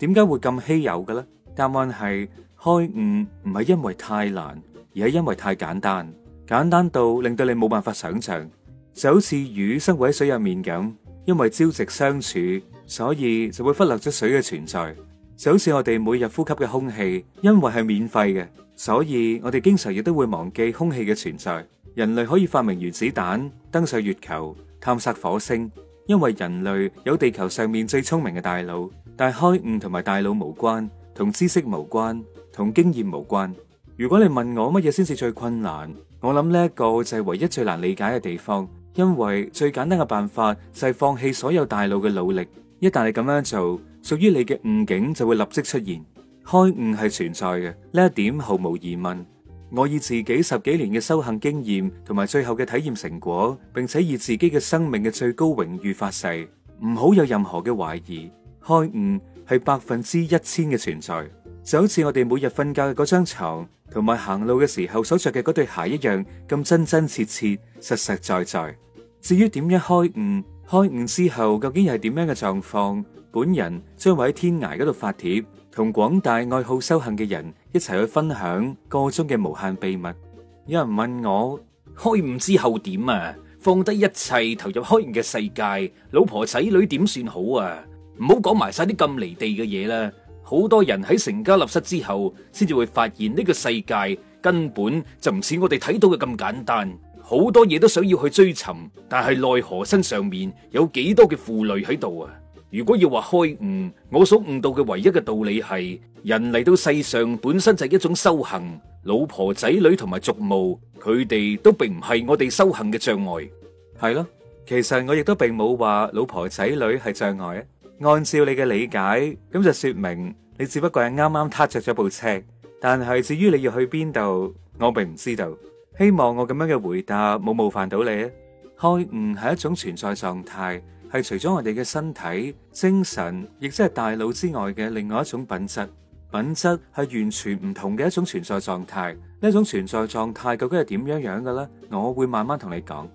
點解會咁稀有嘅咧？答案係開悟唔係因為太難，而係因為太簡單，簡單到令到你冇辦法想象。就好似魚生活喺水入面咁，因為朝夕相處，所以就會忽略咗水嘅存在。就好似我哋每日呼吸嘅空氣，因為係免費嘅，所以我哋經常亦都會忘記空氣嘅存在。人類可以發明原子彈，登上月球，探索火星，因為人類有地球上面最聰明嘅大腦。但係開悟同埋大腦無關，同知識無關，同經驗無關。如果你問我乜嘢先是最困難，我諗呢一個就係唯一最難理解嘅地方。因為最簡單嘅辦法就係放棄所有大腦嘅努力。一旦你咁樣做，屬於你嘅悟境就會立即出現。開悟係存在嘅，呢一點毫無疑問。我以自己十幾年嘅修行經驗同埋最後嘅體驗成果，並且以自己嘅生命嘅最高榮譽發誓，唔好有任何嘅懷疑。開悟係百分之一千嘅存在，就好似我哋每日瞓覺嘅嗰張床，同埋行路嘅時候所着嘅嗰對鞋一樣咁真真切切、實實在在。至於點樣開悟，開悟之後究竟又係點樣嘅狀況，本人將會喺天涯嗰度發帖，同廣大愛好修行嘅人一齊去分享個中嘅無限秘密。有人問我開悟之後點啊？放低一切，投入開悟嘅世界，老婆仔女點算好啊？唔好講埋晒啲咁離地嘅嘢啦！好多人喺成家立室之後，先至會發現呢個世界根本就唔似我哋睇到嘅咁簡單。好多嘢都想要去追尋，但係奈何身上面有幾多嘅負累喺度啊？如果要話開悟，我所悟到嘅唯一嘅道理係：人嚟到世上本身就係一種修行。老婆、仔女同埋俗務，佢哋都並唔係我哋修行嘅障礙。係咯，其實我亦都並冇話老婆、仔女係障礙啊。按照你嘅理解，咁就說明你只不過係啱啱踏着咗部車。但係至於你要去邊度，我並唔知道。希望我咁樣嘅回答冇冒犯到你啊。開悟係一種存在狀態，係除咗我哋嘅身體、精神，亦即係大腦之外嘅另外一種品質。品質係完全唔同嘅一種存在狀態。呢一種存在狀態究竟係點樣樣嘅咧？我會慢慢同你講。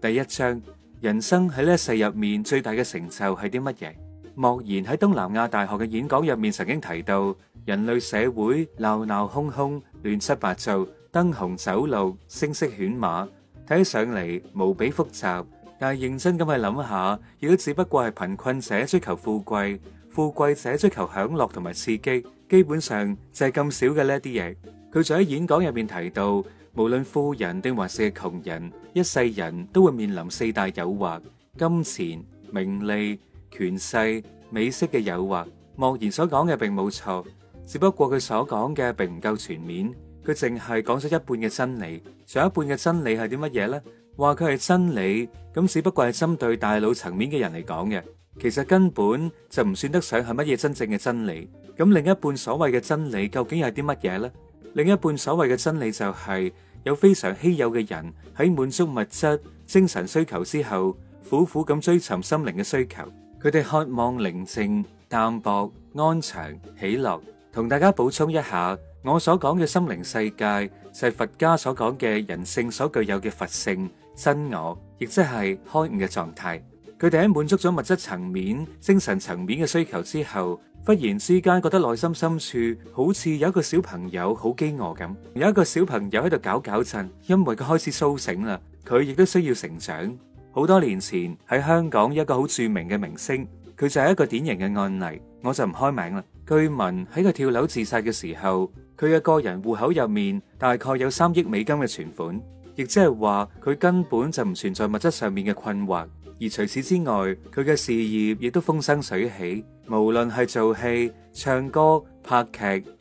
第一章，人生喺呢一世入面最大嘅成就係啲乜嘢？莫言喺東南亞大學嘅演講入面曾經提到，人類社會鬧鬧哄哄，亂七八糟，燈紅酒綠，聲色犬馬，睇起上嚟無比複雜。但係認真咁去諗下，亦都只不過係貧困者追求富貴，富貴者追求享樂同埋刺激，基本上就係咁少嘅呢一啲嘢。佢就喺演講入面提到，無論富人定還是窮人，一世人都會面臨四大誘惑：金錢、名利。權勢、美色嘅誘惑，莫言所講嘅並冇錯，只不過佢所講嘅並唔夠全面，佢淨係講咗一半嘅真理。上一半嘅真理係啲乜嘢呢？話佢係真理，咁只不過係針對大腦層面嘅人嚟講嘅，其實根本就唔算得上係乜嘢真正嘅真理。咁另一半所謂嘅真理究竟係啲乜嘢呢？另一半所謂嘅真理就係有非常稀有嘅人喺滿足物質、精神需求之後，苦苦咁追尋心靈嘅需求。佢哋渴望寧靜、淡薄、安詳、喜樂。同大家補充一下，我所講嘅心靈世界，就係佛家所講嘅人性所具有嘅佛性真我，亦即係開悟嘅狀態。佢哋喺滿足咗物質層面、精神層面嘅需求之後，忽然之間覺得內心深處好似有一個小朋友好飢餓咁，有一個小朋友喺度搞搞震，因為佢開始甦醒啦，佢亦都需要成長。好多年前喺香港有一個好著名嘅明星，佢就係一個典型嘅案例，我就唔開名啦。據聞喺佢跳樓自殺嘅時候，佢嘅個人戶口入面大概有三億美金嘅存款，亦即係話佢根本就唔存在物質上面嘅困惑。而除此之外，佢嘅事業亦都風生水起，無論係做戲、唱歌、拍劇，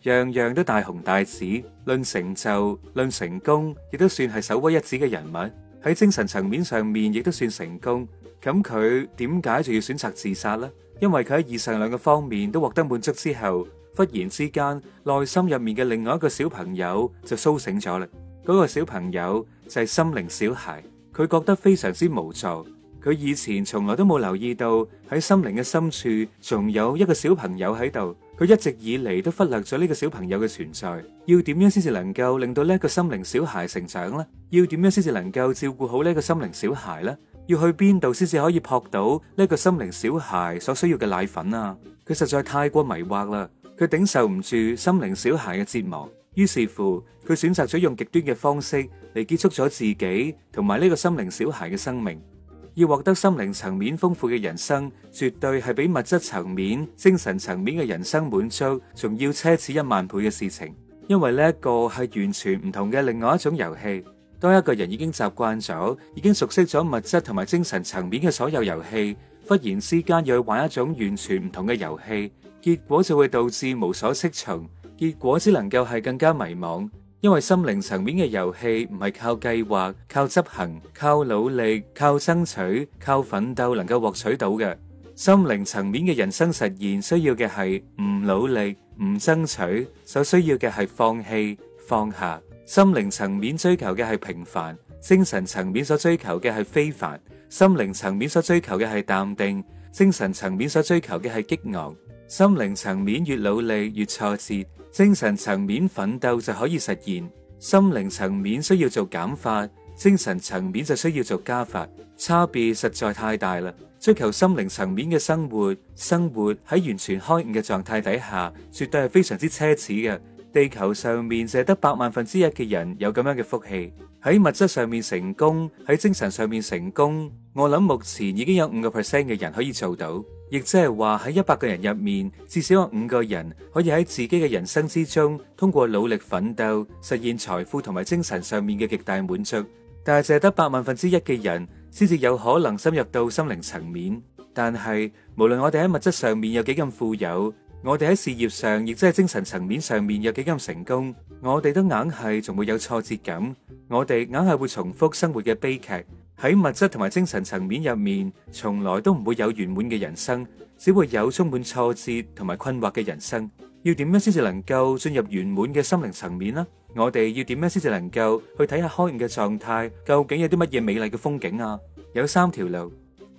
樣樣都大紅大紫。論成就、論成功，亦都算係首屈一指嘅人物。喺精神層面上面亦都算成功，咁佢點解就要選擇自殺呢？因為佢喺以上兩個方面都獲得滿足之後，忽然之間內心入面嘅另外一個小朋友就蘇醒咗啦。嗰個小朋友就係心靈小孩，佢覺得非常之無助，佢以前從來都冇留意到喺心靈嘅深處仲有一個小朋友喺度。佢一直以嚟都忽略咗呢個小朋友嘅存在，要點樣先至能夠令到呢個心靈小孩成長呢？要點樣先至能夠照顧好呢個心靈小孩呢？要去邊度先至可以撲到呢個心靈小孩所需要嘅奶粉啊？佢實在太過迷惑啦，佢頂受唔住心靈小孩嘅折磨，於是乎佢選擇咗用極端嘅方式嚟結束咗自己同埋呢個心靈小孩嘅生命。要獲得心靈層面豐富嘅人生，絕對係比物質層面、精神層面嘅人生滿足仲要奢侈一萬倍嘅事情。因為呢一個係完全唔同嘅另外一種遊戲。當一個人已經習慣咗、已經熟悉咗物質同埋精神層面嘅所有遊戲，忽然之間又去玩一種完全唔同嘅遊戲，結果就會導致無所適從，結果只能夠係更加迷茫。因為心靈層面嘅遊戲唔係靠計劃、靠執行、靠努力、靠爭取、靠奮鬥能夠獲取到嘅。心靈層面嘅人生實現需要嘅係唔努力、唔爭取，所需要嘅係放棄、放下。心靈層面追求嘅係平凡，精神層面所追求嘅係非凡。心靈層面所追求嘅係淡定，精神層面所追求嘅係激昂。心靈層面越努力越挫折。精神層面奮鬥就可以實現，心靈層面需要做減法，精神層面就需要做加法，差別實在太大啦！追求心靈層面嘅生活，生活喺完全開悟嘅狀態底下，絕對係非常之奢侈嘅。地球上面淨係得百萬分之一嘅人有咁樣嘅福氣，喺物質上面成功，喺精神上面成功，我諗目前已經有五個 percent 嘅人可以做到。亦即係話喺一百個人入面，至少有五個人可以喺自己嘅人生之中，通過努力奮鬥，實現財富同埋精神上面嘅極大滿足。但係淨係得百萬分之一嘅人，先至有可能深入到心靈層面。但係無論我哋喺物質上面有幾咁富有，我哋喺事業上亦即係精神層面上面有幾咁成功，我哋都硬係仲會有挫折感，我哋硬係會重複生活嘅悲劇。喺物質同埋精神層面入面，從來都唔會有圓滿嘅人生，只會有充滿挫折同埋困惑嘅人生。要點樣先至能夠進入圓滿嘅心靈層面呢？我哋要點樣先至能夠去睇下開悟嘅狀態，究竟有啲乜嘢美麗嘅風景啊？有三條路，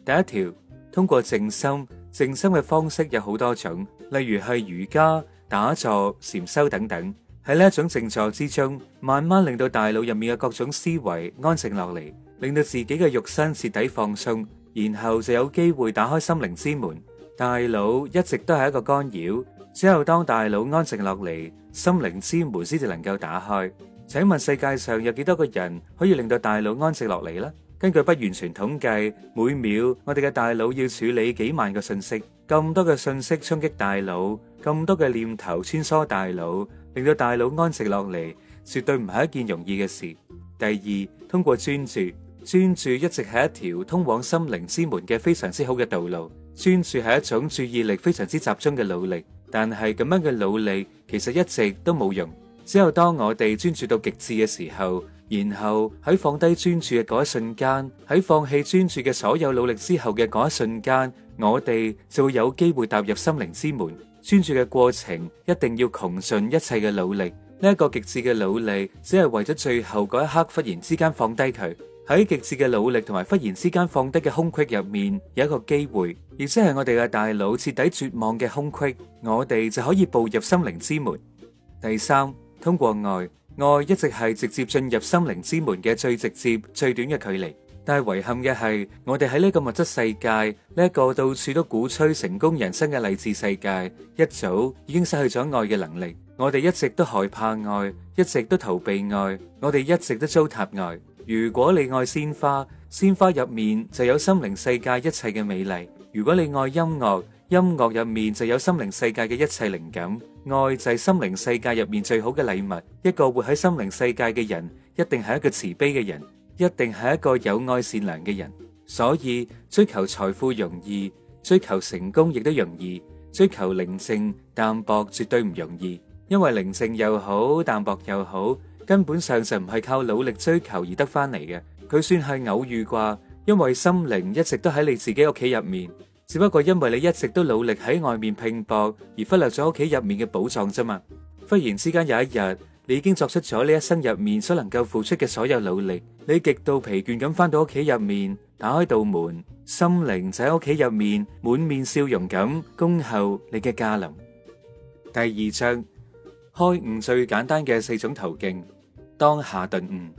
第一條通過靜心，靜心嘅方式有好多種，例如係瑜伽、打坐、禪修等等。喺呢一種靜坐之中，慢慢令到大腦入面嘅各種思維安靜落嚟，令到自己嘅肉身徹底放鬆，然後就有機會打開心靈之門。大腦一直都係一個干擾，只有當大腦安靜落嚟，心靈之門先至能夠打開。請問世界上有幾多個人可以令到大腦安靜落嚟呢？根據不完全統計，每秒我哋嘅大腦要處理幾萬個信息，咁多嘅信息衝擊大腦。咁多嘅念頭穿梭大腦，令到大腦安靜落嚟，絕對唔係一件容易嘅事。第二，通過專注，專注一直係一條通往心靈之門嘅非常之好嘅道路。專注係一種注意力非常之集中嘅努力，但係咁樣嘅努力其實一直都冇用。只有當我哋專注到極致嘅時候，然後喺放低專注嘅嗰一瞬間，喺放棄專注嘅所有努力之後嘅嗰一瞬間，我哋就會有機會踏入心靈之門。專注嘅過程一定要窮盡一切嘅努力，呢一個極致嘅努力，只係為咗最後嗰一刻忽然之間放低佢。喺極致嘅努力同埋忽然之間放低嘅空隙入面有一個機會，亦即係我哋嘅大腦徹底絕望嘅空隙，我哋就可以步入心靈之門。第三，通過愛，愛一直係直接進入心靈之門嘅最直接、最短嘅距離。但係遺憾嘅係，我哋喺呢個物質世界呢一個到處都鼓吹成功人生嘅勵志世界，一早已經失去咗愛嘅能力。我哋一直都害怕愛，一直都逃避愛，我哋一直都糟蹋愛。如果你愛鮮花，鮮花入面就有心靈世界一切嘅美麗；如果你愛音樂，音樂入面就有心靈世界嘅一切靈感。愛就係心靈世界入面最好嘅禮物。一個活喺心靈世界嘅人，一定係一個慈悲嘅人。一定係一個有愛善良嘅人，所以追求財富容易，追求成功亦都容易，追求寧靜淡薄絕對唔容易，因為寧靜又好，淡薄又好，根本上就唔係靠努力追求而得翻嚟嘅。佢算係偶遇啩，因為心靈一直都喺你自己屋企入面，只不過因為你一直都努力喺外面拼搏，而忽略咗屋企入面嘅寶藏啫嘛。忽然之間有一日，你已經作出咗呢一生入面所能夠付出嘅所有努力，你極度疲倦咁翻到屋企入面，打開道門，心靈就喺屋企入面滿面笑容咁恭候你嘅駕臨。第二章開悟最簡單嘅四種途徑，當下頓悟。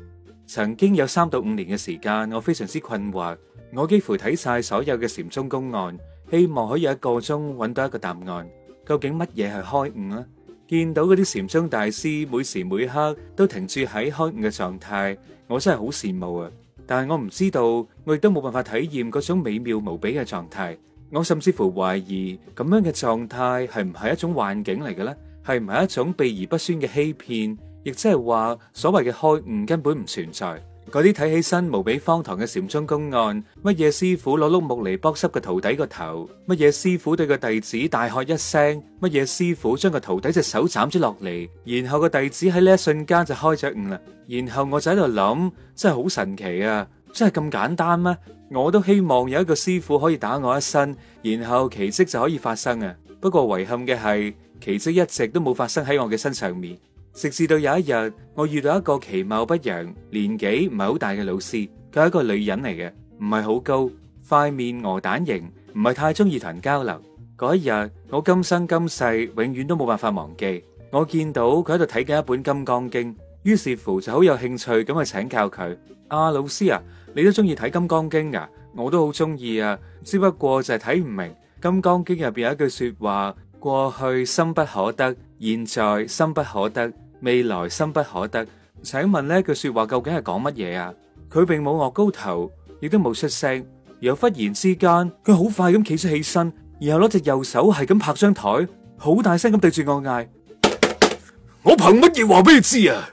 曾經有三到五年嘅時間，我非常之困惑，我幾乎睇晒所有嘅禪宗公案，希望可以一個鐘搵到一個答案，究竟乜嘢係開悟呢？見到嗰啲禪宗大師每時每刻都停住喺開悟嘅狀態，我真係好羨慕啊！但係我唔知道，我亦都冇辦法體驗嗰種美妙無比嘅狀態。我甚至乎懷疑咁樣嘅狀態係唔係一種幻境嚟嘅咧？係唔係一種秘而不宣嘅欺騙？亦即係話，所謂嘅開悟根本唔存在。嗰啲睇起身無比荒唐嘅禪宗公案，乜嘢師傅攞碌木嚟剝濕個徒弟個頭，乜嘢師傅對個弟子大喝一聲，乜嘢師傅將個徒弟隻手斬咗落嚟，然後個弟子喺呢一瞬間就開咗悟啦。然後我就喺度諗，真係好神奇啊！真係咁簡單咩？我都希望有一個師傅可以打我一身，然後奇蹟就可以發生啊！不過遺憾嘅係，奇蹟一直都冇發生喺我嘅身上面。直至到有一日，我遇到一個其貌不揚、年紀唔係好大嘅老師，佢係一個女人嚟嘅，唔係好高，塊面鵝蛋型，唔係太中意同人交流。嗰一日，我今生今世永遠都冇辦法忘記，我見到佢喺度睇緊一本《金剛經》，於是乎就好有興趣咁去請教佢：阿老師啊，你都中意睇《金剛經》噶？我都好中意啊，只不過就係睇唔明《金剛經》入邊有一句說話：過去心不可得，現在心不可得，未來心不可得，請問呢一句說話究竟係講乜嘢啊？佢並冇惡高頭，亦都冇出聲，然後忽然之間，佢好快咁企咗起身，然後攞隻右手係咁拍張台，好大聲咁對住我嗌：我憑乜嘢話俾你知啊？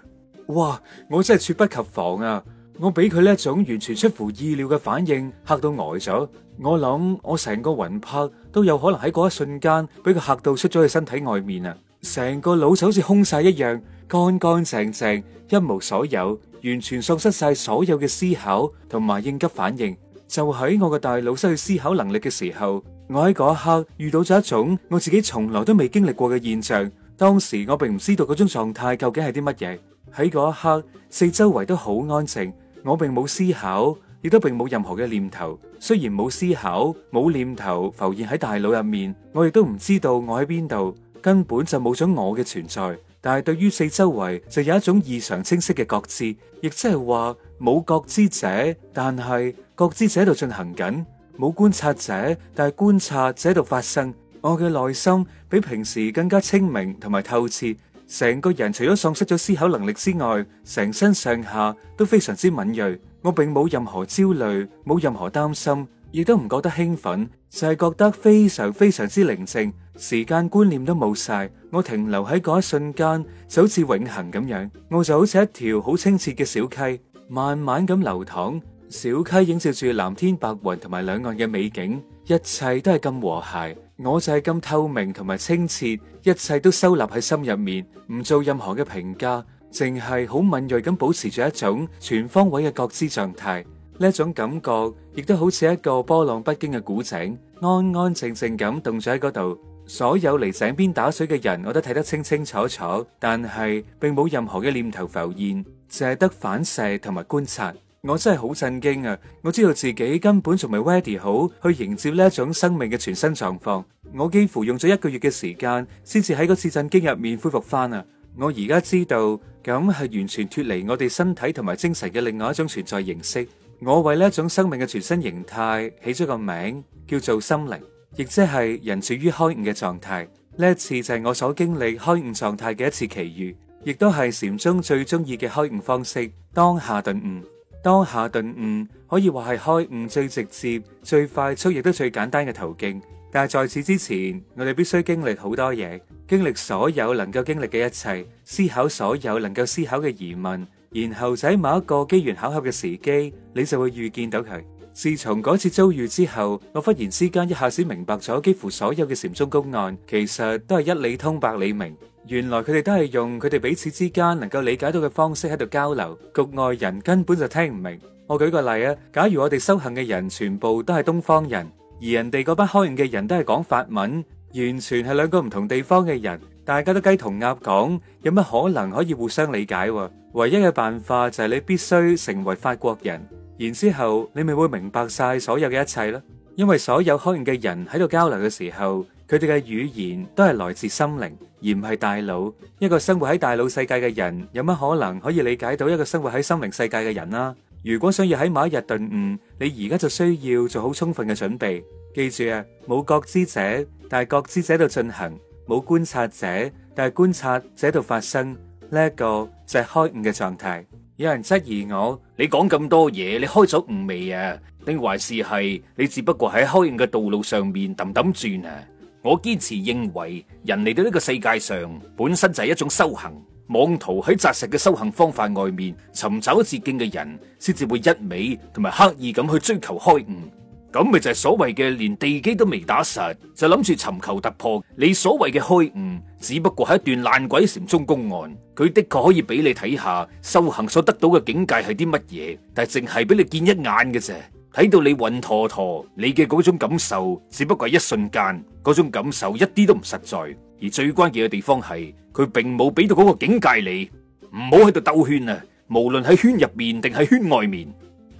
哇！我真係猝不及防啊！我俾佢呢一種完全出乎意料嘅反應嚇到呆咗。我諗我成個魂魄都有可能喺嗰一瞬間俾佢嚇到出咗去身體外面啊！成個腦就好似空晒一樣。乾乾淨淨，一無所有，完全喪失晒所有嘅思考同埋應急反應。就喺我嘅大腦失去思考能力嘅時候，我喺嗰一刻遇到咗一種我自己從來都未經歷過嘅現象。當時我並唔知道嗰種狀態究竟係啲乜嘢。喺嗰一刻，四周圍都好安靜，我並冇思考，亦都並冇任何嘅念頭。雖然冇思考，冇念頭浮現喺大腦入面，我亦都唔知道我喺邊度，根本就冇咗我嘅存在。但係對於四周圍就有一種異常清晰嘅覺知，亦即係話冇覺知者，但係覺知者喺度進行緊；冇觀察者，但係觀察者喺度發生。我嘅內心比平時更加清明同埋透徹，成個人除咗喪失咗思考能力之外，成身上下都非常之敏銳。我並冇任何焦慮，冇任何擔心，亦都唔覺得興奮，就係覺得非常非常之寧靜，時間觀念都冇晒。我停留喺嗰一瞬間，就好似永恒咁樣。我就好似一條好清澈嘅小溪，慢慢咁流淌。小溪映照住藍天白雲同埋兩岸嘅美景，一切都係咁和諧。我就係咁透明同埋清澈，一切都收納喺心入面，唔做任何嘅評價，淨係好敏銳咁保持住一種全方位嘅覺知狀態。呢一種感覺，亦都好似一個波浪不驚嘅古井，安安靜靜咁凍咗喺嗰度。所有嚟井邊打水嘅人，我都睇得清清楚楚，但係並冇任何嘅念頭浮現，淨係得反射同埋觀察。我真係好震驚啊！我知道自己根本仲未 ready 好去迎接呢一種生命嘅全新狀況。我幾乎用咗一個月嘅時間，先至喺個自震驚入面恢復翻啊！我而家知道，咁係完全脫離我哋身體同埋精神嘅另外一種存在形式。我為呢一種生命嘅全新形態起咗個名，叫做心靈。亦即係人處於開悟嘅狀態，呢一次就係我所經歷開悟狀態嘅一次奇遇，亦都係禪宗最中意嘅開悟方式——當下頓悟。當下頓悟可以話係開悟最直接、最快速，亦都最簡單嘅途徑。但係在此之前，我哋必須經歷好多嘢，經歷所有能夠經歷嘅一切，思考所有能夠思考嘅疑問，然後在某一個機緣巧合嘅時機，你就會遇見到佢。自從嗰次遭遇之後，我忽然之間一下子明白咗幾乎所有嘅禪宗公案，其實都係一理通百理明。原來佢哋都係用佢哋彼此之間能夠理解到嘅方式喺度交流，局外人根本就聽唔明。我舉個例啊，假如我哋修行嘅人全部都係東方人，而人哋嗰班開悟嘅人都係講法文，完全係兩個唔同地方嘅人，大家都雞同鴨講，有乜可能可以互相理解？唯一嘅辦法就係你必須成為法國人。然之後，你咪會明白晒所有嘅一切啦。因為所有開悟嘅人喺度交流嘅時候，佢哋嘅語言都係來自心靈，而唔係大腦。一個生活喺大腦世界嘅人，有乜可能可以理解到一個生活喺心靈世界嘅人啦？如果想要喺某一日頓悟，你而家就需要做好充分嘅準備。記住啊，冇覺知者，但係覺知者度進行；冇觀察者，但係觀察者度發生。呢、這、一個就係開悟嘅狀態。有人質疑我，你講咁多嘢，你開咗悟未啊？定還是係你只不過喺開悟嘅道路上面氹氹轉啊！我堅持認為，人嚟到呢個世界上本身就係一種修行，妄圖喺紮實嘅修行方法外面尋找捷徑嘅人，先至會一味同埋刻意咁去追求開悟。咁咪就係所謂嘅連地基都未打實就諗住尋求突破，你所謂嘅虛悟，只不過係一段爛鬼禪宗公案。佢的確可以俾你睇下修行所得到嘅境界係啲乜嘢，但係淨係俾你見一眼嘅啫。睇到你暈陀陀，你嘅嗰種感受只不過係一瞬間，嗰種感受一啲都唔實在。而最關鍵嘅地方係佢並冇俾到嗰個境界你，唔好喺度兜圈啊！無論喺圈入面定係圈外面。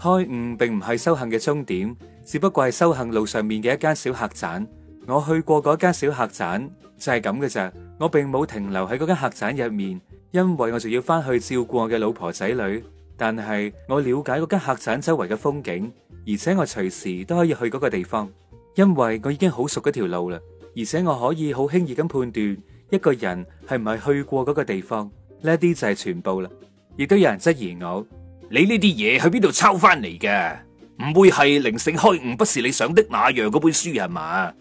開悟並唔係修行嘅終點，只不過係修行路上面嘅一間小客棧。我去過嗰間小客棧，就係咁嘅咋。我並冇停留喺嗰間客棧入面，因為我仲要翻去照顧我嘅老婆仔女。但係我了解嗰間客棧周圍嘅風景，而且我隨時都可以去嗰個地方，因為我已經好熟嗰條路啦，而且我可以好輕易咁判斷一個人係唔係去過嗰個地方。呢啲就係全部啦，亦都有人質疑我。你呢啲嘢去邊度抄翻嚟嘅？唔會係靈性開悟，不是你想的那樣嗰本書係嘛？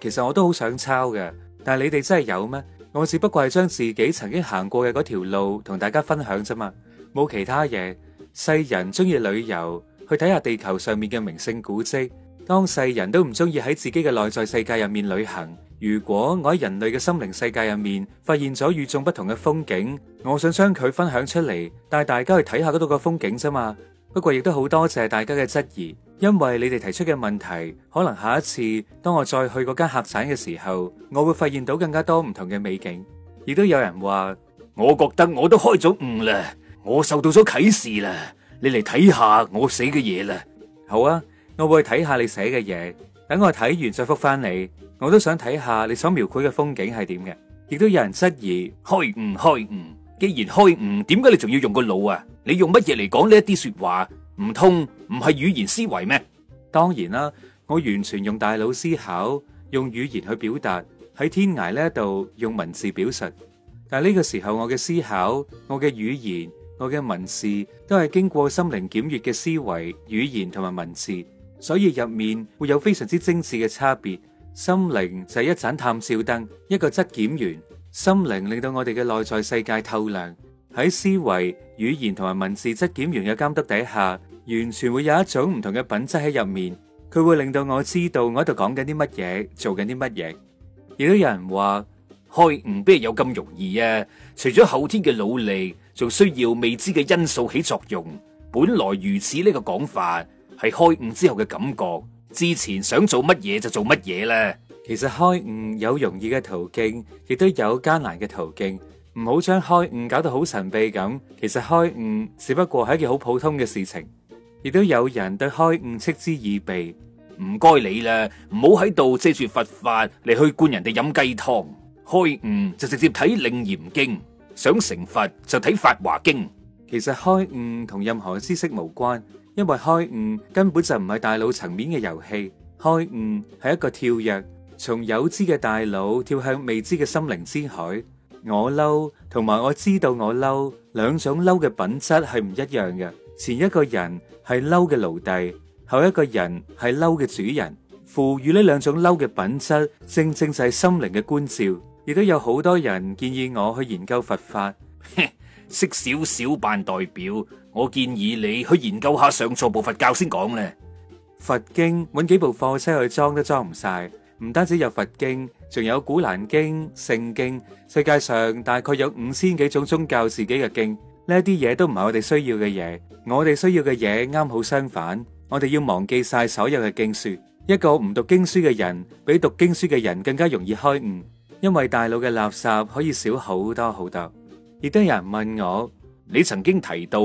其實我都好想抄嘅，但係你哋真係有咩？我只不過係將自己曾經行過嘅嗰條路同大家分享啫嘛，冇其他嘢。世人中意旅遊，去睇下地球上面嘅名勝古跡，當世人都唔中意喺自己嘅內在世界入面旅行。如果我喺人類嘅心靈世界入面發現咗與眾不同嘅風景，我想將佢分享出嚟，帶大家去睇下嗰度嘅風景啫嘛。不過亦都好多謝大家嘅質疑，因為你哋提出嘅問題，可能下一次當我再去嗰間客棧嘅時候，我會發現到更加多唔同嘅美景。亦都有人話，我覺得我都開咗悟啦，我受到咗啟示啦。你嚟睇下我寫嘅嘢啦。好啊，我會睇下你寫嘅嘢，等我睇完再覆返你。我都想睇下你所描繪嘅風景係點嘅，亦都有人質疑開唔開悟？既然開悟，點解你仲要用個腦啊？你用乜嘢嚟講呢一啲說話？唔通唔係語言思維咩？當然啦，我完全用大腦思考，用語言去表達，喺天涯呢度用文字表述。但係呢個時候，我嘅思考，我嘅語言，我嘅文字，都係經過心靈檢閱嘅思維、語言同埋文字，所以入面會有非常之精緻嘅差別。心靈就係一盞探照燈，一個質檢員。心靈令到我哋嘅內在世界透亮，喺思維、語言同埋文字質檢員嘅監督底下，完全會有一種唔同嘅品質喺入面。佢會令到我知道我喺度講緊啲乜嘢，做緊啲乜嘢。亦都有人話開悟，邊有咁容易啊！除咗後天嘅努力，仲需要未知嘅因素起作用。本來如此呢個講法，係開悟之後嘅感覺。之前想做乜嘢就做乜嘢啦。其實開悟有容易嘅途徑，亦都有艱難嘅途徑。唔好將開悟搞到好神秘咁。其實開悟只不過係一件好普通嘅事情。亦都有人對開悟嗤之以鼻。唔該你啦，唔好喺度遮住佛法嚟去灌人哋飲雞湯。開悟就直接睇《楞嚴經》，想成佛就睇《法華經》。其實開悟同任何知識無關。因為開悟根本就唔係大腦層面嘅遊戲，開悟係一個跳躍，從有知嘅大腦跳向未知嘅心靈之海。我嬲同埋我知道我嬲兩種嬲嘅品質係唔一樣嘅，前一個人係嬲嘅奴隸，後一個人係嬲嘅主人。賦予呢兩種嬲嘅品質，正正就係心靈嘅觀照。亦都有好多人建議我去研究佛法，識少少扮代表。我建議你去研究下上座部佛教先講咧。佛經揾幾部貨車去裝都裝唔晒，唔單止有佛經，仲有古蘭經、聖經。世界上大概有五千幾種宗教自己嘅經，呢一啲嘢都唔係我哋需要嘅嘢。我哋需要嘅嘢啱好相反，我哋要忘記晒所有嘅經書。一個唔讀經書嘅人，比讀經書嘅人更加容易開悟，因為大腦嘅垃圾可以少好多好多。亦都有人問我，你曾經提到，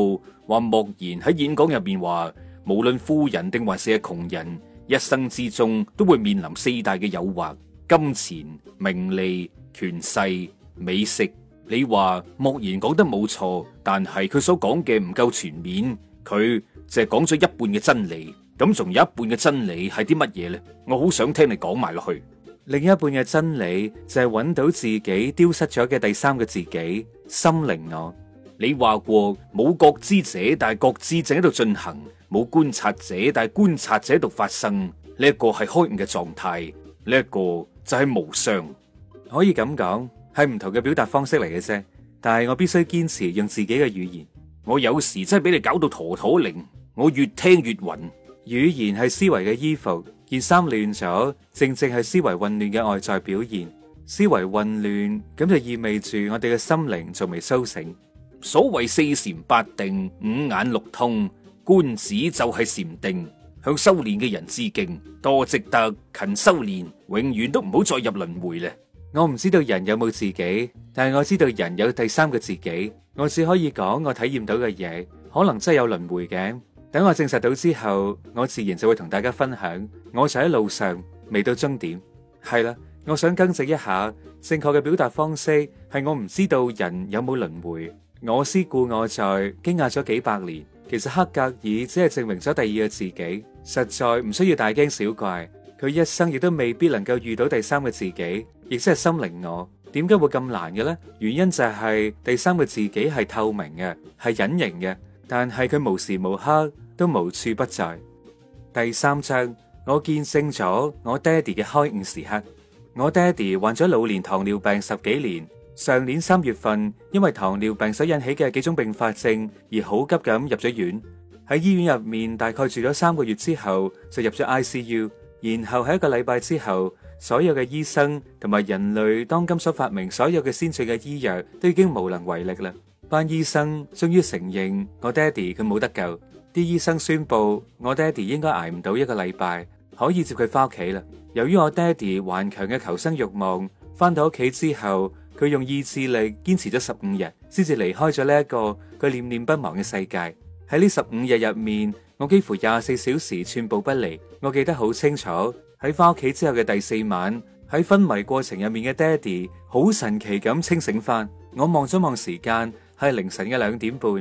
話莫言喺演講入面話，無論富人定還是窮人，一生之中都會面臨四大嘅誘惑：金錢、名利、權勢、美食。你話莫言講得冇錯，但係佢所講嘅唔夠全面，佢淨係講咗一半嘅真理。咁仲有一半嘅真理係啲乜嘢呢？我好想聽你講埋落去。另一半嘅真理就係揾到自己丟失咗嘅第三個自己，心靈我。你話過冇覺知者，但係覺知正喺度進行；冇觀察者，但係觀察者度發生。呢一個係開悟嘅狀態，呢一個就係無常。可以咁講，係唔同嘅表達方式嚟嘅啫。但係我必須堅持用自己嘅語言。我有時真係俾你搞到陀陀擰，我越聽越暈。語言係思維嘅衣服，件衫亂咗，正正係思維混亂嘅外在表現。思維混亂咁就意味住我哋嘅心靈仲未蘇醒。所謂四禪八定、五眼六通，觀子就係禪定，向修煉嘅人致敬，多積德，勤修煉，永遠都唔好再入輪迴啦。我唔知道人有冇自己，但係我知道人有第三個自己。我只可以講我體驗到嘅嘢，可能真係有輪迴嘅。等我證實到之後，我自然就會同大家分享。我就喺路上，未到終點。係啦，我想更正一下，正確嘅表達方式係我唔知道人有冇輪迴。我思故我在，驚訝咗幾百年。其實黑格爾只係證明咗第二個自己，實在唔需要大驚小怪。佢一生亦都未必能夠遇到第三個自己，亦即係心靈我。點解會咁難嘅呢？原因就係、是、第三個自己係透明嘅，係隱形嘅，但係佢無時無刻都無處不在。第三章，我見證咗我爹哋嘅開悟時刻。我爹哋患咗老年糖尿病十幾年。上年三月份，因為糖尿病所引起嘅幾種併發症而好急咁入咗院。喺醫院入面大概住咗三個月之後，就入咗 ICU。然後喺一個禮拜之後，所有嘅醫生同埋人類當今所發明所有嘅先進嘅醫藥都已經無能為力啦。班醫生終於承認我爹哋佢冇得救。啲醫生宣佈我爹哋應該捱唔到一個禮拜，可以接佢翻屋企啦。由於我爹哋頑強嘅求生欲望，翻到屋企之後。佢用意志力堅持咗十五日，先至離開咗呢一個佢念念不忘嘅世界。喺呢十五日入面，我幾乎廿四小時寸步不離。我記得好清楚，喺翻屋企之後嘅第四晚，喺昏迷過程入面嘅爹哋好神奇咁清醒翻。我望咗望時間，係凌晨嘅兩點半，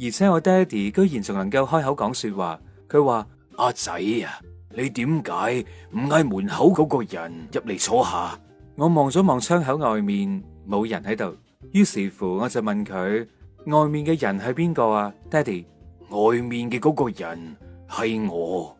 而且我爹哋居然仲能夠開口講說話。佢話：阿仔啊，仔你點解唔嗌門口嗰個人入嚟坐下？我望咗望窗口外面。冇人喺度，於是乎我就問佢：外面嘅人係邊個啊？爹哋，外面嘅嗰個人係我，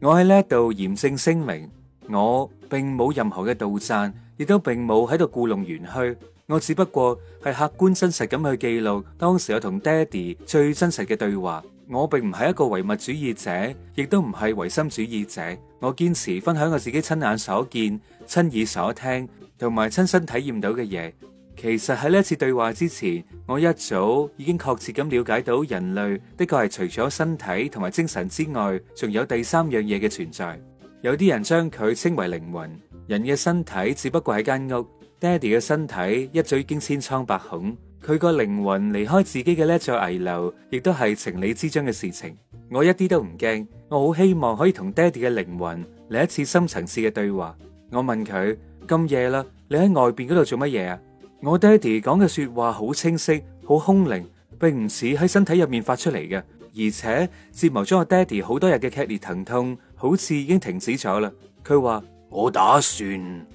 我喺呢度嚴正聲明，我並冇任何嘅杜撰，亦都並冇喺度故弄玄虛，我只不過係客觀真實咁去記錄當時我同爹哋最真實嘅對話。我並唔係一個唯物主義者，亦都唔係唯心主義者，我堅持分享我自己親眼所見、親耳所聽。同埋親身體驗到嘅嘢，其實喺呢次對話之前，我一早已經確切咁了解到，人類的確係除咗身體同埋精神之外，仲有第三樣嘢嘅存在。有啲人將佢稱為靈魂。人嘅身體只不過係間屋，爹哋嘅身體一早已經千瘡百孔，佢個靈魂離開自己嘅呢座危樓，亦都係情理之中嘅事情。我一啲都唔驚，我好希望可以同爹哋嘅靈魂嚟一次深層次嘅對話。我問佢。咁夜啦，你喺外邊嗰度做乜嘢啊？我爹哋講嘅說話好清晰、好空靈，並唔似喺身體入面發出嚟嘅，而且折磨咗我爹哋好多日嘅劇烈疼痛，好似已經停止咗啦。佢話我打算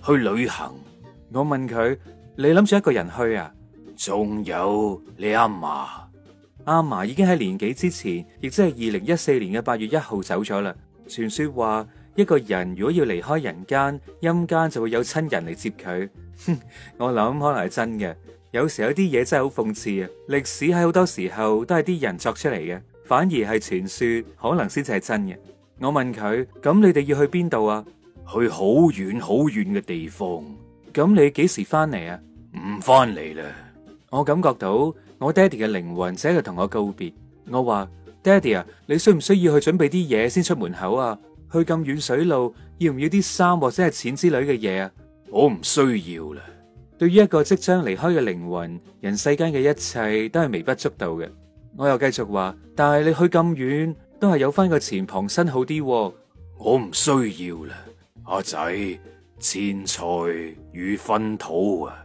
去旅行。我問佢：你諗住一個人去啊？仲有你阿嫲。阿嫲已經喺年幾之前，亦即係二零一四年嘅八月一號走咗啦。傳說話。一個人如果要離開人間，陰間就會有親人嚟接佢。哼，我諗可能係真嘅，有時候有啲嘢真係好諷刺啊！歷史喺好多時候都係啲人作出嚟嘅，反而係傳說可能先至係真嘅。我問佢：咁你哋要去邊度啊？去好遠好遠嘅地方。咁你幾時翻嚟啊？唔翻嚟啦。我感覺到我爹地嘅靈魂喺度同我告別。我話：爹地啊，你需唔需要去準備啲嘢先出門口啊？去咁遠水路，要唔要啲衫或者係錢之類嘅嘢啊？我唔需要啦。對於一個即將離開嘅靈魂，人世間嘅一切都係微不足道嘅。我又繼續話，但係你去咁遠都係有翻個錢傍身好啲。我唔需要啦，阿仔，錢財與糞土啊！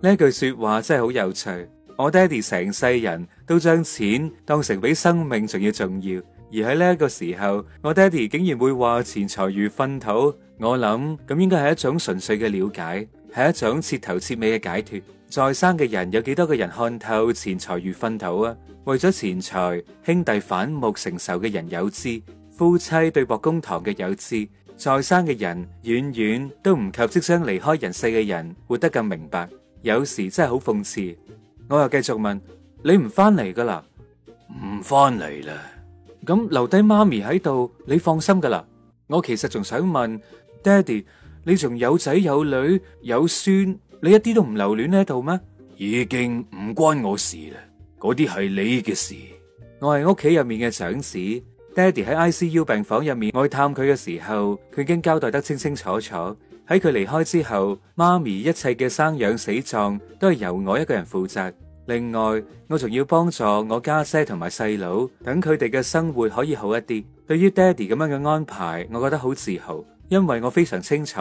呢句說話真係好有趣。我爹哋成世人都將錢當成比生命仲要重要。而喺呢一個時候，我爹哋竟然會話錢財如糞土，我諗咁應該係一種純粹嘅了解，係一種徹頭徹尾嘅解脫。在生嘅人有幾多個人看透錢財如糞土啊？為咗錢財，兄弟反目成仇嘅人有之，夫妻對簿公堂嘅有之。在生嘅人遠遠都唔及即將離開人世嘅人活得更明白。有時真係好諷刺。我又繼續問：你唔翻嚟噶啦？唔翻嚟啦。咁留低媽咪喺度，你放心噶啦。我其實仲想問爹哋，你仲有仔有女有孫，你一啲都唔留戀呢度咩？已經唔關我事啦，嗰啲係你嘅事。我係屋企入面嘅長子，爹哋喺 ICU 病房入面，我去探佢嘅時候，佢已經交代得清清楚楚。喺佢離開之後，媽咪一切嘅生養死葬都係由我一個人負責。另外，我仲要幫助我家姐同埋細佬，等佢哋嘅生活可以好一啲。對於爹哋咁樣嘅安排，我覺得好自豪，因為我非常清楚，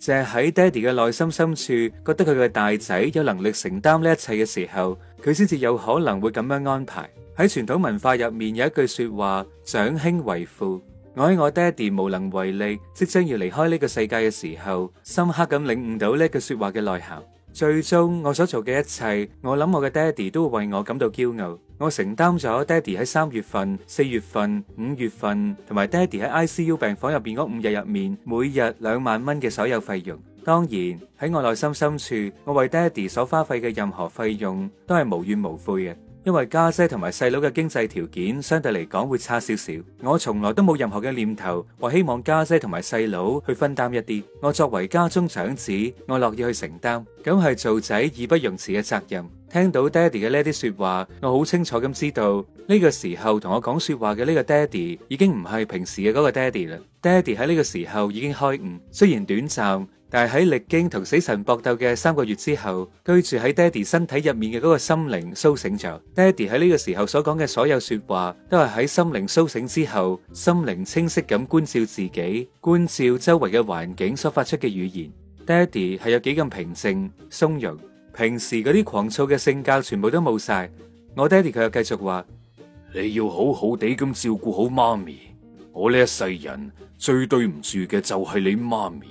淨係喺爹哋嘅內心深處，覺得佢嘅大仔有能力承擔呢一切嘅時候，佢先至有可能會咁樣安排。喺傳統文化入面有一句說話，長兄為父。我喺我爹哋無能為力，即將要離開呢個世界嘅時候，深刻咁領悟到呢句說話嘅內涵。最終我所做嘅一切，我諗我嘅爹哋都會為我感到驕傲。我承擔咗爹哋喺三月份、四月份、五月份，同埋爹哋喺 ICU 病房入邊嗰五日入面，每日兩萬蚊嘅所有費用。當然喺我內心深處，我為爹哋所花費嘅任何費用都係無怨無悔嘅。因為家姐同埋細佬嘅經濟條件相對嚟講會差少少，我從來都冇任何嘅念頭，我希望家姐同埋細佬去分擔一啲。我作為家中長子，我樂意去承擔，咁係做仔義不容辭嘅責任。聽到爹哋嘅呢啲說話，我好清楚咁知道呢個時候同我講說話嘅呢個爹哋已經唔係平時嘅嗰個爹哋啦。爹哋喺呢個時候已經開悟，雖然短暫。但係喺歷經同死神搏鬥嘅三個月之後，居住喺爹哋身體入面嘅嗰個心靈甦醒咗。爹哋喺呢個時候所講嘅所有說話，都係喺心靈甦醒之後，心靈清晰咁觀照自己、觀照周圍嘅環境所發出嘅語言。爹哋係有幾咁平靜、從容，平時嗰啲狂躁嘅性格全部都冇晒。我爹哋佢又繼續話：你要好好地咁照顧好媽咪。我呢一世人最對唔住嘅就係你媽咪。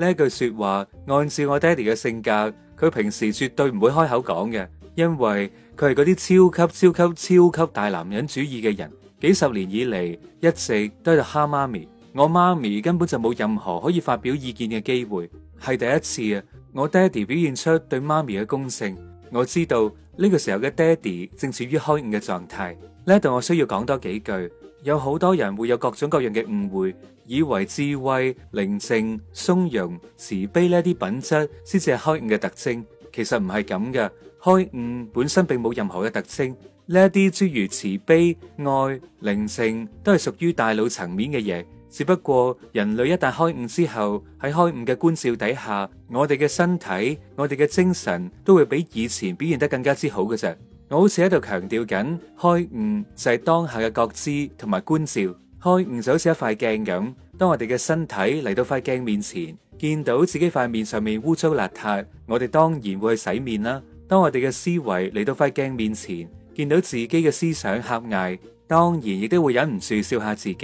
呢句說話，按照我爹哋嘅性格，佢平時絕對唔會開口講嘅，因為佢係嗰啲超級超級超級大男人主義嘅人。幾十年以嚟，一直都喺度蝦媽咪，我媽咪根本就冇任何可以發表意見嘅機會。係第一次啊，我爹哋表現出對媽咪嘅公正。我知道呢個時候嘅爹哋正處於開悟嘅狀態。呢度我需要講多幾句，有好多人會有各種各樣嘅誤會。以為智慧、寧靜、鬆容、慈悲呢啲品質先至係開悟嘅特徵，其實唔係咁嘅。開悟本身並冇任何嘅特徵，呢一啲諸如慈悲、愛、寧靜都係屬於大腦層面嘅嘢。只不過人類一旦開悟之後，喺開悟嘅觀照底下，我哋嘅身體、我哋嘅精神都會比以前表現得更加之好嘅啫。我好似喺度強調緊，開悟就係當下嘅覺知同埋觀照。開悟就好似一塊鏡咁，當我哋嘅身體嚟到塊鏡面前，見到自己塊面上面污糟邋遢，我哋當然會去洗面啦。當我哋嘅思維嚟到塊鏡面前，見到自己嘅思想狹隘，當然亦都會忍唔住笑下自己。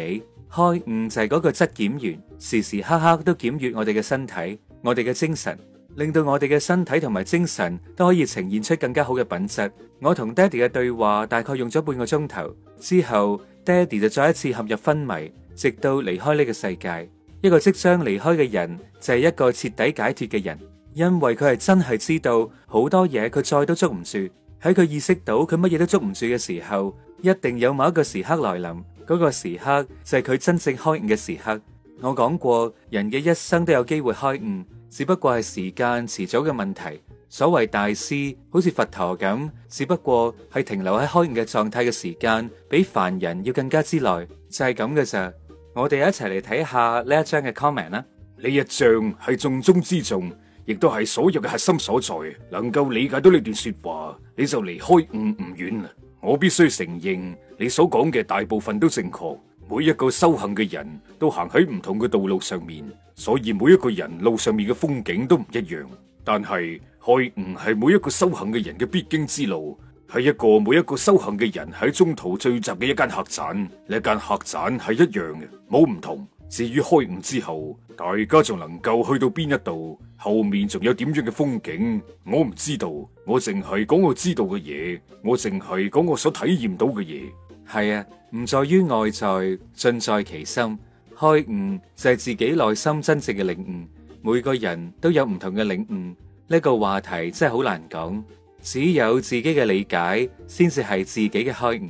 開悟就係嗰個質檢員，時時刻刻都檢閱我哋嘅身體、我哋嘅精神，令到我哋嘅身體同埋精神都可以呈現出更加好嘅品質。我同爹哋嘅對話大概用咗半個鐘頭之後。爹哋就再一次陷入昏迷，直到離開呢個世界。一個即將離開嘅人就係一個徹底解脫嘅人，因為佢係真係知道好多嘢，佢再都捉唔住。喺佢意識到佢乜嘢都捉唔住嘅時候，一定有某一個時刻來臨。嗰個時刻就係佢真正開悟嘅時刻。我講過，人嘅一生都有機會開悟，只不過係時間遲早嘅問題。所謂大師好似佛陀咁，只不過係停留喺開悟嘅狀態嘅時間，比凡人要更加之耐，就係咁嘅咋。我哋一齊嚟睇下呢一張嘅 comment 啦。呢一張係重中之重，亦都係所有嘅核心所在。能夠理解到呢段說話，你就離開悟唔遠啦。我必須承認，你所講嘅大部分都正確。每一個修行嘅人都行喺唔同嘅道路上面，所以每一個人路上面嘅風景都唔一樣，但係，開悟係每一個修行嘅人嘅必經之路，係一個每一個修行嘅人喺中途聚集嘅一間客棧。呢一間客棧係一樣嘅，冇唔同。至於開悟之後，大家仲能夠去到邊一度，後面仲有點樣嘅風景，我唔知道。我淨係講我知道嘅嘢，我淨係講我所體驗到嘅嘢。係啊，唔在於外在，盡在其心。開悟就係自己內心真正嘅領悟，每個人都有唔同嘅領悟。呢個話題真係好難講，只有自己嘅理解先至係自己嘅開悟。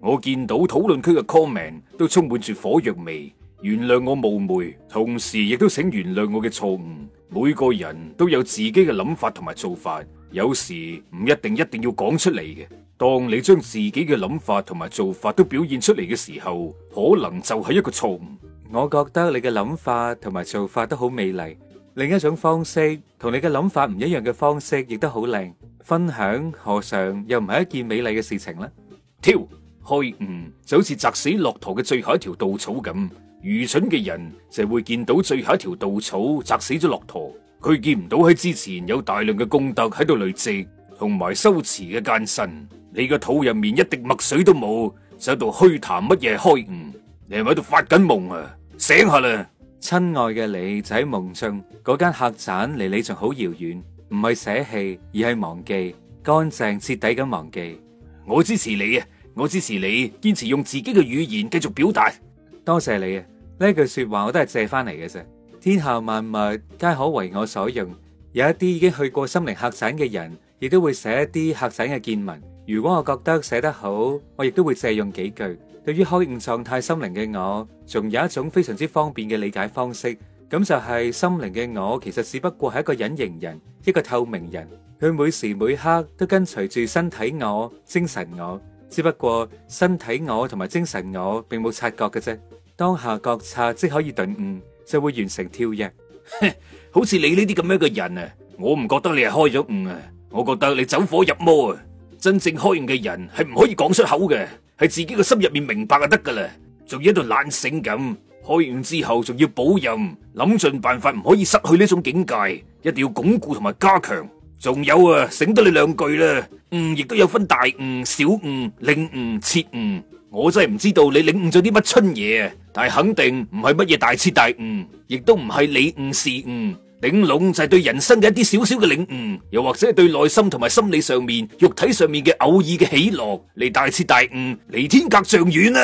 我見到討論區嘅 comment 都充滿住火藥味，原諒我冒昧，同時亦都請原諒我嘅錯誤。每個人都有自己嘅諗法同埋做法，有時唔一定一定要講出嚟嘅。當你將自己嘅諗法同埋做法都表現出嚟嘅時候，可能就係一個錯誤。我覺得你嘅諗法同埋做法都好美麗。另一種方式，同你嘅諗法唔一樣嘅方式，亦都好靚。分享何嘗又唔係一件美麗嘅事情咧？跳開悟就好似砸死駱駝嘅最後一條稻草咁，愚蠢嘅人就會見到最後一條稻草砸死咗駱駝，佢見唔到喺之前有大量嘅功德喺度累積，同埋修持嘅艱辛。你個肚入面一滴墨水都冇，就喺度虛談乜嘢開悟？你係咪喺度發緊夢啊？醒下啦！親愛嘅你就喺夢中，嗰間客棧離你仲好遙遠，唔係捨棄而係忘記，乾淨徹底咁忘記。我支持你啊，我支持你，堅持用自己嘅語言繼續表達。多謝你啊，呢句說話我都係借翻嚟嘅啫。天下萬物皆可為我所用，有一啲已經去過心靈客棧嘅人，亦都會寫一啲客棧嘅見聞。如果我覺得寫得好，我亦都會借用幾句。對於開悟狀態心靈嘅我，仲有一種非常之方便嘅理解方式，咁就係心靈嘅我其實只不過係一個隱形人，一個透明人，佢每時每刻都跟隨住身體我、精神我，只不過身體我同埋精神我並冇察覺嘅啫。當下覺察即可以頓悟，就會完成跳躍。好似你呢啲咁樣嘅人啊，我唔覺得你係開咗悟啊，我覺得你走火入魔啊。真正開悟嘅人係唔可以講出口嘅。喺自己嘅心入面明白就得噶啦，仲要一度懶醒咁，開完之後仲要保任，諗盡辦法唔可以失去呢種境界，一定要鞏固同埋加強。仲有啊，醒得你兩句啦，悟、嗯、亦都有分大悟、小悟、領悟、徹悟。我真係唔知道你領悟咗啲乜春嘢，但係肯定唔係乜嘢大徹大悟，亦都唔係你悟事悟。頂籠就係對人生嘅一啲少少嘅領悟，又或者係對內心同埋心理上面、肉體上面嘅偶爾嘅喜樂嚟大徹大悟，離天格尚遠呢。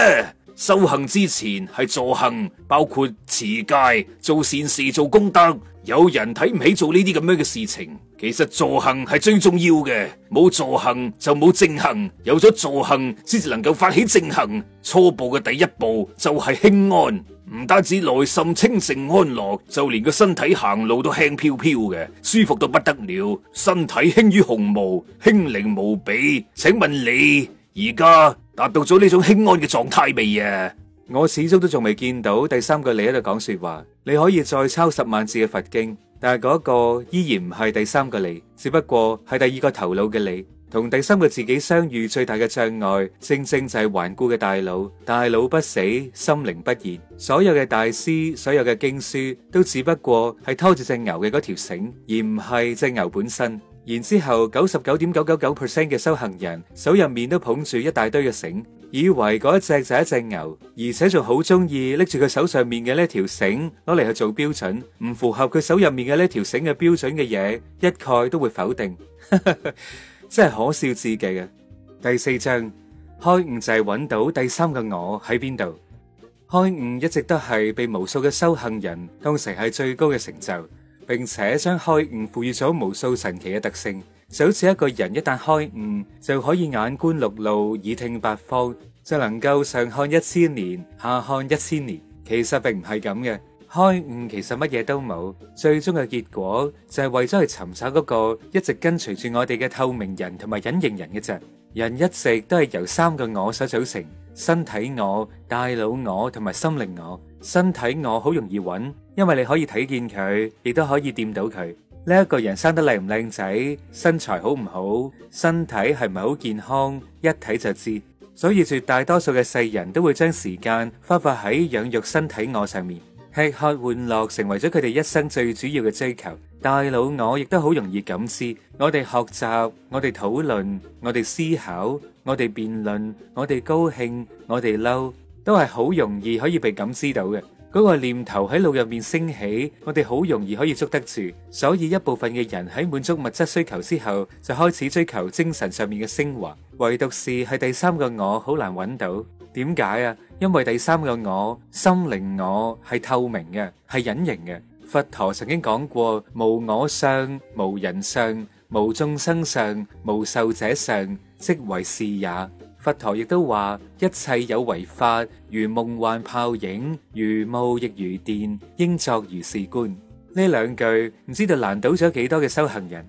修行之前係助行，包括持戒、做善事、做功德。有人睇唔起做呢啲咁樣嘅事情，其實助行係最重要嘅，冇助行就冇正行，有咗助行先至能夠發起正行。初步嘅第一步就係輕安。唔單止內心清靜安樂，就連個身體行路都輕飄飄嘅，舒服到不得了。身體輕於鴻毛，輕靈無比。請問你而家達到咗呢種輕安嘅狀態未啊？我始終都仲未見到第三個你喺度講說話。你可以再抄十萬字嘅佛經，但係嗰個依然唔係第三個你，只不過係第二個頭腦嘅你。同第三個自己相遇，最大嘅障礙正正就係頑固嘅大腦。大腦不死，心靈不現。所有嘅大師，所有嘅經書，都只不過係拖住隻牛嘅嗰條繩，而唔係隻牛本身。然之後，九十九點九九九 percent 嘅修行人，手入面都捧住一大堆嘅繩，以為嗰一隻就係一隻牛，而且仲好中意拎住佢手上面嘅呢一條繩攞嚟去做標準，唔符合佢手入面嘅呢條繩嘅標準嘅嘢，一概都會否定。真係可笑至極嘅。第四章開悟就係揾到第三個我喺邊度？開悟一直都係被無數嘅修行人當成係最高嘅成就，並且將開悟賦予咗無數神奇嘅特性。就好似一個人一旦開悟，就可以眼觀六路、耳聽八方，就能夠上看一千年、下看一千年。其實並唔係咁嘅。開悟其實乜嘢都冇，最終嘅結果就係為咗去尋找嗰個一直跟隨住我哋嘅透明人同埋隱形人嘅啫。人一直都係由三個我所組成：身體我、大腦我同埋心靈我。身體我好容易揾，因為你可以睇見佢，亦都可以掂到佢。呢一個人生得靚唔靚仔，身材好唔好，身體係咪好健康，一睇就知。所以絕大多數嘅世人都會將時間花費喺養育身體我上面。吃喝玩樂成為咗佢哋一生最主要嘅追求，大腦我亦都好容易感知。我哋學習，我哋討論，我哋思考，我哋辯論，我哋高興，我哋嬲，都係好容易可以被感知到嘅。嗰個念頭喺腦入面升起，我哋好容易可以捉得住。所以一部分嘅人喺滿足物質需求之後，就開始追求精神上面嘅昇華。唯獨是係第三個我，好難揾到。點解啊？因為第三個我，心靈我係透明嘅，係隱形嘅。佛陀曾經講過，無我相，無人相，無眾生相，無壽者相，即為是也。佛陀亦都話，一切有為法，如夢幻泡影，如霧亦如電，應作如是觀。呢兩句唔知道難倒咗幾多嘅修行人。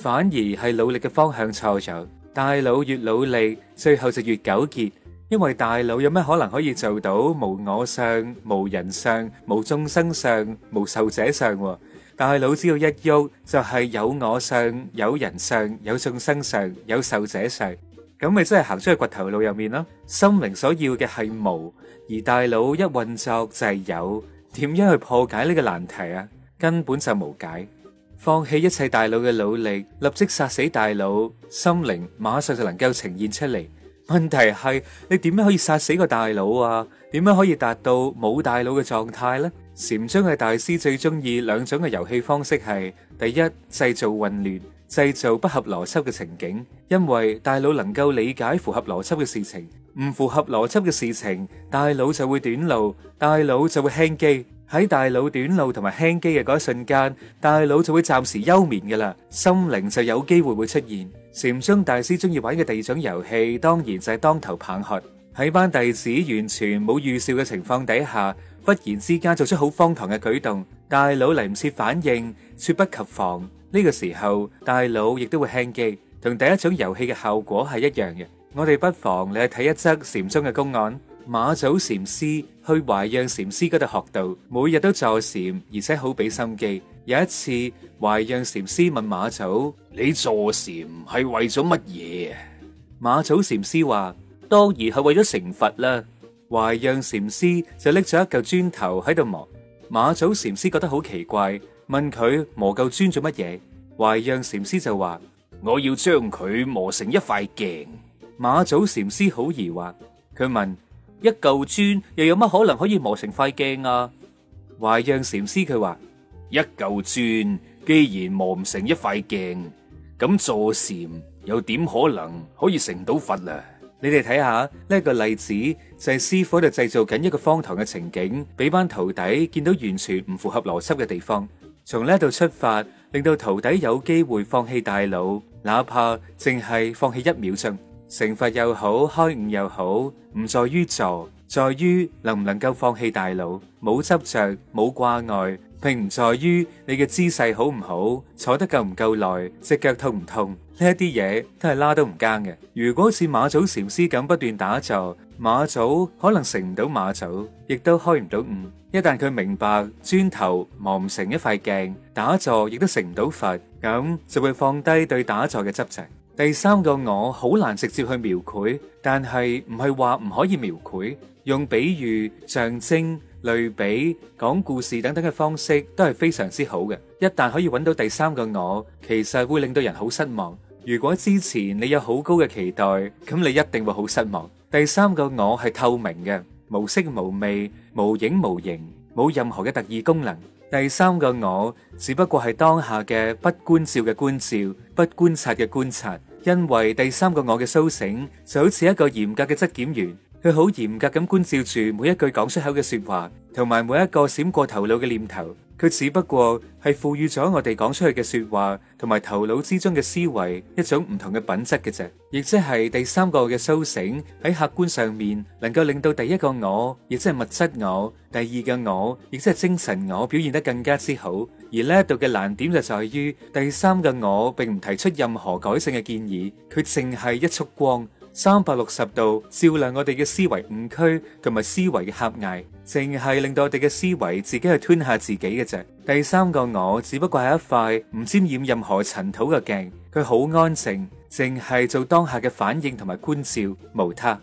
反而係努力嘅方向錯咗，大腦越努力，最後就越糾結，因為大腦有咩可能可以做到無我相、無人相、無眾生相、無受者相？大腦只要一喐，就係有我相、有人相、有眾生相、有受者相，咁咪真係行出去掘頭路入面咯。心靈所要嘅係無，而大腦一運作就係有，點樣去破解呢個難題啊？根本就無解。放棄一切大腦嘅努力，立即殺死大腦，心靈馬上就能夠呈現出嚟。問題係你點樣可以殺死個大腦啊？點樣可以達到冇大腦嘅狀態呢？禪宗嘅大師最中意兩種嘅遊戲方式係：第一，製造混亂，製造不合邏輯嘅情景，因為大腦能夠理解符合邏輯嘅事情，唔符合邏輯嘅事情，大腦就會短路，大腦就會輕機。喺大腦短路同埋輕機嘅嗰一瞬間，大腦就會暫時休眠㗎喇，心靈就有機會會出現。禪宗大師中意玩嘅第二種遊戲，當然就係當頭棒喝。喺班弟子完全冇預兆嘅情況底下，忽然之間做出好荒唐嘅舉動，大腦嚟唔切反應，猝不及防。呢個時候，大腦亦都會輕機，同第一種遊戲嘅效果係一樣嘅。我哋不妨嚟睇一則禪宗嘅公案。馬祖禪師去懷讓禪師嗰度學道，每日都坐禪，而且好俾心機。有一次，懷讓禪師問馬祖：你坐禪係為咗乜嘢？馬祖禪師話：當然係為咗成佛啦。懷讓禪師就拎咗一嚿磚頭喺度磨。馬祖禪師覺得好奇怪，問佢磨嚿磚做乜嘢？懷讓禪師就話：我要將佢磨成一塊鏡。馬祖禪師好疑惑，佢問。一舊磚又有乜可能可以磨成塊鏡啊？懷讓禪師佢話：一舊磚既然磨唔成一塊鏡，咁坐禪又點可能可以成到佛啊？你哋睇下呢一個例子就係師傅喺度製造緊一個荒唐嘅情景，俾班徒弟見到完全唔符合邏輯嘅地方，從呢度出發，令到徒弟有機會放棄大腦，哪怕淨係放棄一秒鐘。成佛又好，開悟又好，唔在於坐，在於能唔能夠放棄大腦，冇執着，冇掛礙，並唔在於你嘅姿勢好唔好，坐得夠唔夠耐，隻腳痛唔痛，呢一啲嘢都係拉都唔更嘅。如果似馬祖禪師咁不斷打坐，馬祖可能成唔到馬祖，亦都開唔到悟。一旦佢明白磚頭磨唔成一塊鏡，打坐亦都成唔到佛，咁就會放低對打坐嘅執着。第三個我好難直接去描繪，但係唔係話唔可以描繪，用比喻、象徵、類比、講故事等等嘅方式都係非常之好嘅。一旦可以揾到第三個我，其實會令到人好失望。如果之前你有好高嘅期待，咁你一定會好失望。第三個我係透明嘅，無色無味，無影無形，冇任何嘅特異功能。第三個我只不過係當下嘅不觀照嘅觀照，不觀察嘅觀察。因為第三個我嘅蘇醒，就好似一個嚴格嘅質檢員，佢好嚴格咁觀照住每一句講出口嘅說話，同埋每一個閃過頭腦嘅念頭。佢只不過係賦予咗我哋講出去嘅說話，同埋頭腦之中嘅思維一種唔同嘅品質嘅啫。亦即係第三個我嘅蘇醒喺客觀上面，能夠令到第一個我，亦即係物質我，第二個我，亦即係精神我，表現得更加之好。而呢度嘅難點就在於，第三個我並唔提出任何改正嘅建議，佢淨係一束光，三百六十度照亮我哋嘅思維誤區同埋思維嘅狹隘，淨係令到我哋嘅思維自己去吞下自己嘅啫。第三個我只不過係一塊唔沾染任何塵土嘅鏡，佢好安靜，淨係做當下嘅反應同埋觀照，無他。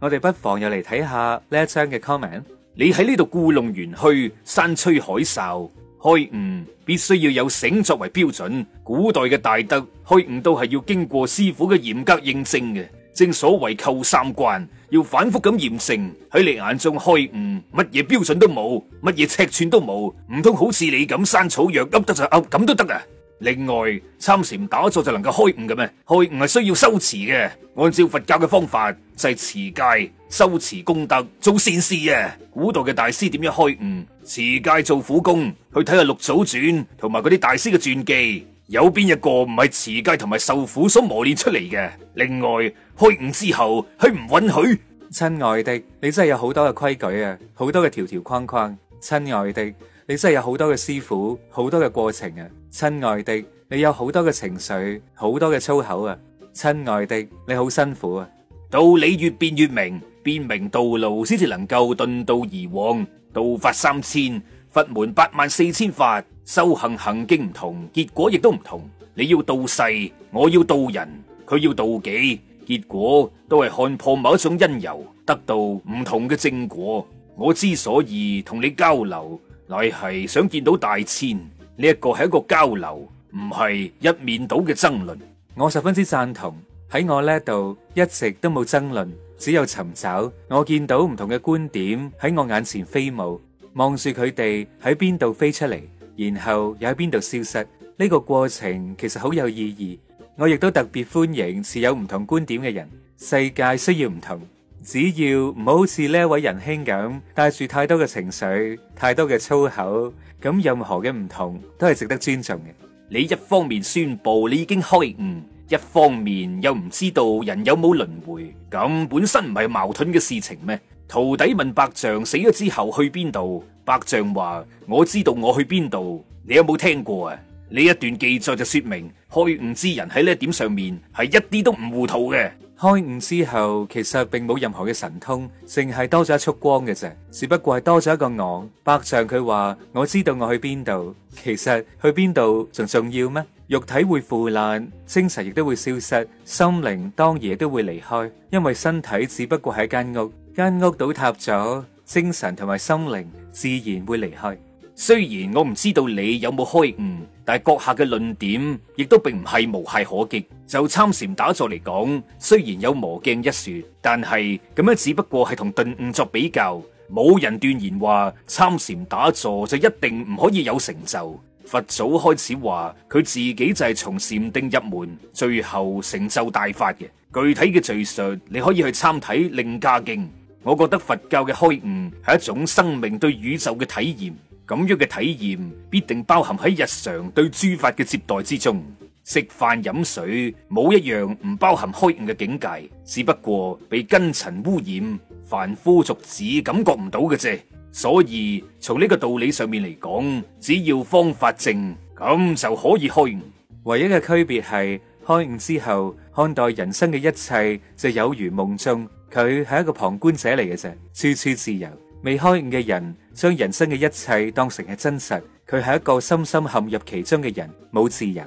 我哋不妨又嚟睇下呢一張嘅 comment，你喺呢度故弄玄虛，山吹海哨。開悟必須要有繩作為標準，古代嘅大德開悟都係要經過師父嘅嚴格認證嘅，正所謂扣三關，要反復咁驗證。喺你眼中開悟，乜嘢標準都冇，乜嘢尺寸都冇，唔通好似你咁生草藥噏得就噏，咁都得啊？另外，參禪打坐就能夠開悟嘅咩？開悟係需要修持嘅，按照佛教嘅方法，就係、是、持戒、修持功德、做善事啊！古代嘅大師點樣開悟？持戒做苦工，去睇下六祖傳同埋嗰啲大師嘅傳記，有邊一個唔係持戒同埋受苦所磨練出嚟嘅？另外開悟之後係唔允許？親愛的，你真係有好多嘅規矩啊，好多嘅條條框框。親愛的，你真係有好多嘅師傅，好多嘅過程啊。親愛的，你有好多嘅情緒，好多嘅粗口啊。親愛的，你好辛苦啊。道理越變越明，變明道路先至能夠遁道而往。道法三千，佛門八萬四千法，修行行徑唔同，結果亦都唔同。你要度世，我要度人，佢要度己，結果都係看破某一種因由，得到唔同嘅正果。我之所以同你交流，乃係想見到大千呢一、這個係一個交流，唔係一面倒嘅爭論。我十分之贊同，喺我呢度一直都冇爭論。只有尋找，我見到唔同嘅觀點喺我眼前飛舞，望住佢哋喺邊度飛出嚟，然後又喺邊度消失。呢個過程其實好有意義。我亦都特別歡迎持有唔同觀點嘅人。世界需要唔同，只要唔好似呢一位仁兄咁帶住太多嘅情緒、太多嘅粗口，咁任何嘅唔同都係值得尊重嘅。你一方面宣布你已經開悟。一方面又唔知道人有冇輪回，咁本身唔係矛盾嘅事情咩？徒弟問白象死咗之後去邊度，白象話我知道我去邊度。你有冇聽過啊？呢一段記載就說明開悟之人喺呢一點上面係一啲都唔糊塗嘅。開悟之後其實並冇任何嘅神通，淨係多咗一束光嘅啫，只不過係多咗一個我。白象佢話我知道我去邊度，其實去邊度仲重要咩？肉體會腐爛，精神亦都會消失，心靈當然都會離開，因為身體只不過係間屋，間屋倒塌咗，精神同埋心靈自然會離開。雖然我唔知道你有冇開悟，但係閣下嘅論點亦都並唔係無懈可擊。就參禪打坐嚟講，雖然有磨鏡一說，但係咁樣只不過係同頓悟作比較，冇人斷言話參禪打坐就一定唔可以有成就。佛祖開始話佢自己就係從禪定入門，最後成就大法嘅。具體嘅敘述你可以去參睇《楞伽經》。我覺得佛教嘅開悟係一種生命對宇宙嘅體驗，咁樣嘅體驗必定包含喺日常對諸法嘅接待之中，食飯飲水冇一樣唔包含開悟嘅境界，只不過被根塵污染，凡夫俗子感覺唔到嘅啫。所以從呢個道理上面嚟講，只要方法正，咁就可以開悟。唯一嘅區別係開悟之後看待人生嘅一切就有如夢中，佢係一個旁觀者嚟嘅啫，處處自由。未開悟嘅人將人生嘅一切當成係真實，佢係一個深深陷入其中嘅人，冇自由。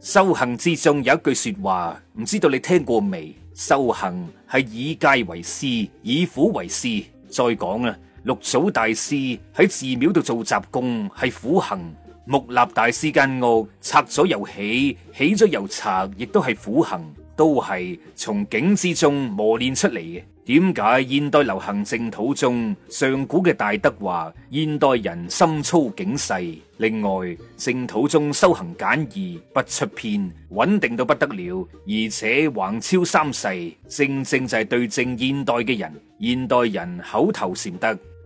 修行之中有一句說話，唔知道你聽過未？修行係以戒為師，以苦為師。再講啦。六祖大師喺寺廟度做雜工，係苦行；木立大師間屋拆咗又起，起咗又拆，亦都係苦行，都係從境之中磨練出嚟嘅。點解現代流行淨土中上古嘅大德話，現代人心粗境細。另外淨土中修行簡易，不出偏，穩定到不得了，而且橫超三世，正正就係對正現代嘅人。現代人口頭禪得。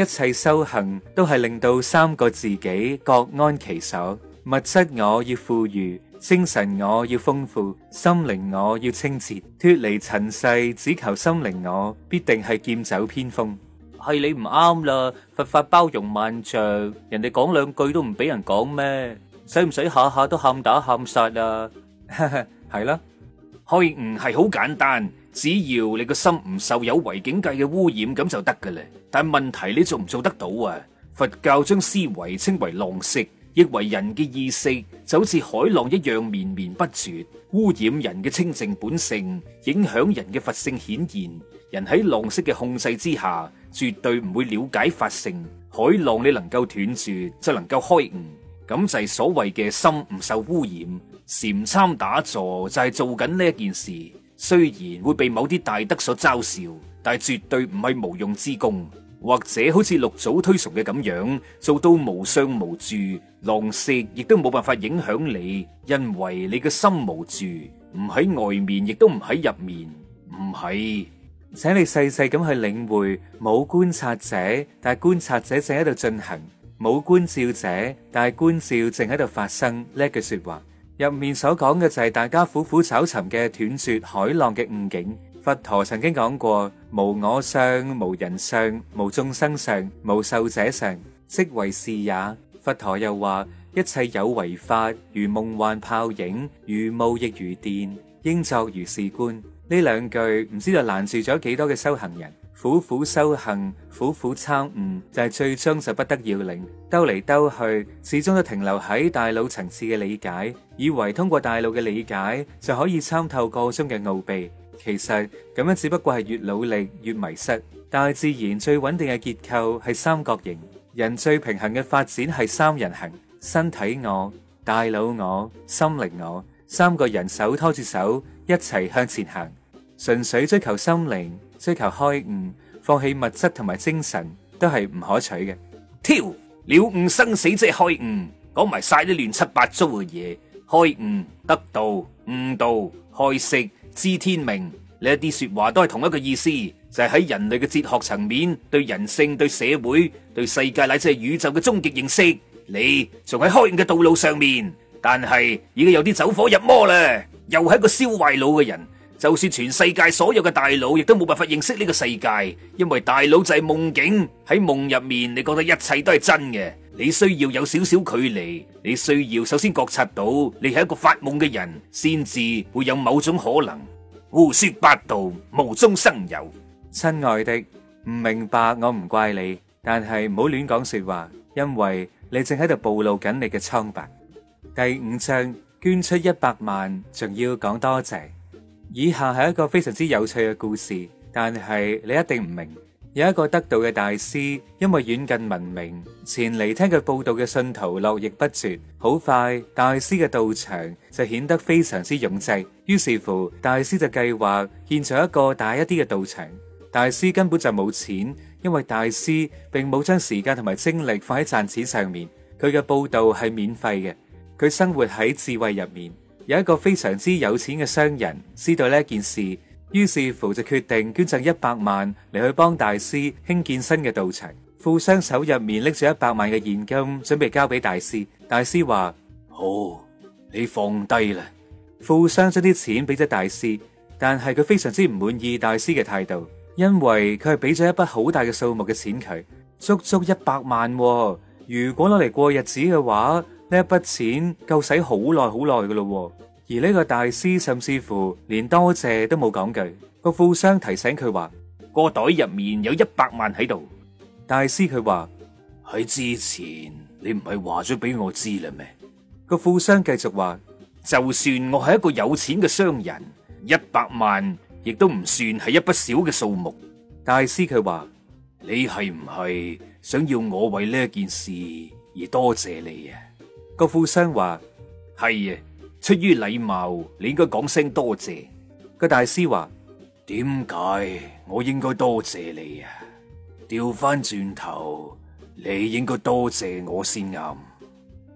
一切修行都係令到三個自己各安其所，物質我要富裕，精神我要豐富，心靈我要清澈。脫離塵世，只求心靈我，必定係劍走偏鋒。係你唔啱啦，佛法包容萬象。人哋講兩句都唔俾人講咩？使唔使下下都喊打喊殺啊？係 啦，可以唔係好簡單。只要你個心唔受有為境界嘅污染，咁就得噶啦。但係問題你做唔做得到啊？佛教將思維稱為浪色，亦為人嘅意識就好似海浪一樣綿綿不絕，污染人嘅清淨本性，影響人嘅佛性顯現。人喺浪色嘅控制之下，絕對唔會了解佛性。海浪你能夠斷住，就能夠開悟。咁就係所謂嘅心唔受污染。禪參打坐就係、是、做緊呢一件事。雖然會被某啲大德所嘲笑，但係絕對唔係無用之功，或者好似六祖推崇嘅咁樣，做到無相無住，狼食亦都冇辦法影響你，因為你嘅心無住，唔喺外面，亦都唔喺入面，唔係，請你細細咁去領會，冇觀察者，但係觀察者正喺度進行；冇觀照者，但係觀照正喺度發生呢句說話。入面所講嘅就係大家苦苦找尋嘅斷絕海浪嘅悟境。佛陀曾經講過：無我相、無人相、無眾生相、無壽者相，即為是也。佛陀又話：一切有為法，如夢幻泡影，如霧亦如電，應作如是觀。呢兩句唔知道攔住咗幾多嘅修行人。苦苦修行，苦苦參悟，就係最終就不得要領。兜嚟兜去，始終都停留喺大腦層次嘅理解，以為通過大腦嘅理解，就可以參透個中嘅奧秘。其實，咁樣只不過係越努力，越迷失。大自然最穩定嘅結構係三角形。人最平衡嘅發展係三人行，身體我，大腦我，心靈我。三個人手拖住手，一齊向前行。純粹追求心靈。追求開悟，放棄物質同埋精神都係唔可取嘅。挑了悟生死即係開悟，講埋晒啲亂七八糟嘅嘢，開悟得道悟道開釋知天命呢一啲說話都係同一個意思，就係喺人類嘅哲學層面對人性、對社會、對世界乃至係宇宙嘅終極認識。你仲喺開悟嘅道路上面，但係已經有啲走火入魔啦，又係個燒壞腦嘅人。就算全世界所有嘅大佬，亦都冇辦法認識呢個世界，因為大佬就係夢境，喺夢入面，你覺得一切都係真嘅。你需要有少少距離，你需要首先覺察到你係一個發夢嘅人，先至會有某種可能。胡說八道，無中生有，親愛的，唔明白，我唔怪你，但係唔好亂講說話，因為你正喺度暴露緊你嘅蒼白。第五章，捐出一百萬，仲要講多謝，謝。以下係一個非常之有趣嘅故事，但係你一定唔明。有一個得道嘅大師，因為遠近聞名，前嚟聽佢報道嘅信徒絡繹不絕。好快，大師嘅道場就顯得非常之擁擠。於是乎，大師就計劃建造一個大一啲嘅道場。大師根本就冇錢，因為大師並冇將時間同埋精力放喺賺錢上面。佢嘅報道係免費嘅，佢生活喺智慧入面。有一個非常之有錢嘅商人知道呢件事，於是乎就決定捐贈一百萬嚟去幫大師興建新嘅道場。富商手入面拎住一百萬嘅現金，準備交俾大師。大師話：好，你放低啦。富商將啲錢俾咗大師，但係佢非常之唔滿意大師嘅態度，因為佢係俾咗一筆好大嘅數目嘅錢佢，足足一百萬。如果攞嚟過日子嘅話。呢一筆錢夠使好耐好耐噶咯，而呢個大師甚至乎連多謝都冇講句。個富商提醒佢話，個袋入面有一百萬喺度。大師佢話，喺之前你唔係話咗俾我知啦咩？個富商繼續話，就算我係一個有錢嘅商人，一百萬亦都唔算係一筆少嘅數目。大師佢話，你係唔係想要我為呢一件事而多謝你啊？個富商話：係啊，出於禮貌，你應該講聲多謝。個大師話：點解我應該多謝你啊？調翻轉頭，你應該多謝我先啱。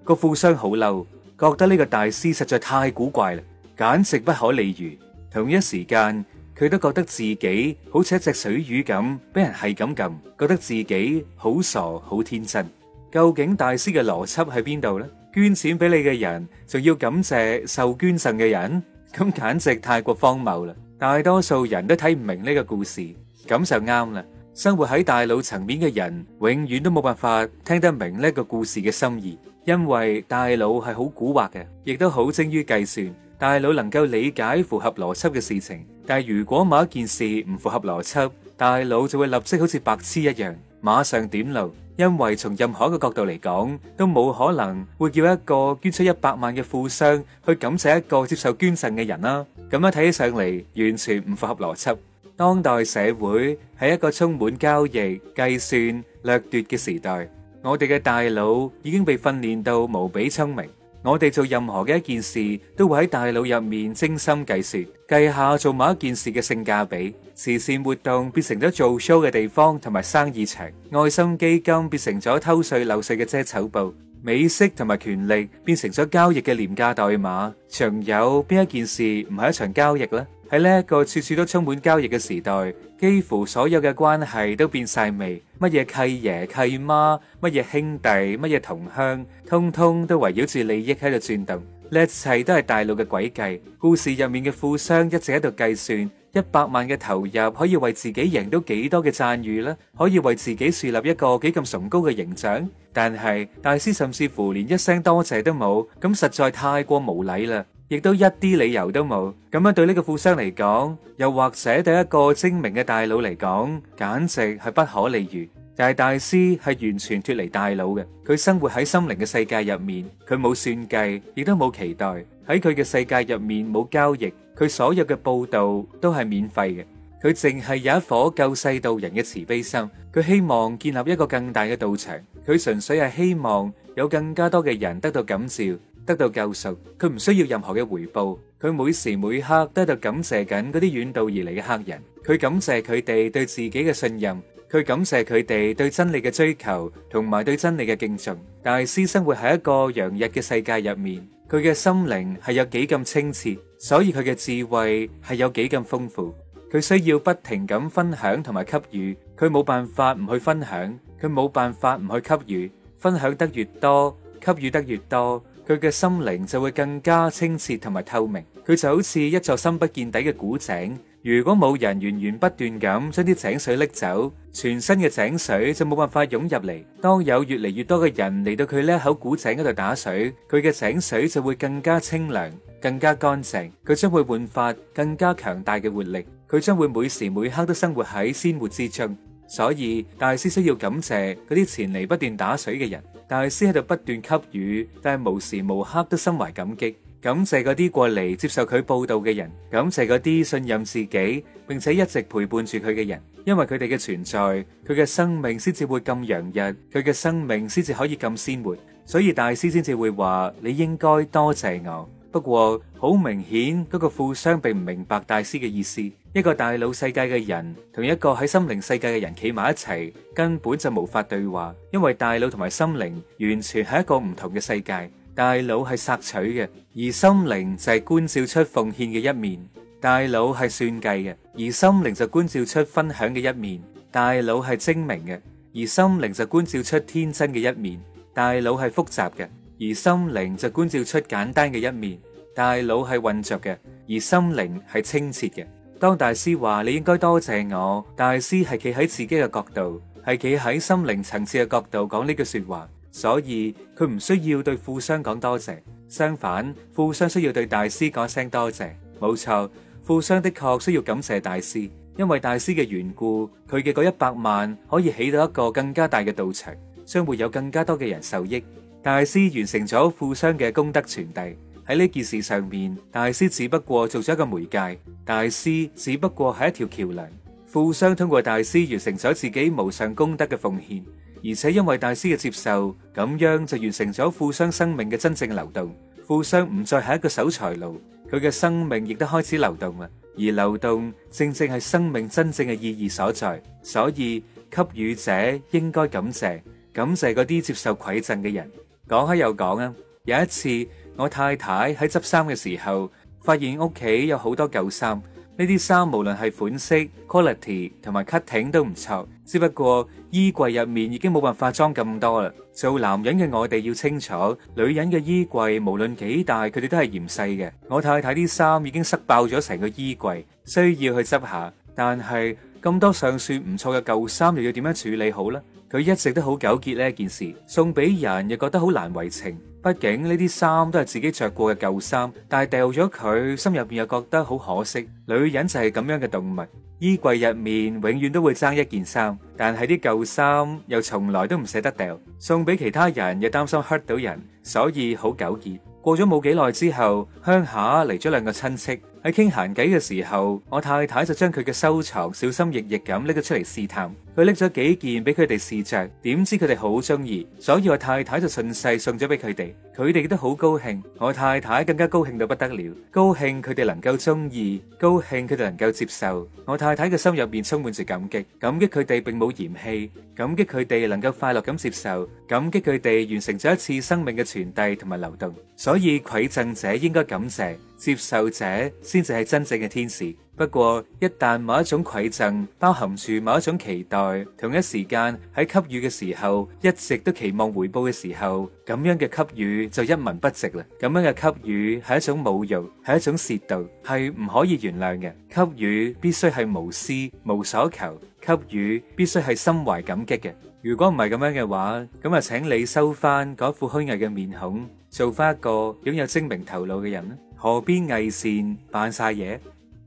個富商好嬲，覺得呢個大師實在太古怪啦，簡直不可理喻。同一時間，佢都覺得自己好似一隻水魚咁，俾人係咁撳，覺得自己好傻好天真。究竟大師嘅邏輯喺邊度呢？捐錢俾你嘅人，仲要感謝受捐贈嘅人，咁簡直太過荒謬啦！大多數人都睇唔明呢個故事，咁就啱啦。生活喺大腦層面嘅人，永遠都冇辦法聽得明呢個故事嘅心意，因為大腦係好古惑嘅，亦都好精於計算。大腦能夠理解符合邏輯嘅事情，但係如果某一件事唔符合邏輯，大腦就會立即好似白痴一樣，馬上點路。因為從任何一個角度嚟講，都冇可能會叫一個捐出一百萬嘅富商去感謝一個接受捐贈嘅人啦、啊。咁樣睇起上嚟，完全唔符合邏輯。當代社會係一個充滿交易、計算、掠奪嘅時代，我哋嘅大腦已經被訓練到無比聰明。我哋做任何嘅一件事，都會喺大腦入面精心計算，計下做某一件事嘅性價比。慈善活動變成咗做 show 嘅地方，同埋生意場；愛心基金變成咗偷稅漏稅嘅遮醜布；美式同埋權力變成咗交易嘅廉價代碼。仲有邊一件事唔係一場交易咧？喺呢一個處處都充滿交易嘅時代，幾乎所有嘅關係都變晒味。乜嘢契爺契媽，乜嘢兄弟，乜嘢同鄉，通通都圍繞住利益喺度轉動。呢一切都係大陸嘅詭計。故事入面嘅富商一直喺度計算，一百萬嘅投入可以為自己贏到幾多嘅讚譽啦，可以為自己樹立一個幾咁崇高嘅形象。但係大師甚至乎連一聲多謝都冇，咁實在太過無禮啦。亦都一啲理由都冇，咁樣對呢個富商嚟講，又或者對一個精明嘅大佬嚟講，簡直係不可理喻。但係大師係完全脫離大佬嘅，佢生活喺心靈嘅世界入面，佢冇算計，亦都冇期待。喺佢嘅世界入面冇交易，佢所有嘅報導都係免費嘅。佢淨係有一顆救世渡人嘅慈悲心，佢希望建立一個更大嘅道場，佢純粹係希望有更加多嘅人得到感召。得到救贖，佢唔需要任何嘅回報。佢每時每刻都喺度感謝緊嗰啲遠道而嚟嘅客人。佢感謝佢哋對自己嘅信任，佢感謝佢哋對真理嘅追求同埋對真理嘅敬重。大師生活喺一個洋溢嘅世界入面，佢嘅心靈係有幾咁清澈，所以佢嘅智慧係有幾咁豐富。佢需要不停咁分享同埋給予，佢冇辦法唔去分享，佢冇辦法唔去給予。分享得越多，給予得越多。佢嘅心靈就會更加清澈同埋透明。佢就好似一座深不見底嘅古井，如果冇人源源不斷咁將啲井水拎走，全新嘅井水就冇辦法湧入嚟。當有越嚟越多嘅人嚟到佢呢一口古井嗰度打水，佢嘅井水就會更加清涼，更加乾淨。佢將會煥發更加強大嘅活力，佢將會每時每刻都生活喺鮮活之中。所以大師需要感謝嗰啲前嚟不斷打水嘅人，大師喺度不斷給予，但係無時無刻都心懷感激，感謝嗰啲過嚟接受佢報道嘅人，感謝嗰啲信任自己並且一直陪伴住佢嘅人，因為佢哋嘅存在，佢嘅生命先至會咁洋溢，佢嘅生命先至可以咁鮮活，所以大師先至會話你應該多謝我。不過好明顯嗰個富商並唔明白大師嘅意思。一個大腦世界嘅人，同一個喺心靈世界嘅人企埋一齊，根本就無法對話，因為大腦同埋心靈完全係一個唔同嘅世界。大腦係索取嘅，而心靈就係觀照出奉獻嘅一面；大腦係算計嘅，而心靈就觀照出分享嘅一面；大腦係精明嘅，而心靈就觀照出天真嘅一面；大腦係複雜嘅，而心靈就觀照出簡單嘅一面；大腦係混濁嘅，而心靈係清澈嘅。當大師話你應該多謝我，大師係企喺自己嘅角度，係企喺心靈層次嘅角度講呢句說話，所以佢唔需要對富商講多謝。相反，富商需要對大師講聲多謝。冇錯，富商的確需要感謝大師，因為大師嘅緣故，佢嘅嗰一百萬可以起到一個更加大嘅道場，將會有更加多嘅人受益。大師完成咗富商嘅功德傳遞。喺呢件事上面，大師只不過做咗一個媒介，大師只不過係一條橋梁。富商通過大師完成咗自己無上功德嘅奉獻，而且因為大師嘅接受，咁樣就完成咗富商生命嘅真正流動。富商唔再係一個守財奴，佢嘅生命亦都開始流動啦。而流動正正係生命真正嘅意義所在，所以給予者應該感謝感謝嗰啲接受饋贈嘅人。講開又講啊，有一次。我太太喺執衫嘅時候，發現屋企有好多舊衫。呢啲衫無論係款式、quality 同埋 cutting 都唔錯，只不過衣櫃入面已經冇辦法裝咁多啦。做男人嘅我哋要清楚，女人嘅衣櫃無論幾大，佢哋都係嫌細嘅。我太太啲衫已經塞爆咗成個衣櫃，需要去執下。但係咁多尚算唔錯嘅舊衫，又要點樣處理好呢？佢一直都好糾結呢件事，送俾人又覺得好難為情。畢竟呢啲衫都係自己着過嘅舊衫，但係掉咗佢，心入邊又覺得好可惜。女人就係咁樣嘅動物，衣櫃入面永遠都會爭一件衫，但係啲舊衫又從來都唔捨得掉，送俾其他人又擔心 hurt 到人，所以好糾結。過咗冇幾耐之後，鄉下嚟咗兩個親戚，喺傾閒偈嘅時候，我太太就將佢嘅收藏小心翼翼咁拎咗出嚟試探。佢拎咗幾件俾佢哋試着，點知佢哋好中意，所以我太太就順勢送咗俾佢哋，佢哋都好高興，我太太更加高興到不得了，高興佢哋能夠中意，高興佢哋能夠接受，我太太嘅心入邊充滿住感激，感激佢哋並冇嫌棄，感激佢哋能夠快樂咁接受，感激佢哋完成咗一次生命嘅傳遞同埋流動，所以饋贈者應該感謝，接受者先至係真正嘅天使。不過一旦某一種饋贈包含住某一種期待，同一時間喺給予嘅時候，一直都期望回報嘅時候，咁樣嘅給予就一文不值啦。咁樣嘅給予係一種侮辱，係一種褻瀆，係唔可以原諒嘅。給予必須係無私、無所求，給予必須係心懷感激嘅。如果唔係咁樣嘅話，咁啊，請你收翻嗰副虛偽嘅面孔，做翻一個擁有精明頭腦嘅人啦。何必偽善扮晒嘢？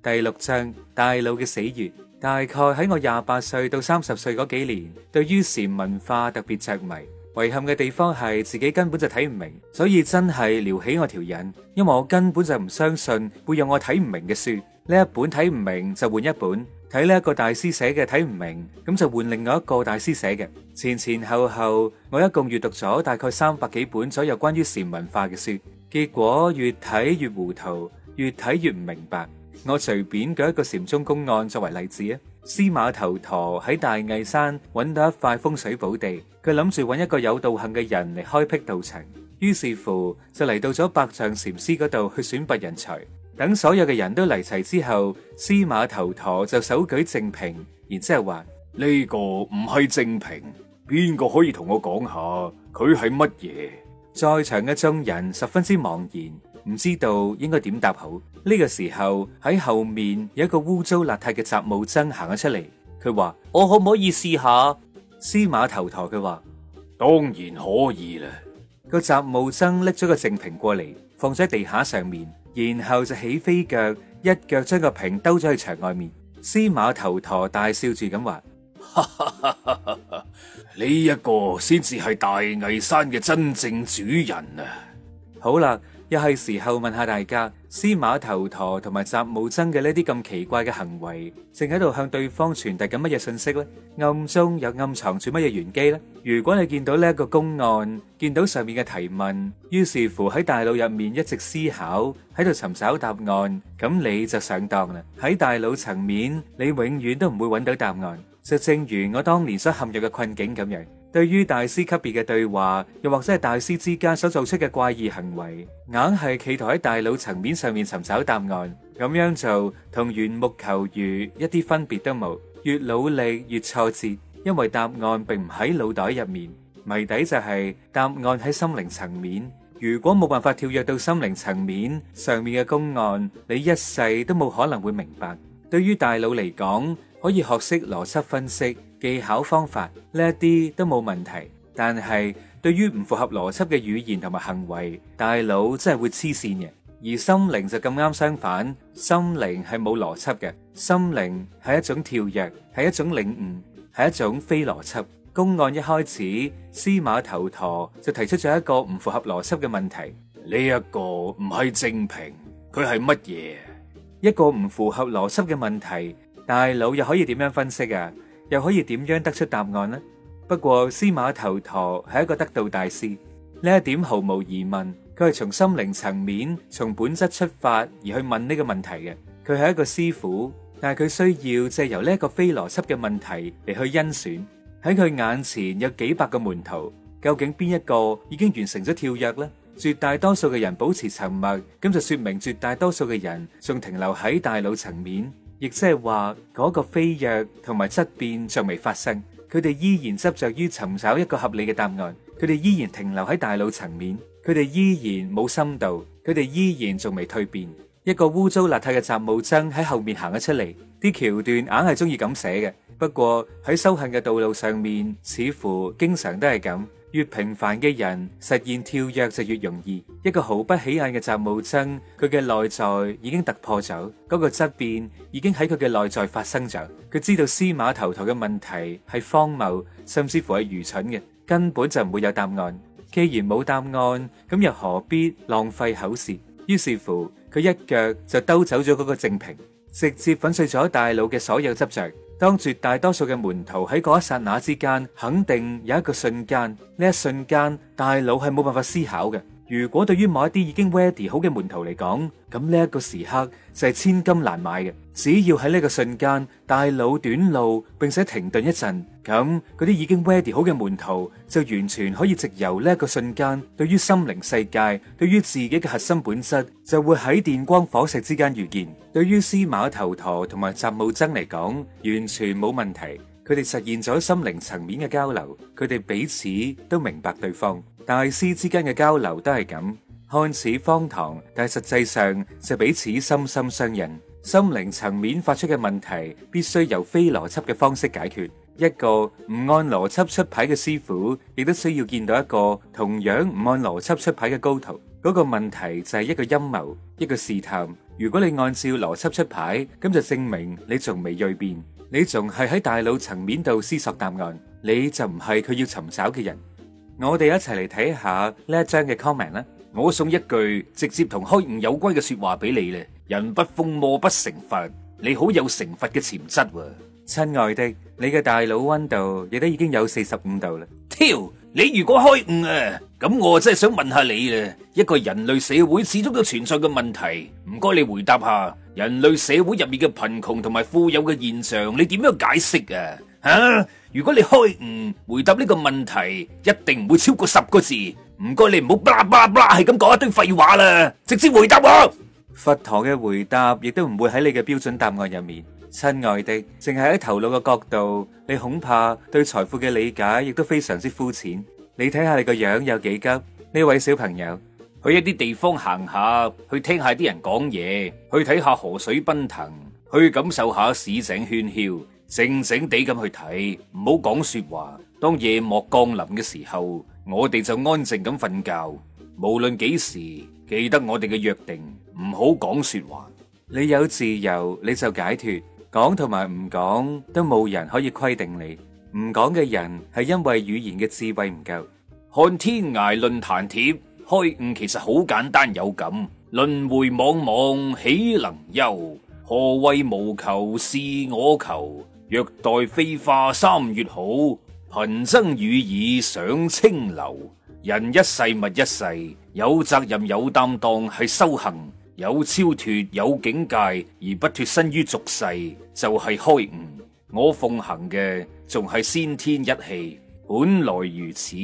第六章大腦嘅死穴。大概喺我廿八歲到三十歲嗰幾年，對於禪文化特別着迷。遺憾嘅地方係自己根本就睇唔明，所以真係撩起我條癮，因為我根本就唔相信會有我睇唔明嘅書。呢一本睇唔明就換一本，睇呢一個大師寫嘅睇唔明，咁就換另外一個大師寫嘅。前前後後我一共閱讀咗大概三百幾本左右關於禪文化嘅書，結果越睇越糊塗，越睇越唔明白。我隨便舉一個禪宗公案作為例子啊，司馬頭陀喺大溈山揾到一塊風水寶地，佢諗住揾一個有道行嘅人嚟開闢道場，於是乎就嚟到咗百丈禪師嗰度去選拔人才。等所有嘅人都嚟齊之後，司馬頭陀就手舉淨瓶，然之後話呢個唔係淨瓶，邊個可以同我講下佢係乜嘢？在場嘅眾人十分之茫然。唔知道應該點答好呢？呢個時候喺後面有一個污糟邋遢嘅雜務僧行咗出嚟，佢話：我可唔可以試下司馬頭陀？佢話：當然可以啦。個雜務僧拎咗個淨瓶過嚟，放咗喺地下上面，然後就起飛腳一腳將一個瓶兜咗去牆外面。司馬頭陀大笑住咁話：呢一 個先至係大巍山嘅真正主人啊！好啦。又係時候問下大家，司馬頭陀同埋雜務僧嘅呢啲咁奇怪嘅行為，正喺度向對方傳遞緊乜嘢信息呢？暗中有暗藏住乜嘢玄機呢？如果你見到呢一個公案，見到上面嘅提問，於是乎喺大腦入面一直思考，喺度尋找答案，咁你就上當啦！喺大腦層面，你永遠都唔會揾到答案，就正如我當年所陷入嘅困境咁樣。對於大師級別嘅對話，又或者係大師之間所做出嘅怪異行為，硬係企圖喺大腦層面上面尋找答案，咁樣做同緣木求魚一啲分別都冇。越努力越挫折，因為答案並唔喺腦袋入面。謎底就係答案喺心靈層面。如果冇辦法跳躍到心靈層面，上面嘅公案，你一世都冇可能會明白。對於大腦嚟講，可以學識邏輯分析。技巧方法呢一啲都冇問題，但係對於唔符合邏輯嘅語言同埋行為，大腦真係會痴線嘅。而心靈就咁啱相反，心靈係冇邏輯嘅，心靈係一種跳躍，係一種領悟，係一種非邏輯。公案一開始，司馬頭陀就提出咗一個唔符合邏輯嘅問題，呢一個唔係淨瓶，佢係乜嘢？一個唔符合邏輯嘅問題，大腦又可以點樣分析啊？又可以點樣得出答案呢？不過司馬頭陀係一個得道大師，呢一點毫無疑問，佢係從心靈層面、從本質出發而去問呢個問題嘅。佢係一個師傅，但係佢需要借由呢個非邏輯嘅問題嚟去甄選。喺佢眼前有幾百個門徒，究竟邊一個已經完成咗跳躍呢？絕大多數嘅人保持沉默，咁就說明絕大多數嘅人仲停留喺大腦層面。亦即係話嗰個飛躍同埋質變仲未發生，佢哋依然執着於尋找一個合理嘅答案，佢哋依然停留喺大腦層面，佢哋依然冇深度，佢哋依然仲未蛻變。一個污糟邋遢嘅雜務僧喺後面行咗出嚟，啲橋段硬係中意咁寫嘅。不過喺修行嘅道路上面，似乎經常都係咁。越平凡嘅人實現跳躍就越容易。一個毫不起眼嘅雜務僧，佢嘅內在已經突破咗，嗰、那個質變已經喺佢嘅內在發生咗。佢知道司馬頭陀嘅問題係荒謬，甚至乎係愚蠢嘅，根本就唔會有答案。既然冇答案，咁又何必浪費口舌？於是乎，佢一腳就兜走咗嗰個淨瓶，直接粉碎咗大佬嘅所有執着。當絕大多數嘅門徒喺嗰一剎那之間，肯定有一個瞬間，呢一瞬間大腦係冇辦法思考嘅。如果對於某一啲已經 ready 好嘅門徒嚟講，咁呢一個時刻就係千金難買嘅。只要喺呢個瞬間大腦短路，並且停頓一陣。咁嗰啲已經 ready 好嘅門徒就完全可以藉由呢一個瞬間，對於心靈世界，對於自己嘅核心本質，就會喺電光火石之間遇見。對於司馬頭陀同埋雜務僧嚟講，完全冇問題。佢哋實現咗心靈層面嘅交流，佢哋彼此都明白對方，大師之間嘅交流都係咁，看似荒唐，但係實際上就彼此心心相印。心靈層面發出嘅問題，必須由非邏輯嘅方式解決。一個唔按邏輯出牌嘅師傅，亦都需要見到一個同樣唔按邏輯出牌嘅高徒。嗰、這個問題就係一個陰謀，一個試探。如果你按照邏輯出牌，咁就證明你仲未蛻變，你仲係喺大腦層面度思索答案，你就唔係佢要尋找嘅人。我哋一齊嚟睇下呢一張嘅 comment 啦。我送一句直接同開悟有關嘅說話俾你啦。人不瘋魔不成佛，你好有成佛嘅潛質、啊，親愛的。你嘅大腦溫度亦都已經有四十五度啦。跳，你如果開悟啊，咁我真係想問下你啦，一個人類社會始終都存在嘅問題，唔該你回答下，人類社會入面嘅貧窮同埋富有嘅現象，你點樣解釋啊？吓，如果你開悟，回答呢個問題一定唔會超過十個字，唔該你唔好巴啦巴啦巴啦係咁講一堆廢話啦，直接回答我。佛陀嘅回答亦都唔會喺你嘅標準答案入面。親愛的，淨係喺頭腦嘅角度，你恐怕對財富嘅理解亦都非常之膚淺。你睇下你個樣有幾急？呢位小朋友去一啲地方行下，去聽下啲人講嘢，去睇下河水奔騰，去感受下市井喧囂。靜靜地咁去睇，唔好講說話。當夜幕降臨嘅時候，我哋就安靜咁瞓覺。無論幾時，記得我哋嘅約定，唔好講說話。你有自由，你就解脫。講同埋唔講都冇人可以規定你。唔講嘅人係因為語言嘅智慧唔夠。看天涯論壇帖，開悟其實好簡單，有感輪迴茫茫，豈能休？何謂無求？是我求。若待飛花三月好，貧僧與爾上清流。人一世物一世，有責任有擔當係修行。有超脫有境界而不脫身於俗世，就係開悟。我奉行嘅仲係先天一氣，本來如此。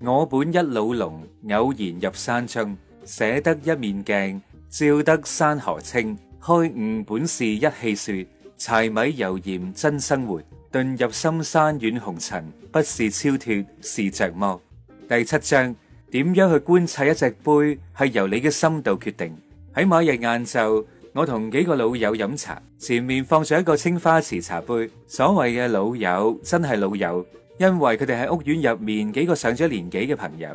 我本一老龍，偶然入山中，捨得一面鏡，照得山河清。開悟本是一氣說，柴米油鹽真生活。遁入深山遠紅塵，不是超脫是着魔。第七章，點樣去觀察一隻杯，係由你嘅深度決定。喺某日晏晝，我同幾個老友飲茶，前面放咗一個青花瓷茶杯。所謂嘅老友，真係老友，因為佢哋喺屋苑入面幾個上咗年紀嘅朋友，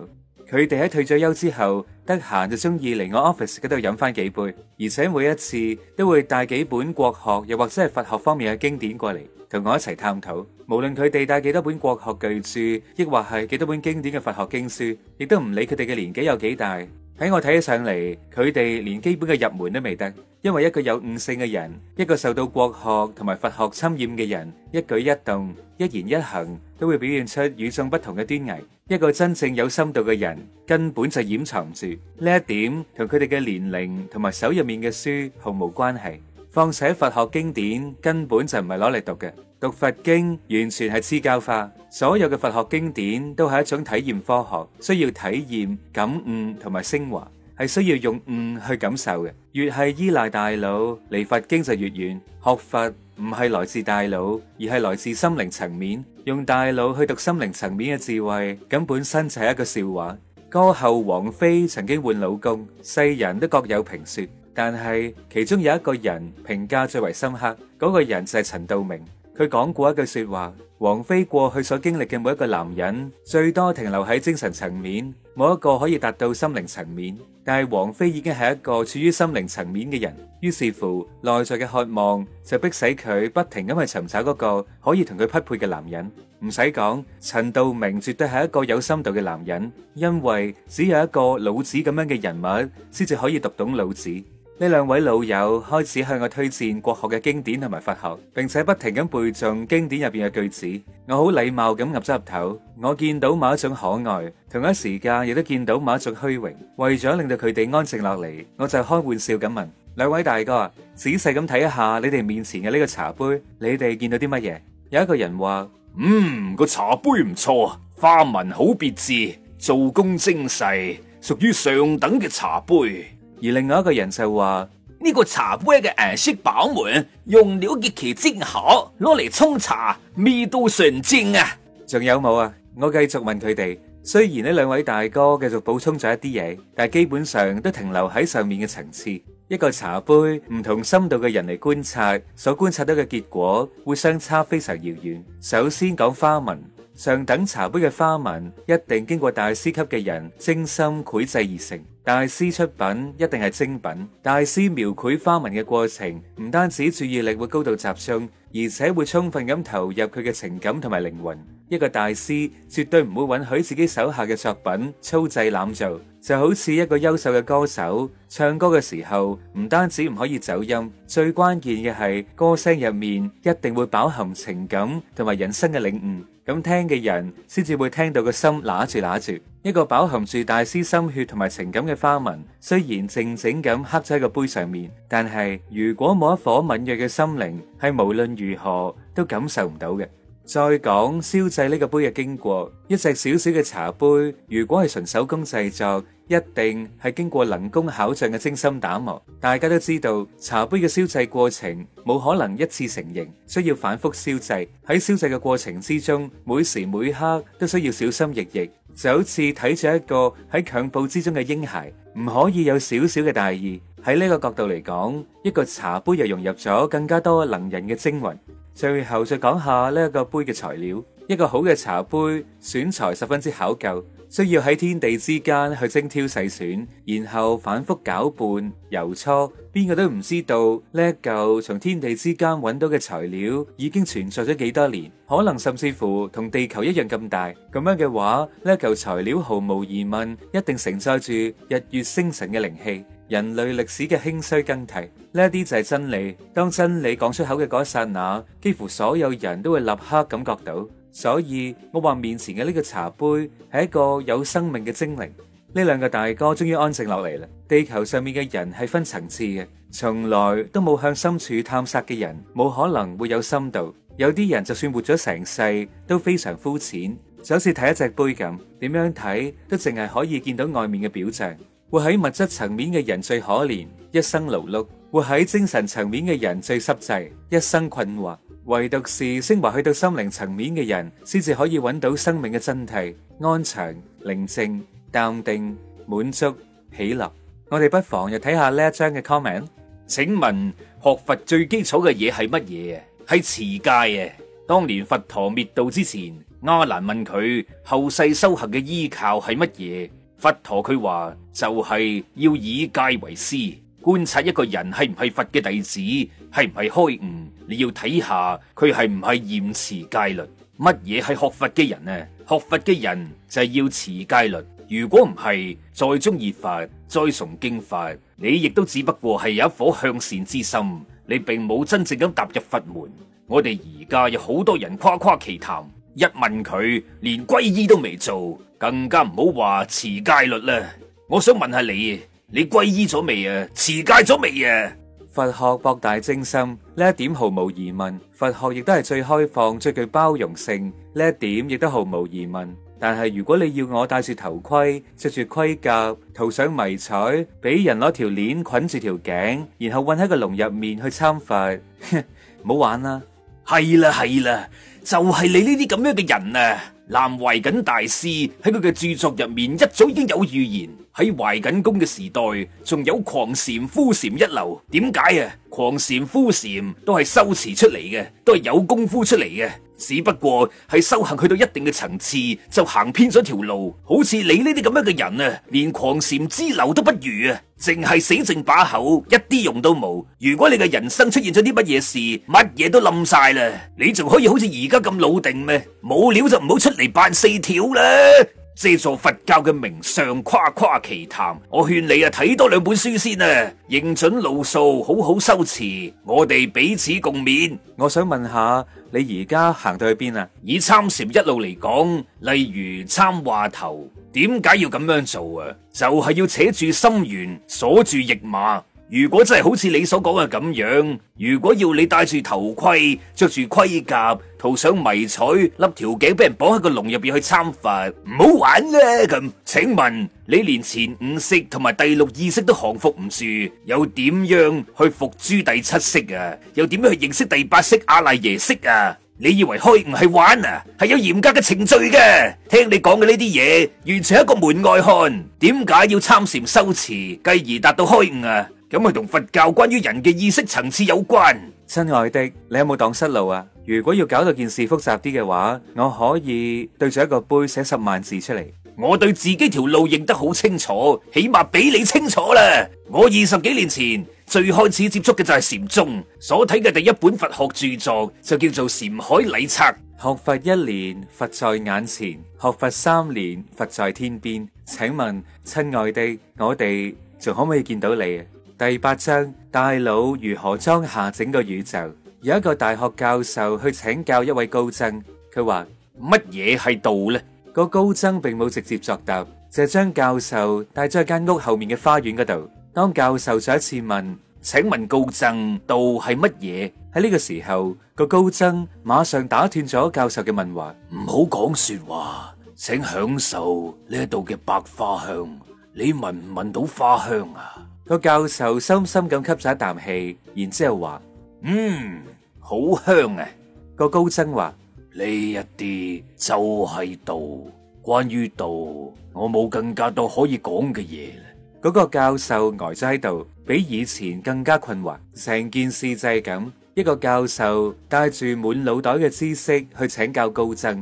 佢哋喺退咗休之後，得閒就中意嚟我 office 嗰度飲翻幾杯，而且每一次都會帶幾本國學又或者係佛學方面嘅經典過嚟，同我一齊探討。無論佢哋帶幾多本國學巨著，亦或係幾多本經典嘅佛學經書，亦都唔理佢哋嘅年紀有幾大。喺我睇起上嚟，佢哋連基本嘅入門都未得，因為一個有悟性嘅人，一個受到國學同埋佛學侵染嘅人，一舉一動、一言一行，都會表現出與眾不同嘅端倪。一個真正有深度嘅人，根本就掩藏唔住呢一點，同佢哋嘅年齡同埋手入面嘅書毫無關係。況且佛學經典根本就唔係攞嚟讀嘅。讀佛經完全係支教化，所有嘅佛學經典都係一種體驗科學，需要體驗感悟同埋升華，係需要用悟去感受嘅。越係依賴大腦，離佛經就越遠。學佛唔係來自大腦，而係來自心靈層面。用大腦去讀心靈層面嘅智慧，咁本身就係一個笑話。歌后王菲曾經換老公，世人都各有評說，但係其中有一個人評價最為深刻，嗰個人就係陳道明。佢講過一句說話，王菲過去所經歷嘅每一個男人，最多停留喺精神層面，冇一個可以達到心靈層面。但係王菲已經係一個處於心靈層面嘅人，於是乎內在嘅渴望就逼使佢不停咁去尋找嗰個可以同佢匹配嘅男人。唔使講，陳道明絕對係一個有深度嘅男人，因為只有一個老子咁樣嘅人物，先至可以讀懂老子。呢兩位老友開始向我推薦國學嘅經典同埋佛學，並且不停咁背誦經典入邊嘅句子。我好禮貌咁岌咗岌頭。我見到某一種可愛，同一時間亦都見到某一種虛榮。為咗令到佢哋安靜落嚟，我就開玩笑咁問兩位大哥：仔細咁睇一下你哋面前嘅呢個茶杯，你哋見到啲乜嘢？有一個人話：嗯，個茶杯唔錯，花紋好別致，做工精細，屬於上等嘅茶杯。而另外一個人就話：呢個茶杯嘅顏色飽滿，用料極其精巧，攞嚟沖茶味道純正啊！仲有冇啊？我繼續問佢哋。雖然呢兩位大哥繼續補充咗一啲嘢，但係基本上都停留喺上面嘅層次。一個茶杯，唔同深度嘅人嚟觀察，所觀察到嘅結果會相差非常遙遠。首先講花紋，上等茶杯嘅花紋一定經過大師級嘅人精心繪製而成。大師出品一定係精品。大師描繪花紋嘅過程，唔單止注意力會高度集中，而且會充分咁投入佢嘅情感同埋靈魂。一個大師絕對唔會允許自己手下嘅作品粗製濫造。就好似一個優秀嘅歌手唱歌嘅時候，唔單止唔可以走音，最關鍵嘅係歌聲入面一定會飽含情感同埋人生嘅領悟。咁聽嘅人先至會聽到個心揦住揦住。一個飽含住大師心血同埋情感嘅花紋，雖然靜靜咁刻咗喺個杯上面，但係如果冇一顆敏銳嘅心靈，係無論如何都感受唔到嘅。再講，燒製呢個杯嘅經過，一隻小小嘅茶杯，如果係純手工製作，一定係經過能工巧匠嘅精心打磨。大家都知道，茶杯嘅燒製過程冇可能一次成型，需要反覆燒製。喺燒製嘅過程之中，每時每刻都需要小心翼翼。就好似睇住一個喺襁褓之中嘅嬰孩，唔可以有少少嘅大意。喺呢個角度嚟講，一個茶杯又融入咗更加多能人嘅精魂。最後再講下呢一個杯嘅材料，一個好嘅茶杯選材十分之考究。需要喺天地之間去精挑細選，然後反覆攪拌揉搓，邊個都唔知道呢一舊從天地之間揾到嘅材料已經存在咗幾多年，可能甚至乎同地球一樣咁大。咁樣嘅話，呢一舊材料毫無疑問，一定承載住日月星辰嘅靈氣，人類歷史嘅興衰更替，呢一啲就係真理。當真理講出口嘅嗰一剎那，幾乎所有人都會立刻感覺到。所以我話面前嘅呢個茶杯係一個有生命嘅精靈。呢兩個大哥終於安靜落嚟啦。地球上面嘅人係分層次嘅，從來都冇向深處探索嘅人，冇可能會有深度。有啲人就算活咗成世都非常膚淺，就好似睇一隻杯咁，點樣睇都淨係可以見到外面嘅表象。活喺物質層面嘅人最可憐，一生勞碌；活喺精神層面嘅人最濕滯，一生困惑。唯獨是升華去到心靈層面嘅人，先至可以揾到生命嘅真諦，安詳、寧靜、淡定、滿足、喜樂。我哋不妨又睇下呢一張嘅 comment。請問學佛最基礎嘅嘢係乜嘢？係持戒啊！當年佛陀滅度之前，阿難問佢後世修行嘅依靠係乜嘢？佛陀佢話就係、是、要以戒為師，觀察一個人係唔係佛嘅弟子。係唔係開悟？你要睇下佢係唔係嚴持戒律。乜嘢係學佛嘅人呢？學佛嘅人就係要持戒律。如果唔係，再中意法、再崇經法，你亦都只不過係有一顆向善之心，你並冇真正咁踏入佛門。我哋而家有好多人誇誇其談，一問佢連皈依都未做，更加唔好話持戒律啦。我想問下你，你皈依咗未啊？持戒咗未啊？佛學博大精深。呢一點毫無疑問。佛學亦都係最開放、最具包容性，呢一點亦都毫無疑問。但係如果你要我戴住頭盔、着住盔甲、塗上迷彩、俾人攞條鏈捆住條頸，然後困喺個籠入面去參佛，哼，唔好玩啦。係啦係啦，就係、是、你呢啲咁樣嘅人啊！南懷瑾大師喺佢嘅著作入面，一早已經有預言，喺懷瑾公嘅時代，仲有狂禪枯禪一流。點解啊？狂禪枯禪都係修持出嚟嘅，都係有功夫出嚟嘅。只不過係修行去到一定嘅層次，就行偏咗條路，好似你呢啲咁樣嘅人啊，連狂禪之流都不如啊，淨係死剩把口，一啲用都冇。如果你嘅人生出現咗啲乜嘢事，乜嘢都冧晒啦，你仲可以好似而家咁老定咩？冇料就唔好出嚟扮四條啦。借助佛教嘅名相，誇誇其談。我勸你啊，睇多兩本書先啊，認準路數，好好修持。我哋彼此共勉。我想問下，你而家行到去邊啊？以參禪一路嚟講，例如參話頭，點解要咁樣做啊？就係、是、要扯住心猿，鎖住意馬。如果真係好似你所講嘅咁樣，如果要你戴住頭盔、着住盔甲、塗上迷彩、笠條頸俾人綁喺個籠入邊去參佛，唔好玩啦咁。請問你連前五識同埋第六意識都降伏唔住，又點樣去伏住第七識啊？又點樣去認識第八識阿賴耶識啊？你以為開悟係玩啊？係有嚴格嘅程序嘅。聽你講嘅呢啲嘢，完全係一個門外漢。點解要參禪修持，繼而達到開悟啊？咁係同佛教關於人嘅意識層次有關。親愛的，你有冇蕩失路啊？如果要搞到件事複雜啲嘅話，我可以對住一個杯寫十萬字出嚟。我對自己條路認得好清楚，起碼比你清楚啦。我二十幾年前最開始接觸嘅就係禪宗，所睇嘅第一本佛學著作就叫做《禪海蠡測》。學佛一年，佛在眼前；學佛三年，佛在天邊。請問親愛的，我哋仲可唔可以見到你啊？第八章，大腦如何裝下整個宇宙？有一個大學教授去請教一位高僧，佢話乜嘢係道呢？個高僧並冇直接作答，就係將教授帶咗去間屋後面嘅花園嗰度。當教授再一次問，請問高僧，道係乜嘢？喺呢個時候，個高僧馬上打斷咗教授嘅問話，唔好講說話，請享受呢度嘅百花香。你聞唔聞到花香啊？個教授深深咁吸晒一啖氣，然之後話：嗯，好香啊。個高僧話：呢一啲就係道。關於道，我冇更加多可以講嘅嘢。嗰個教授呆咗喺度，比以前更加困惑。成件事就係咁，一個教授帶住滿腦袋嘅知識去請教高僧。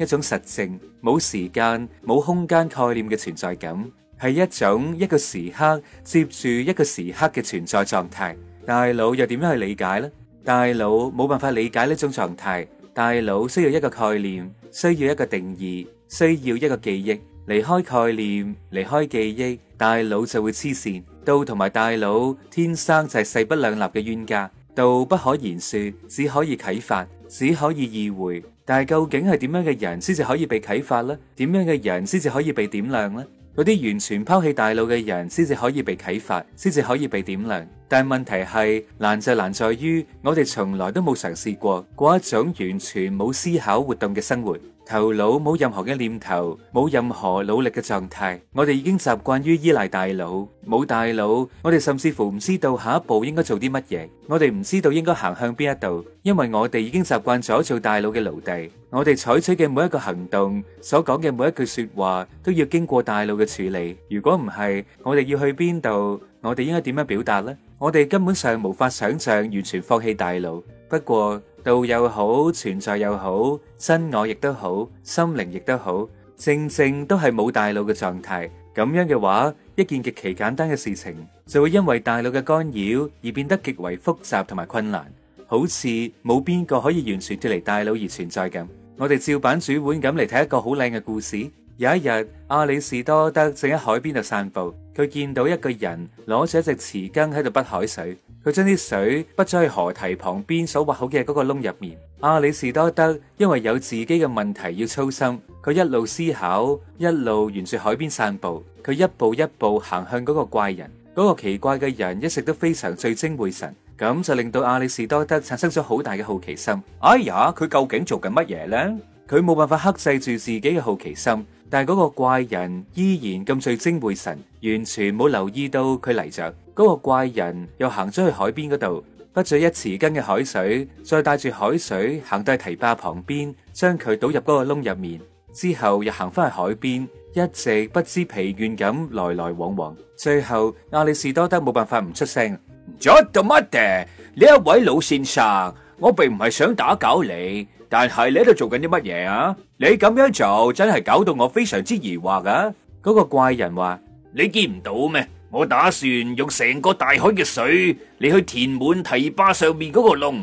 一種實證冇時間冇空間概念嘅存在感，係一種一個時刻接住一個時刻嘅存在狀態。大腦又點樣去理解呢？大腦冇辦法理解呢種狀態，大腦需要一個概念，需要一個定義，需要一個記憶。離開概念，離開記憶，大腦就會黐線。道同埋大腦天生就係勢不兩立嘅冤家。道不可言說，只可以啟發，只可以意會。但係究竟係點樣嘅人先至可以被啟發呢？點樣嘅人先至可以被點亮呢？嗰啲完全拋棄大腦嘅人先至可以被啟發，先至可以被點亮。但係問題係難就難在於，我哋從來都冇嘗試過過一種完全冇思考活動嘅生活。頭腦冇任何嘅念頭，冇任何努力嘅狀態。我哋已經習慣於依賴大腦，冇大腦，我哋甚至乎唔知道下一步應該做啲乜嘢。我哋唔知道應該行向邊一度，因為我哋已經習慣咗做大腦嘅奴隸。我哋採取嘅每一個行動，所講嘅每一句說話，都要經過大腦嘅處理。如果唔係，我哋要去邊度，我哋應該點樣表達呢？我哋根本上無法想象完全放棄大腦。不過，道又好，存在又好，真我亦都好，心靈亦都好，正正都係冇大腦嘅狀態。咁樣嘅話，一件極其簡單嘅事情，就會因為大腦嘅干擾而變得極為複雜同埋困難。好似冇邊個可以完全脫離大腦而存在咁。我哋照板煮碗咁嚟睇一個好靚嘅故事。有一日，阿里士多德正喺海邊度散步，佢見到一個人攞住一隻匙羹喺度潷海水，佢將啲水潷咗去河堤旁邊所挖好嘅嗰個窿入面。阿里士多德因為有自己嘅問題要操心，佢一路思考，一路沿住海邊散步，佢一步一步行向嗰個怪人。嗰個奇怪嘅人一直都非常聚精會神，咁就令到阿里士多德產生咗好大嘅好奇心。哎呀，佢究竟做緊乜嘢咧？佢冇辦法克制住自己嘅好奇心。但係嗰個怪人依然咁聚精會神，完全冇留意到佢嚟着。嗰個怪人又行咗去海邊嗰度，潷咗一匙羹嘅海水，再帶住海水行到堤壩旁邊，將佢倒入嗰個窿入面，之後又行翻去海邊，一直不知疲倦咁來來往往。最後亞里士多德冇辦法唔出聲。Just a matter，呢一位老先生，我並唔係想打攪你。但係你喺度做緊啲乜嘢啊？你咁樣做真係搞到我非常之疑惑啊！嗰個怪人話：你見唔到咩？我打算用成個大海嘅水你去填滿堤壩上面嗰個窿。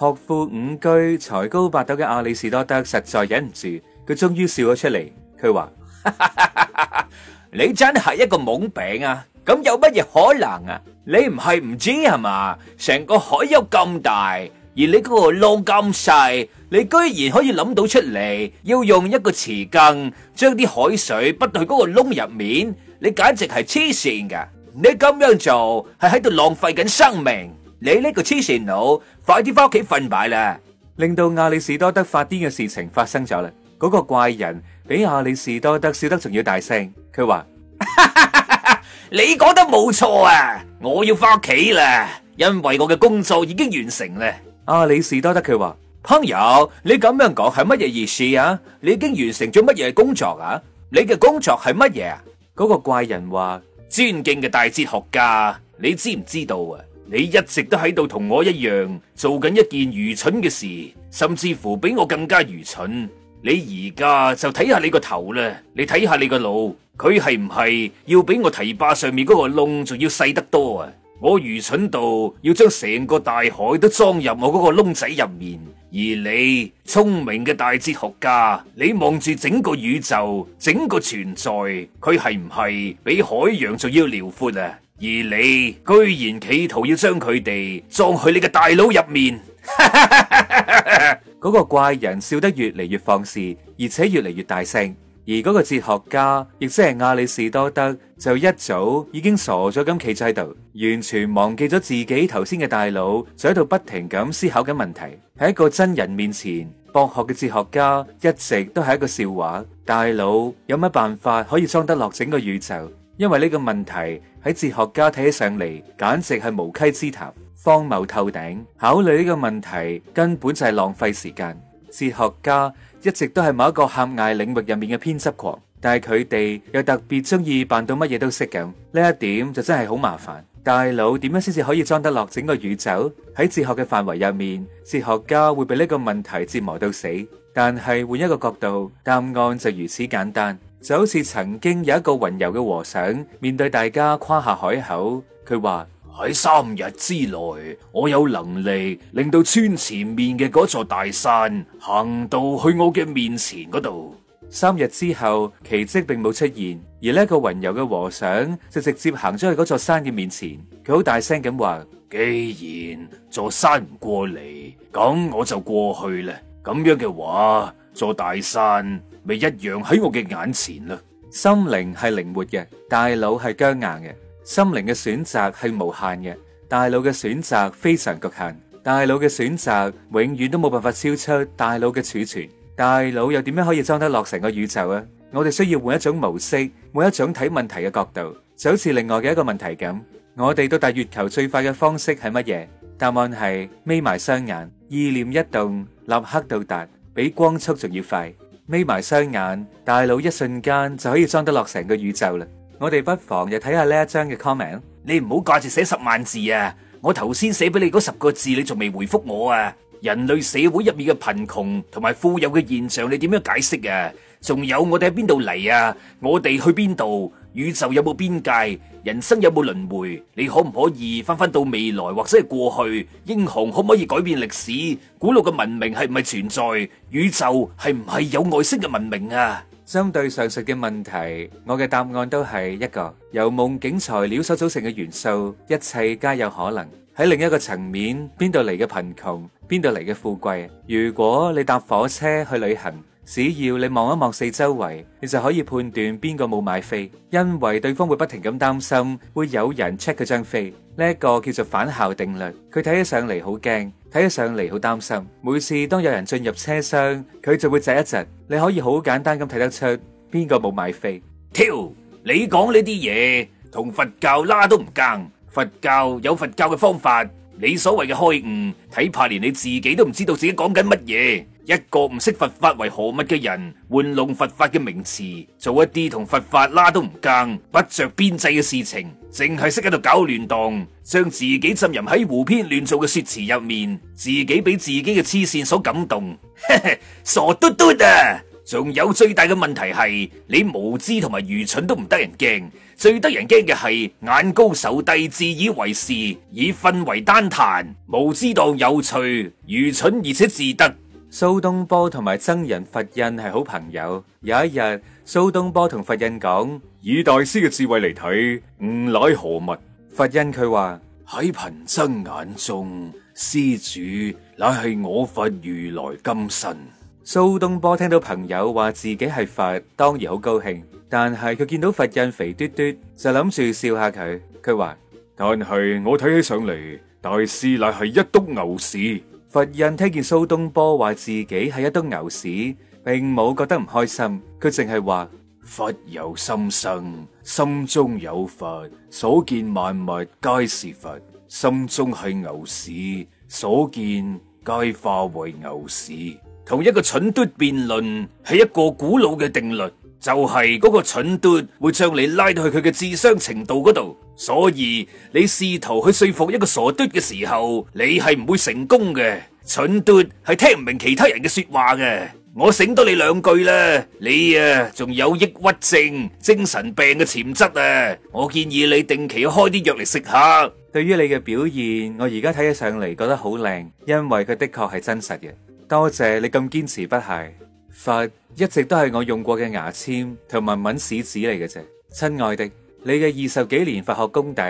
學富五居、才高八斗嘅亞里士多德實在忍唔住，佢終於笑咗出嚟。佢話： 你真係一個懵餅啊！咁有乜嘢可能啊？你唔係唔知係嘛？成個海有咁大。而你嗰個窿咁細，你居然可以諗到出嚟，要用一個匙羹，將啲海水潷到嗰個窿入面，你簡直係痴線噶！你咁樣做係喺度浪費緊生命。你呢個痴線佬，快啲翻屋企瞓埋啦！令到亞里士多德發癲嘅事情發生咗啦。嗰個怪人比亞里士多德笑得仲要大聲，佢話： 你講得冇錯啊！我要翻屋企啦，因為我嘅工作已經完成啦。阿里士多德佢話：朋友，你咁樣講係乜嘢意思啊？你已經完成咗乜嘢工作啊？你嘅工作係乜嘢啊？嗰個怪人話：尊敬嘅大哲學家，你知唔知道啊？你一直都喺度同我一樣做緊一件愚蠢嘅事，甚至乎比我更加愚蠢。你而家就睇下你個頭啦，你睇下你個腦，佢係唔係要比我堤壩上面嗰個窿仲要細得多啊？我愚蠢到要將成個大海都裝入我嗰個窿仔入面，而你聰明嘅大哲學家，你望住整個宇宙，整個存在，佢係唔係比海洋仲要遼闊啊？而你居然企圖要將佢哋裝去你嘅大腦入面，嗰 個怪人笑得越嚟越放肆，而且越嚟越大聲。而嗰個哲學家，亦即係亞里士多德，就一早已經傻咗咁企喺度，完全忘記咗自己頭先嘅大腦。就喺度不停咁思考緊問題。喺一個真人面前，博學嘅哲學家一直都係一個笑話。大腦有乜辦法可以裝得落整個宇宙？因為呢個問題喺哲學家睇起上嚟，簡直係無稽之談，荒謬透頂。考慮呢個問題，根本就係浪費時間。哲學家，一直都係某一個狹隘領域入面嘅偏執狂，但係佢哋又特別中意扮到乜嘢都識咁，呢一點就真係好麻煩。大腦點樣先至可以裝得落整個宇宙？喺哲學嘅範圍入面，哲學家會被呢個問題折磨到死。但係換一個角度，答案就如此簡單，就好似曾經有一個雲遊嘅和尚面對大家誇下海口，佢話。喺三日之內，我有能力令到村前面嘅嗰座大山行到去我嘅面前嗰度。三日之後，奇蹟並冇出現，而呢個雲遊嘅和尚就直接行咗去嗰座山嘅面前。佢好大聲咁話：既然座山唔過嚟，咁我就過去啦。咁樣嘅話，座大山咪一樣喺我嘅眼前啦。心靈係靈活嘅，大腦係僵硬嘅。心靈嘅選擇係無限嘅，大腦嘅選擇非常局限。大腦嘅選擇永遠都冇辦法超出大腦嘅儲存。大腦又點樣可以裝得落成個宇宙啊？我哋需要換一種模式，換一種睇問題嘅角度。就好似另外嘅一個問題咁，我哋到達月球最快嘅方式係乜嘢？答案係眯埋雙眼，意念一動，立刻到達，比光速仲要快。眯埋雙眼，大腦一瞬間就可以裝得落成個宇宙啦。我哋不妨就睇下呢一張嘅 comment。你唔好掛住寫十萬字啊！我頭先寫俾你嗰十個字，你仲未回覆我啊！人類社會入面嘅貧窮同埋富有嘅現象，你點樣解釋啊？仲有我哋喺邊度嚟啊？我哋去邊度？宇宙有冇邊界？人生有冇輪迴？你可唔可以返返到未來或者係過去？英雄可唔可以改變歷史？古老嘅文明係唔係存在？宇宙係唔係有外星嘅文明啊？針對上述嘅問題，我嘅答案都係一個由夢境材料所組成嘅元素，一切皆有可能。喺另一個層面，邊度嚟嘅貧窮，邊度嚟嘅富貴。如果你搭火車去旅行，只要你望一望四周圍，你就可以判斷邊個冇買飛，因為對方會不停咁擔心會有人 check 嗰張飛。呢個叫做反效定律，佢睇起上嚟好驚，睇起上嚟好擔心。每次當有人進入車廂，佢就會窒一窒。你可以好簡單咁睇得出邊個冇買飛。跳，你講呢啲嘢同佛教啦都唔更，佛教有佛教嘅方法，你所謂嘅開悟，睇怕連你自己都唔知道自己講緊乜嘢。一個唔識佛法為何物嘅人，玩弄佛法嘅名詞，做一啲同佛法啦都唔更、不着邊際嘅事情，淨係識喺度搞亂檔，將自己浸淫喺胡編亂造嘅說辭入面，自己俾自己嘅痴綫所感動， 傻嘟嘟啊！仲有最大嘅問題係你無知同埋愚蠢都唔得人驚，最得人驚嘅係眼高手低，自以為是，以糞為單談，無知當有趣，愚蠢而且自得。蘇東坡同埋僧人佛印係好朋友。有一日，蘇東坡同佛印講：以大師嘅智慧嚟睇，吾乃何物？佛印佢話：喺貧僧眼中，施主乃係我佛如來金身。蘇東坡聽到朋友話自己係佛，當然好高興。但係佢見到佛印肥嘟嘟，就諗住笑下佢。佢話：但係我睇起上嚟，大師乃係一篤牛屎。佛印聽見蘇東坡話自己係一堆牛屎，並冇覺得唔開心，佢淨係話佛有心生，心中有佛，所見萬物皆是佛，心中係牛屎，所見皆化為牛屎。同一個蠢嘟辯論，係一個古老嘅定律。就係嗰個蠢篤會將你拉到去佢嘅智商程度嗰度，所以你試圖去說服一個傻篤嘅時候，你係唔會成功嘅。蠢篤係聽唔明其他人嘅說話嘅。我醒多你兩句啦，你啊仲有抑鬱症、精神病嘅潛質啊。我建議你定期要開啲藥嚟食下。對於你嘅表現，我而家睇起上嚟覺得好靚，因為佢的確係真實嘅。多謝你咁堅持不懈。一直都係我用過嘅牙籤同文文屎紙嚟嘅啫。親愛的，你嘅二十幾年佛學功底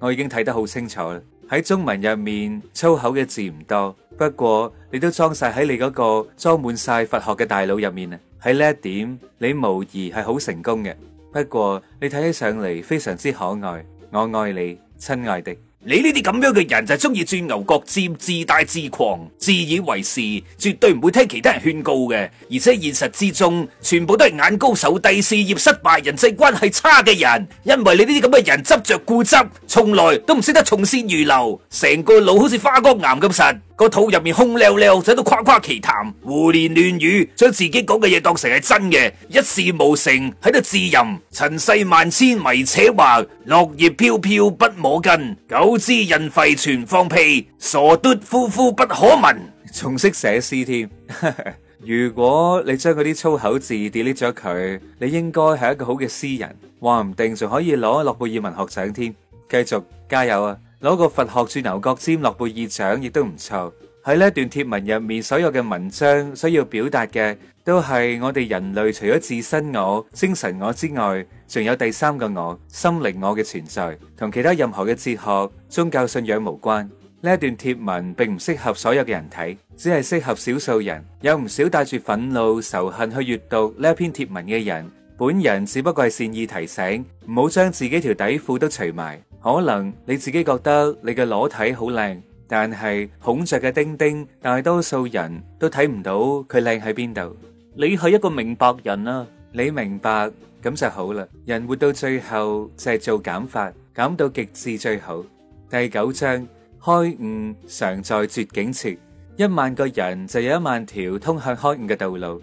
我已經睇得好清楚啦。喺中文入面粗口嘅字唔多，不過你都裝晒喺你嗰、那個裝滿晒佛學嘅大腦入面啊。喺呢一點你無疑係好成功嘅。不過你睇起上嚟非常之可愛，我愛你，親愛的。你呢啲咁樣嘅人就係中意鑽牛角尖、自大自狂、自以為是，絕對唔會聽其他人勸告嘅。而且現實之中，全部都係眼高手低、事業失敗、人際關係差嘅人。因為你呢啲咁嘅人執着固執，從來都唔識得從善如流，成個腦好似花崗岩咁實。個肚入面空溜溜，仔都誇誇其談、胡言亂語，將自己講嘅嘢當成係真嘅，一事無成，喺度自吟。塵世萬千迷且話，落葉飄飄不摸根，狗之任吠全放屁，傻篤呼呼不可聞，仲識寫詩添。 如果你將嗰啲粗口字 delete 咗佢，你應該係一個好嘅詩人，話唔定仲可以攞諾貝爾文學獎添。繼續加油啊！攞個佛學鑽牛角尖諾貝爾獎亦都唔錯。喺呢一段貼文入面，所有嘅文章需要表達嘅都係我哋人類除咗自身我、精神我之外，仲有第三個我、心靈我嘅存在，同其他任何嘅哲學、宗教信仰無關。呢一段貼文並唔適合所有嘅人睇，只係適合少數人。有唔少帶住憤怒、仇恨去閱讀呢一篇貼文嘅人，本人只不過係善意提醒，唔好將自己條底褲都除埋。可能你自己覺得你嘅裸體好靚，但係孔雀嘅丁丁，大多數人都睇唔到佢靚喺邊度。你係一個明白人啊，你明白咁就好啦。人活到最後就係做減法，減到極致最好。第九章，開悟常在絕境前，一萬個人就有一萬條通向開悟嘅道路。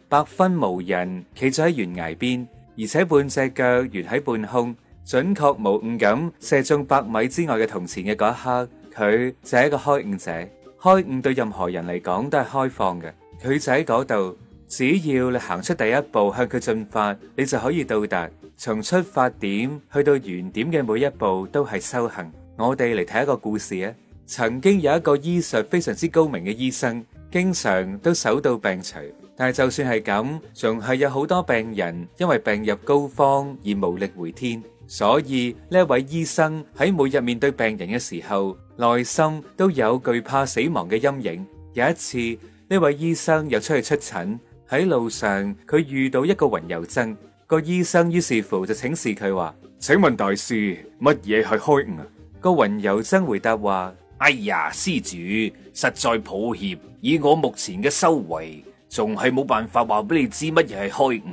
百分無人企咗喺懸崖邊，而且半隻腳懸喺半空，準確無誤咁射中百米之外嘅銅錢嘅嗰一刻，佢就係一個開悟者。開悟對任何人嚟講都係開放嘅。佢就喺嗰度，只要你行出第一步向佢進發，你就可以到達。從出發點去到原點嘅每一步都係修行。我哋嚟睇一個故事啊。曾經有一個醫術非常之高明嘅醫生，經常都手到病除。但係，就算係咁，仲係有好多病人因為病入膏肓而無力回天，所以呢位醫生喺每日面對病人嘅時候，內心都有懼怕死亡嘅陰影。有一次，呢位醫生又出去出診，喺路上，佢遇到一個雲遊僧。個醫生於是乎就請示佢話：請問大師乜嘢係開悟啊？個雲遊僧回答話：哎呀，施主，實在抱歉，以我目前嘅修為。仲係冇辦法話俾你知乜嘢係開悟，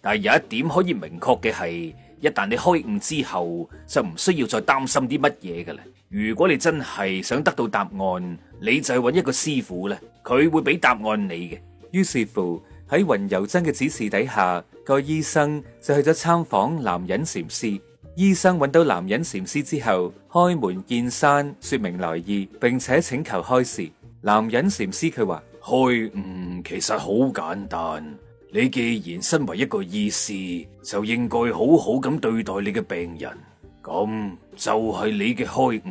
但係有一點可以明確嘅係，一旦你開悟之後，就唔需要再擔心啲乜嘢㗎啦。如果你真係想得到答案，你就去揾一個師傅啦，佢會俾答案你嘅。於是乎，喺雲遊僧嘅指示底下，個醫生就去咗參訪南隱禪師。醫生揾到南隱禪師之後，開門見山，說明來意，並且請求開示。南隱禪師佢話。開悟其實好簡單。你既然身為一個醫師，就應該好好咁對待你嘅病人。咁就係你嘅開悟。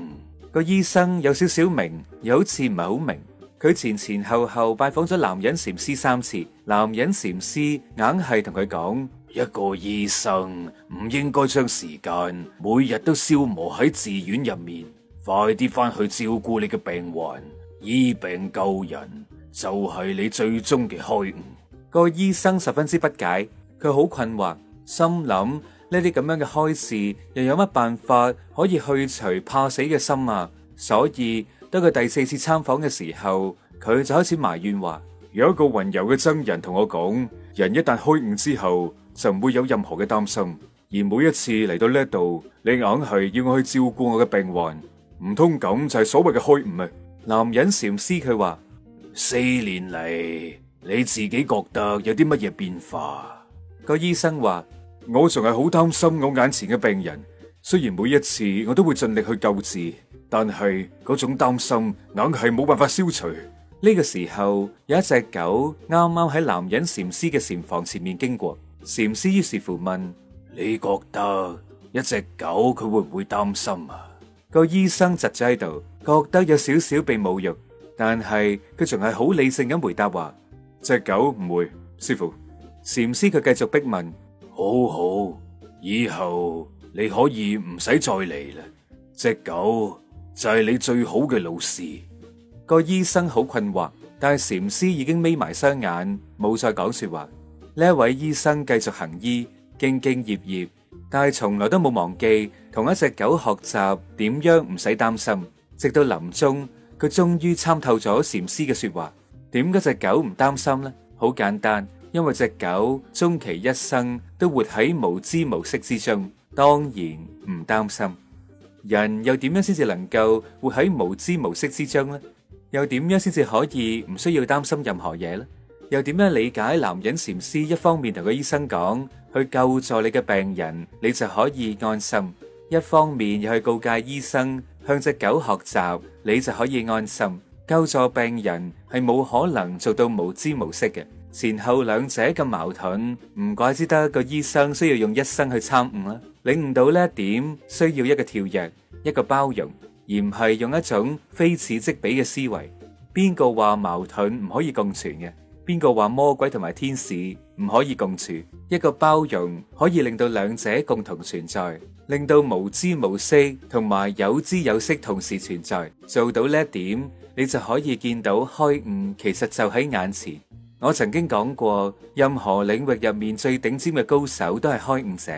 個醫生有少少明，又好似唔係好明。佢前前後後拜訪咗男人禪師三次，男人禪師硬係同佢講：一個醫生唔應該將時間每日都消磨喺寺院入面，快啲翻去照顧你嘅病患，醫病救人。就係你最終嘅開悟。個醫生十分之不解，佢好困惑，心諗呢啲咁樣嘅開示，又有乜辦法可以去除怕死嘅心啊？所以，當佢第四次參訪嘅時候，佢就開始埋怨話：有一個雲遊嘅僧人同我講，人一旦開悟之後，就唔會有任何嘅擔心。而每一次嚟到呢度，你硬係要我去照顧我嘅病患，唔通咁就係所謂嘅開悟啊？男人禪師佢話。四年嚟，你自己覺得有啲乜嘢變化？個醫生話：我仲係好擔心我眼前嘅病人。雖然每一次我都會盡力去救治，但係嗰種擔心硬係冇辦法消除。呢個時候，有一隻狗啱啱喺男人禪師嘅禪房前面經過。禪師於是乎問：你覺得一隻狗佢會唔會擔心啊？個醫生窒咗喺度，覺得有少少被侮辱。但係佢仲係好理性咁回答話，隻狗唔會，師傅。禪師佢繼續逼問好，好，以後你可以唔使再嚟啦，隻狗就係你最好嘅老師。個醫生好困惑，但係禪師已經眯埋雙眼冇再講說話。呢一位醫生繼續行醫，兢兢業業業，但係從來都冇忘記同一隻狗學習點樣唔使擔心，直到臨終。佢終於參透咗禪師嘅說話，點解隻狗唔擔心呢？好簡單，因為隻狗終其一生都活喺無知無識之中，當然唔擔心。人又點樣先至能夠活喺無知無識之中呢？又點樣先至可以唔需要擔心任何嘢呢？又點樣理解男人禪師一方面同個醫生講去救助你嘅病人，你就可以安心；一方面又去告誡醫生。向隻狗學習，你就可以安心救助病人，係冇可能做到無知無識嘅。前後兩者嘅矛盾，唔怪之得個醫生需要用一生去參悟啦。領悟到呢一點，需要一個跳躍，一個包容，而唔係用一種非此即彼嘅思維。邊個話矛盾唔可以共存嘅？邊個話魔鬼同埋天使唔可以共處？一個包容可以令到兩者共同存在。令到無知無識同埋有知有識同時存在，做到呢一點，你就可以見到開悟其實就喺眼前。我曾經講過，任何領域入面最頂尖嘅高手都係開悟者。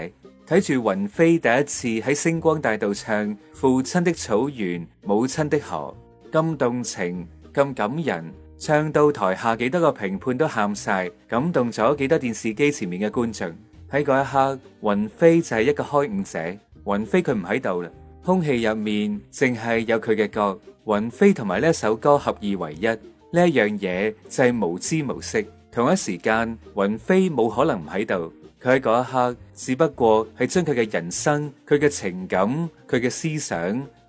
睇住雲飛第一次喺星光大道唱《父親的草原，母親的河》，咁動情、咁感人，唱到台下幾多個評判都喊晒，感動咗幾多電視機前面嘅觀眾。喺嗰一刻，雲飛就係一個開悟者，雲飛佢唔喺度啦，空氣入面淨係有佢嘅角，雲飛同埋呢首歌合二為一，呢一樣嘢就係無知無識，同一時間雲飛冇可能唔喺度，佢喺嗰一刻只不過係將佢嘅人生、佢嘅情感、佢嘅思想、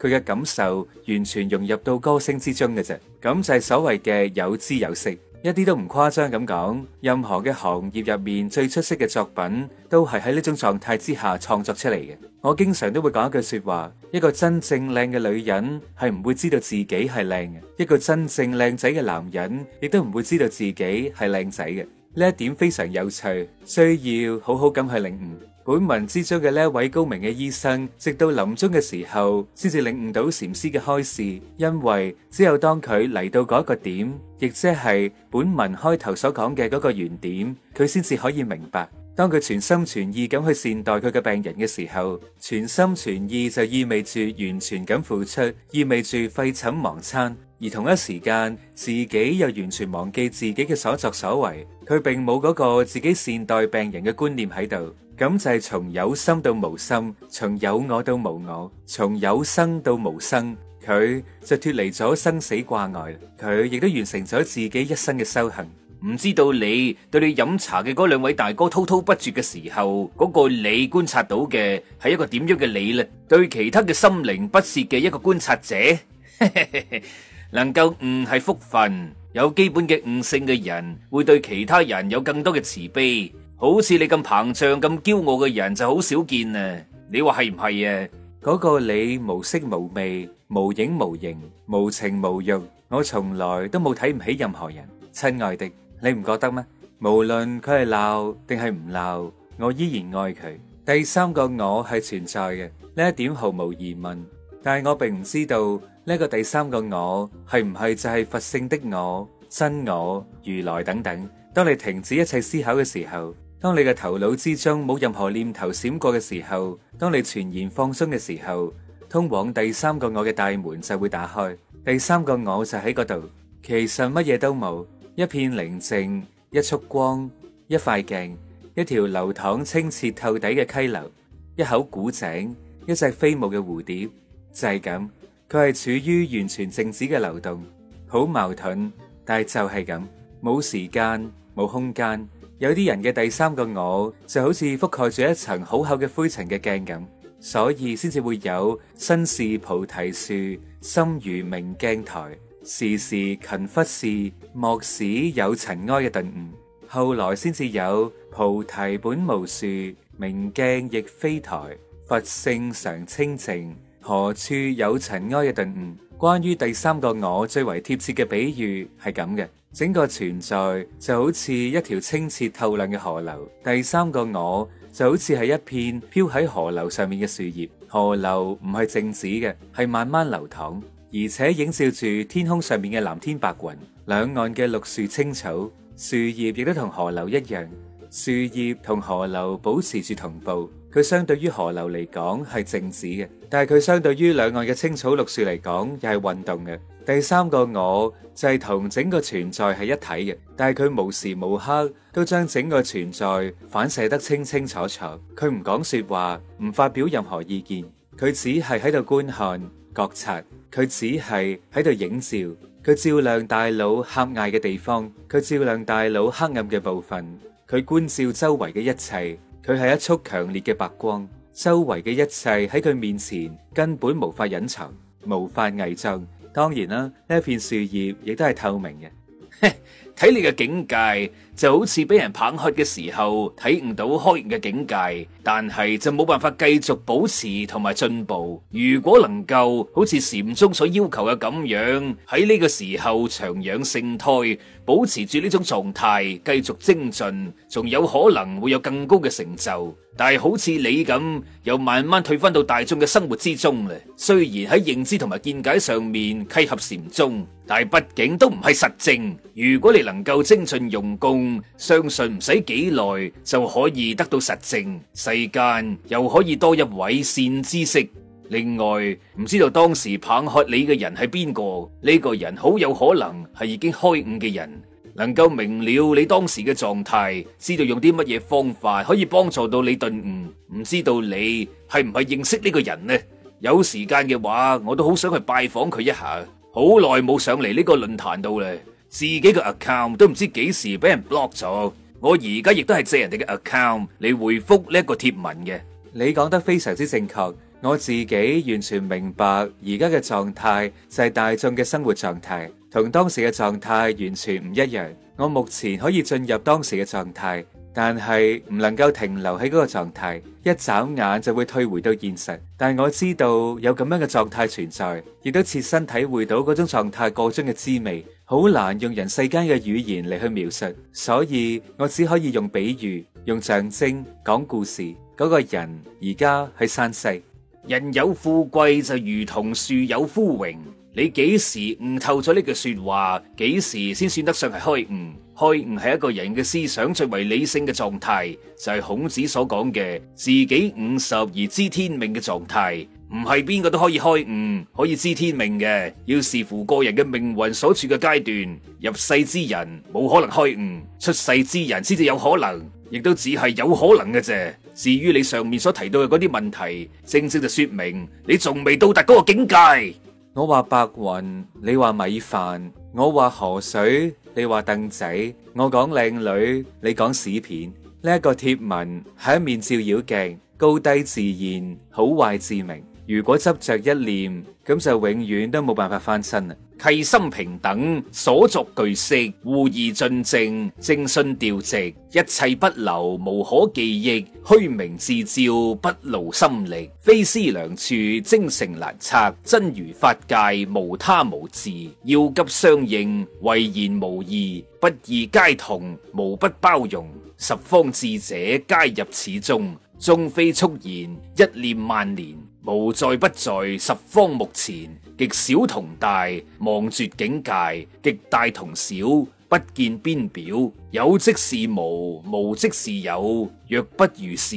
佢嘅感受完全融入到歌聲之中嘅啫，咁就係所謂嘅有知有識。一啲都唔誇張咁講，任何嘅行業入面最出色嘅作品，都係喺呢種狀態之下創作出嚟嘅。我經常都會講一句說話：一個真正靚嘅女人係唔會知道自己係靚嘅，一個真正靚仔嘅男人亦都唔會知道自己係靚仔嘅。呢一點非常有趣，需要好好咁去領悟。本文之中嘅呢一位高明嘅醫生，直到臨終嘅時候，先至領悟到禪師嘅開示。因為只有當佢嚟到嗰一個點，亦即係本文開頭所講嘅嗰個原點，佢先至可以明白。當佢全心全意咁去善待佢嘅病人嘅時候，全心全意就意味住完全咁付出，意味住廢寢忘餐，而同一時間自己又完全忘記自己嘅所作所為。佢並冇嗰個自己善待病人嘅觀念喺度。咁就係從有心到無心，從有我到無我，從有生到無生，佢就脫離咗生死掛礙，佢亦都完成咗自己一生嘅修行。唔知道你對你飲茶嘅嗰兩位大哥滔滔不絕嘅時候，嗰個你觀察到嘅係一個點樣嘅你呢？對其他嘅心靈不屑嘅一個觀察者，能夠悟係福分，有基本嘅悟性嘅人，會對其他人有更多嘅慈悲。好似你咁膨脹、咁驕傲嘅人就好少見啊！你話係唔係啊？嗰個你無色無味、無影無形、無情無欲，我從來都冇睇唔起任何人。親愛的，你唔覺得咩？無論佢係鬧定係唔鬧，我依然愛佢。第三個我係存在嘅，呢一點毫無疑問。但係我並唔知道呢個第三個我係唔係就係佛性的我、真我、如來等等。當你停止一切思考嘅時候。當你嘅頭腦之中冇任何念頭閃過嘅時候，當你全然放鬆嘅時候，通往第三個我嘅大門就會打開。第三個我就喺嗰度，其實乜嘢都冇，一片寧靜，一束光，一塊鏡，一條流淌清澈透底嘅溪流，一口古井，一隻飛舞嘅蝴蝶，就係咁。佢係處於完全靜止嘅流動，好矛盾，但係就係咁，冇時間，冇空間。有啲人嘅第三個我就好似覆蓋住一層厚厚嘅灰塵嘅鏡咁，所以先至會有身是菩提樹，心如明鏡台，時時勤拂拭，莫使有塵埃嘅頓悟。後來先至有菩提本無樹，明鏡亦非台，佛性常清淨，何處有塵埃嘅頓悟。關於第三個我最為貼切嘅比喻係咁嘅。整個存在就好似一條清澈透亮嘅河流，第三個我就好似係一片飄喺河流上面嘅樹葉。河流唔係靜止嘅，係慢慢流淌，而且映照住天空上面嘅藍天白雲、兩岸嘅綠樹青草。樹葉亦都同河流一樣，樹葉同河流保持住同步。佢相對於河流嚟講係靜止嘅，但係佢相對於兩岸嘅青草綠樹嚟講又係運動嘅。第三個我就係同整個存在係一體嘅，但係佢無時無刻都將整個存在反射得清清楚楚。佢唔講說話，唔發表任何意見，佢只係喺度觀看、覺察，佢只係喺度影照，佢照亮大腦狹隘嘅地方，佢照亮大腦黑暗嘅部分，佢觀照周圍嘅一切。佢係一束強烈嘅白光，周圍嘅一切喺佢面前根本無法隱藏、無法偽裝。當然啦，呢片樹葉亦都係透明嘅。 喺你嘅境界就好似俾人棒喝嘅時候，睇唔到開悟嘅境界，但係就冇辦法繼續保持同埋進步。如果能夠好似禪宗所要求嘅咁樣，喺呢個時候長養聖胎，保持住呢種狀態，繼續精進，仲有可能會有更高嘅成就。但係好似你咁，又慢慢退翻到大眾嘅生活之中咧。雖然喺認知同埋見解上面契合禪宗，但係畢竟都唔係實證。如果你能。能夠精進用功，相信唔使幾耐就可以得到實證，世間又可以多一位善知識。另外，唔知道當時棒喝你嘅人係邊個？呢個人好有可能係已經開悟嘅人，能夠明了你當時嘅狀態，知道用啲乜嘢方法可以幫助到你頓悟。唔知道你係唔係認識呢個人呢？有時間嘅話，我都好想去拜訪佢一下。好耐冇上嚟呢個論壇度啦。自己嘅 account 都唔知幾時俾人 block 咗，我而家亦都係借人哋嘅 account 你回覆呢一個貼文嘅。你講得非常之正確，我自己完全明白而家嘅狀態就係大眾嘅生活狀態，同當時嘅狀態完全唔一樣。我目前可以進入當時嘅狀態。但係唔能夠停留喺嗰個狀態，一眨眼就會退回到現實。但我知道有咁樣嘅狀態存在，亦都切身體會到嗰種狀態過中嘅滋味，好難用人世間嘅語言嚟去描述，所以我只可以用比喻、用象徵、講故事。嗰、那個人而家喺山西，人有富貴就如同樹有枯榮。你幾時悟透咗呢句說話？幾時先算得上係開悟？開悟係一個人嘅思想最為理性嘅狀態，就係孔子所講嘅自己五十而知天命嘅狀態。唔係邊個都可以開悟，可以知天命嘅，要視乎個人嘅命運所處嘅階段。入世之人冇可能開悟，出世之人先至有可能，亦都只係有可能嘅啫。至於你上面所提到嘅嗰啲問題，正正就說明你仲未到達嗰個境界。我話白雲，你話米飯，我話河水。你話凳仔，我講靚女，你講屎片，呢一個貼文係一面照妖鏡，高低自然，好壞自明。如果執着一念，咁就永遠都冇辦法翻身啦。契心平等，所作俱息，互而盡正正信調直，一切不留，無可記憶，虛明自照，不勞心力。非思量處，精誠難測。真如法界，無他無自。要急相應，慧言無義，不義皆同，無不包容。十方智者皆入此中，終非速言一念萬年。無在不在十方目前，極小同大望絕境界，極大同小不見邊表。有即是無，無即是有。若不如是，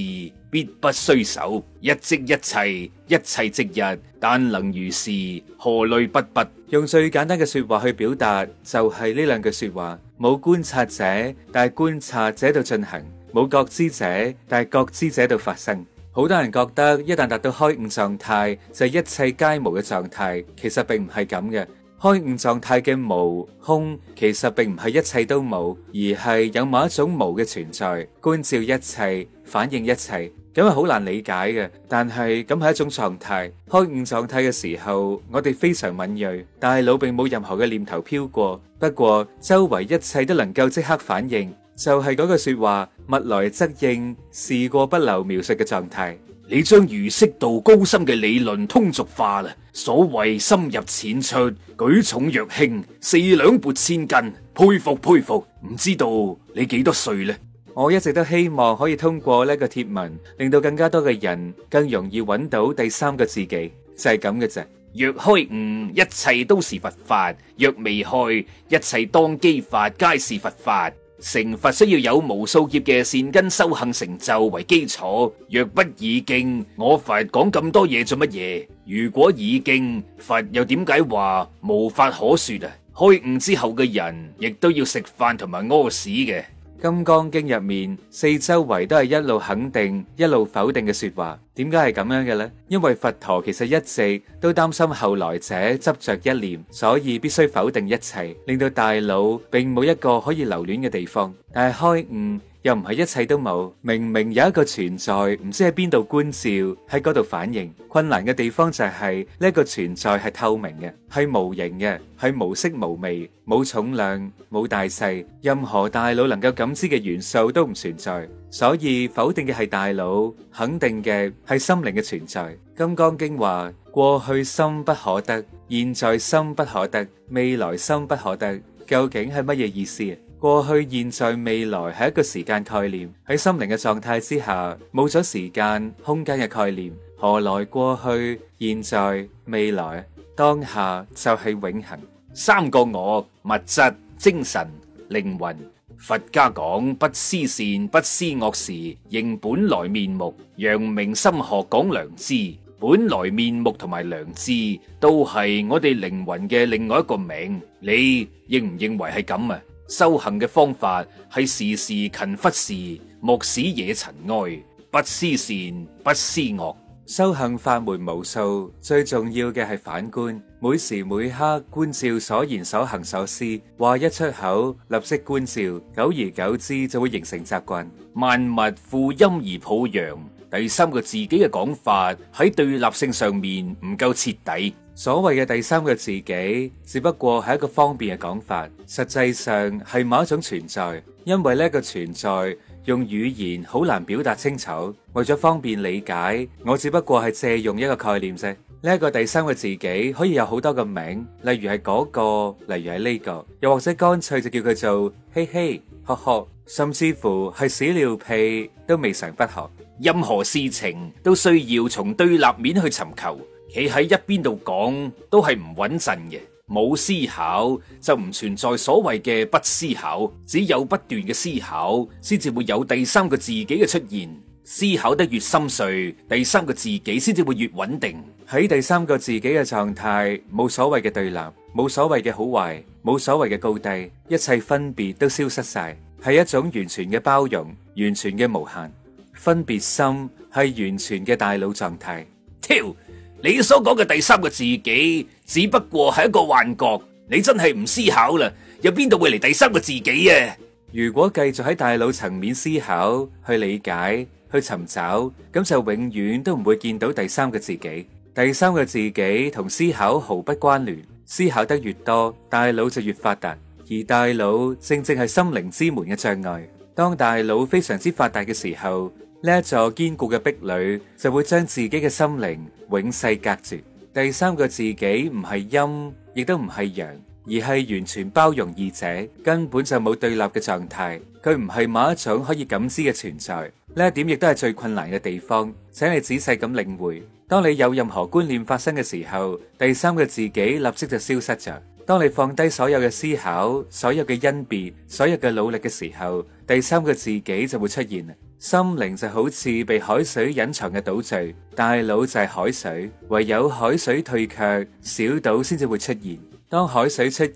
必不須守。一即一切，一切即一，但能如是，何慮不畢？用最簡單嘅說話去表達，就係、是、呢兩句說話：冇觀察者，但係觀察者度進行；冇覺知者，但係覺知者度發生。好多人覺得一旦達到開悟狀態，就係一切皆無嘅狀態，其實並唔係咁嘅。開悟狀態嘅無空，其實並唔係一切都冇，而係有某一種無嘅存在，觀照一切，反應一切，咁係好難理解嘅。但係咁係一種狀態，開悟狀態嘅時候，我哋非常敏銳，大腦並冇任何嘅念頭飄過，不過周圍一切都能夠即刻反應。就係嗰句說話，物來則應，事過不留描述嘅狀態。你將儒釋道高深嘅理論通俗化啦。所謂深入淺出，舉重若輕，四兩撥千斤，佩服佩服。唔知道你幾多歲呢？我一直都希望可以通過呢個貼文，令到更加多嘅人更容易揾到第三個自己，就係咁嘅啫。若開悟，一切都是佛法；若未開，一切當機法，皆是佛法。成佛需要有無數劫嘅善根修行成就為基礎，若不已敬，我佛講咁多嘢做乜嘢？如果已敬，佛又點解話無法可說啊？開悟之後嘅人亦都要食飯同埋屙屎嘅。金剛經入面四周圍都係一路肯定一路否定嘅說話，點解係咁樣嘅呢？因為佛陀其實一直都擔心後來者執着一念，所以必須否定一切，令到大腦並冇一個可以留戀嘅地方，但係開悟。又唔係一切都冇，明明有一個存在，唔知喺邊度觀照，喺嗰度反應。困難嘅地方就係呢一個存在係透明嘅，係無形嘅，係無色無味，冇重量，冇大細，任何大腦能夠感知嘅元素都唔存在。所以否定嘅係大腦，肯定嘅係心靈嘅存在。金剛經話：過去心不可得，現在心不可得，未來心不可得。究竟係乜嘢意思啊？過去、現在、未來係一個時間概念。喺心靈嘅狀態之下，冇咗時間、空間嘅概念，何來過去、現在、未來？當下就係永恆。三個我，物質、精神、靈魂。佛家講不思善，不思惡時，認本來面目。陽明心學講良知，本來面目同埋良知都係我哋靈魂嘅另外一個名。你認唔認為係咁啊？修行嘅方法係時時勤拂拭，莫使惹塵埃。不思善，不思惡。修行法門無數，最重要嘅係反觀，每時每刻觀照所言所行所思。話一出口，立即觀照，久而久之就會形成習慣。萬物負陰而抱陽。第三個自己嘅講法喺對立性上面唔夠徹底。所謂嘅第三個自己，只不過係一個方便嘅講法，實際上係某一種存在。因為呢個存在用語言好難表達清楚，為咗方便理解，我只不過係借用一個概念啫。呢個第三個自己可以有好多個名，例如係嗰個，例如係呢個，又或者乾脆就叫佢做嘿嘿、呵呵，甚至乎係屎尿屁都未嘗不可。任何事情都需要從對立面去尋求。企喺一邊度講都係唔穩陣嘅，冇思考就唔存在所謂嘅不思考，只有不斷嘅思考，先至會有第三個自己嘅出現。思考得越深邃，第三個自己先至會越穩定。喺第三個自己嘅狀態，冇所謂嘅對立，冇所謂嘅好壞，冇所謂嘅高低，一切分別都消失晒，係一種完全嘅包容，完全嘅無限。分別心係完全嘅大腦狀態。跳。你所講嘅第三個自己只不過係一個幻覺，你真係唔思考啦，有邊度會嚟第三個自己啊？如果繼續喺大腦層面思考、去理解、去尋找，咁就永遠都唔會見到第三個自己。第三個自己同思考毫不關聯，思考得越多，大腦就越發達，而大腦正正係心靈之門嘅障礙。當大腦非常之發達嘅時候。呢一座堅固嘅壁壘，就會將自己嘅心靈永世隔絕。第三個自己唔係陰，亦都唔係陽，而係完全包容二者，根本就冇對立嘅狀態。佢唔係某一種可以感知嘅存在。呢一點亦都係最困難嘅地方，請你仔細咁領會。當你有任何觀念發生嘅時候，第三個自己立即就消失咗。當你放低所有嘅思考、所有嘅恩別、所有嘅努力嘅時候，第三個自己就會出現啊！心靈就好似被海水隱藏嘅島嶼，大腦就係海水，唯有海水退卻，小島先至會出現。當海水出現，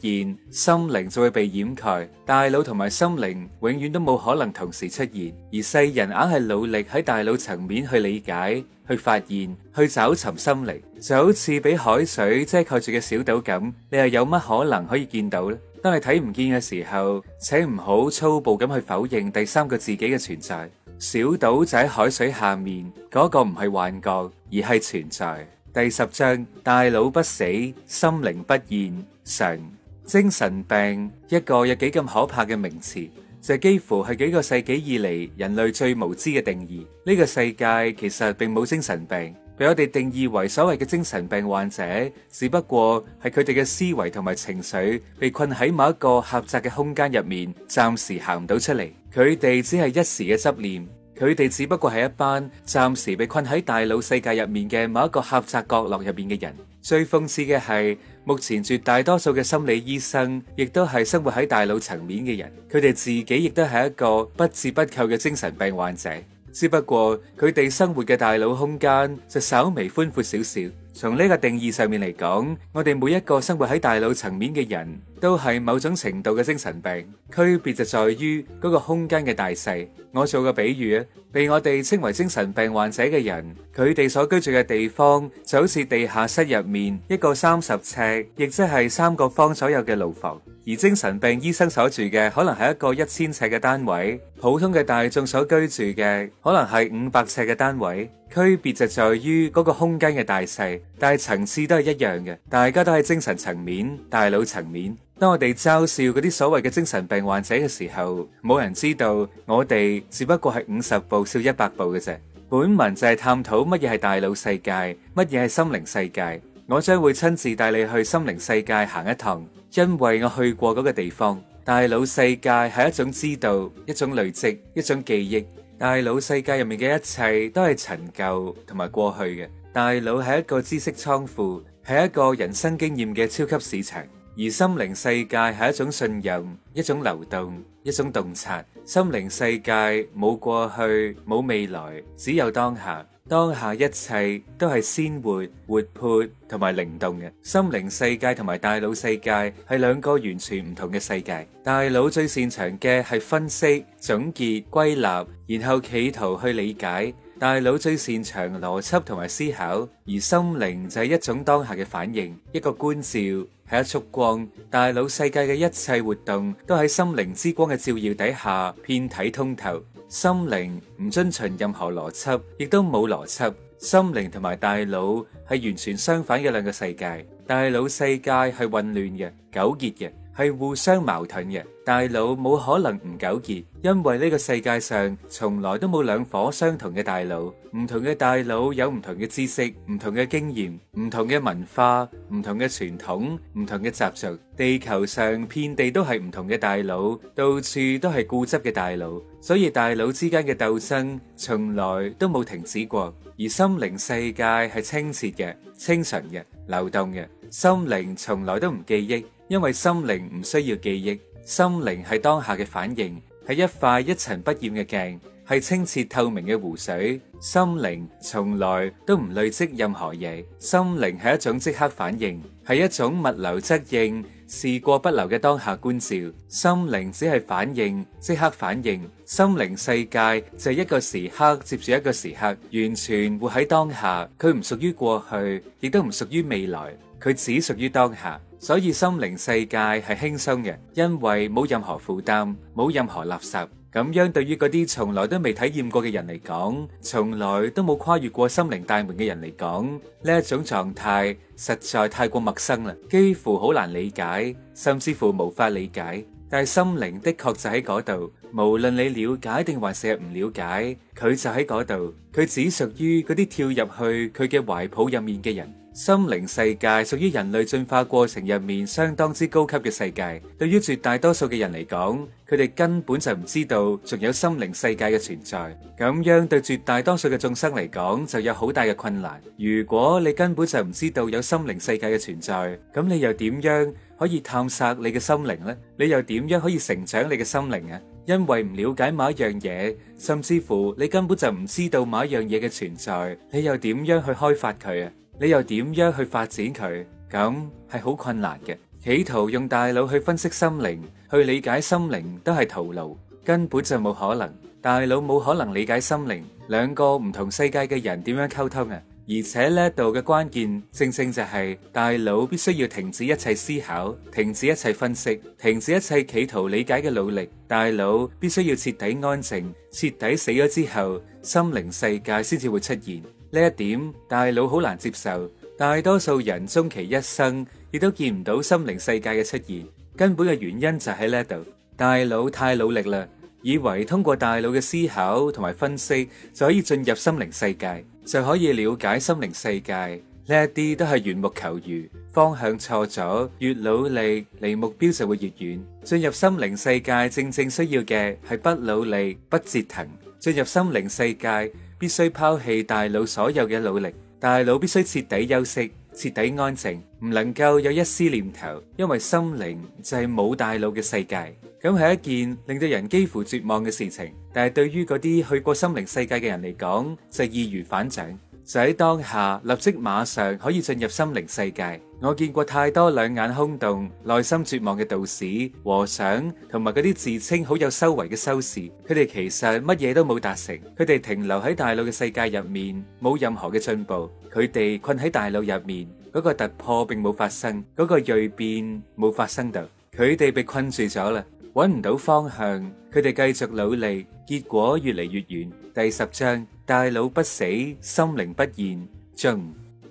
心靈就會被掩蓋。大腦同埋心靈永遠都冇可能同時出現，而世人硬係努力喺大腦層面去理解、去發現、去找尋心靈，就好似俾海水遮蓋住嘅小島咁，你又有乜可能可以見到呢？當你睇唔見嘅時候，請唔好粗暴咁去否認第三個自己嘅存在。小島就喺海水下面，嗰、那個唔係幻覺，而係存在。第十章，大腦不死，心靈不現，神精神病一個有幾咁可怕嘅名詞，就是、幾乎係幾個世紀以嚟人類最無知嘅定義。呢、這個世界其實並冇精神病，俾我哋定義為所謂嘅精神病患者，只不過係佢哋嘅思維同埋情緒被困喺某一個狹窄嘅空間入面，暫時行唔到出嚟。佢哋只係一時嘅執念，佢哋只不過係一班暫時被困喺大腦世界入面嘅某一個狹窄角落入面嘅人。最諷刺嘅係，目前絕大多數嘅心理醫生，亦都係生活喺大腦層面嘅人，佢哋自己亦都係一個不折不扣嘅精神病患者，只不過佢哋生活嘅大腦空間就稍微寬闊少少。從呢個定義上面嚟講，我哋每一個生活喺大腦層面嘅人都係某種程度嘅精神病，區別就在於嗰個空間嘅大細。我做個比喻啊，被我哋稱為精神病患者嘅人，佢哋所居住嘅地方就好似地下室入面一個三十尺，亦即係三個方左右嘅牢房。而精神病醫生所住嘅可能係一個一千尺嘅單位，普通嘅大眾所居住嘅可能係五百尺嘅單位，區別就在於嗰個空間嘅大細，但係層次都係一樣嘅，大家都係精神層面、大腦層面。當我哋嘲笑嗰啲所謂嘅精神病患者嘅時候，冇人知道我哋只不過係五十步笑一百步嘅啫。本文就係探討乜嘢係大腦世界，乜嘢係心靈世界。我將會親自帶你去心靈世界行一趟。因為我去過嗰個地方，大腦世界係一種知道，一種累積，一種記憶。大腦世界入面嘅一切都係陳舊同埋過去嘅。大腦係一個知識倉庫，係一個人生經驗嘅超級市場。而心靈世界係一種信任，一種流動，一種洞察。心靈世界冇過去，冇未來，只有當下。當下一切都係鮮活、活潑同埋靈動嘅，心靈世界同埋大腦世界係兩個完全唔同嘅世界。大腦最擅長嘅係分析、總結、歸納，然後企圖去理解。大腦最擅長邏輯同埋思考，而心靈就係一種當下嘅反應，一個觀照，係一束光。大腦世界嘅一切活動都喺心靈之光嘅照耀底下，遍體通透。心靈唔遵循任何邏輯，亦都冇邏輯。心靈同埋大腦係完全相反嘅兩個世界。大腦世界係混亂嘅、糾結嘅，係互相矛盾嘅。大腦冇可能唔糾結，因為呢個世界上從來都冇兩顆相同嘅大腦。唔同嘅大腦有唔同嘅知識、唔同嘅經驗、唔同嘅文化、唔同嘅傳統、唔同嘅習俗。地球上遍地都係唔同嘅大腦，到處都係固執嘅大腦。所以大腦之間嘅鬥爭從來都冇停止過，而心靈世界係清澈嘅、清純嘅、流動嘅。心靈從來都唔記憶，因為心靈唔需要記憶。心靈係當下嘅反應，係一塊一塵不染嘅鏡，係清澈透明嘅湖水。心靈從來都唔累積任何嘢，心靈係一種即刻反應，係一種物流質應。事過不留嘅當下觀照，心靈只係反應，即刻反應。心靈世界就係一個時刻接住一個時刻，完全活喺當下。佢唔屬於過去，亦都唔屬於未來，佢只屬於當下。所以心靈世界係輕鬆嘅，因為冇任何負擔，冇任何垃圾。咁樣對於嗰啲從來都未體驗過嘅人嚟講，從來都冇跨越過心靈大門嘅人嚟講，呢一種狀態實在太過陌生啦，幾乎好難理解，甚至乎無法理解。但係心靈的確就喺嗰度，無論你了解定還是唔了解，佢就喺嗰度，佢只屬於嗰啲跳入去佢嘅懷抱入面嘅人。心靈世界屬於人類進化過程入面相當之高級嘅世界。對於絕大多數嘅人嚟講，佢哋根本就唔知道仲有心靈世界嘅存在。咁樣對絕大多數嘅眾生嚟講，就有好大嘅困難。如果你根本就唔知道有心靈世界嘅存在，咁你又點樣可以探索你嘅心靈呢？你又點樣可以成長你嘅心靈啊？因為唔了解某一樣嘢，甚至乎你根本就唔知道某一樣嘢嘅存在，你又點樣去開發佢啊？你又點樣去發展佢？咁係好困難嘅。企圖用大腦去分析心靈，去理解心靈，都係徒勞，根本就冇可能。大腦冇可能理解心靈，兩個唔同世界嘅人點樣溝通啊？而且呢度嘅關鍵，正正就係大腦必須要停止一切思考，停止一切分析，停止一切企圖理解嘅努力。大腦必須要徹底安靜，徹底死咗之後，心靈世界先至會出現。呢一點，大腦好難接受。大多數人終其一生亦都見唔到心靈世界嘅出現，根本嘅原因就喺呢度，大腦太努力啦，以為通過大腦嘅思考同埋分析就可以進入心靈世界，就可以了解心靈世界。呢一啲都係緣木求魚，方向錯咗，越努力離目標就會越遠。進入心靈世界正正需要嘅係不努力、不折騰。進入心靈世界。必須拋棄大腦所有嘅努力，大腦必須徹底休息、徹底安靜，唔能夠有一絲念頭，因為心靈就係冇大腦嘅世界，咁係一件令到人幾乎絕望嘅事情。但係對於嗰啲去過心靈世界嘅人嚟講，就易如反掌，就喺當下立即馬上可以進入心靈世界。我見過太多兩眼空洞、內心絕望嘅道士、和尚，同埋嗰啲自稱好有修為嘅修士。佢哋其實乜嘢都冇達成，佢哋停留喺大腦嘅世界入面，冇任何嘅進步。佢哋困喺大腦入面，嗰個突破並冇發生，嗰個蛻變冇發生到。佢哋被困住咗啦，搵唔到方向。佢哋繼續努力，結果越嚟越遠。第十章：大腦不死，心靈不現終。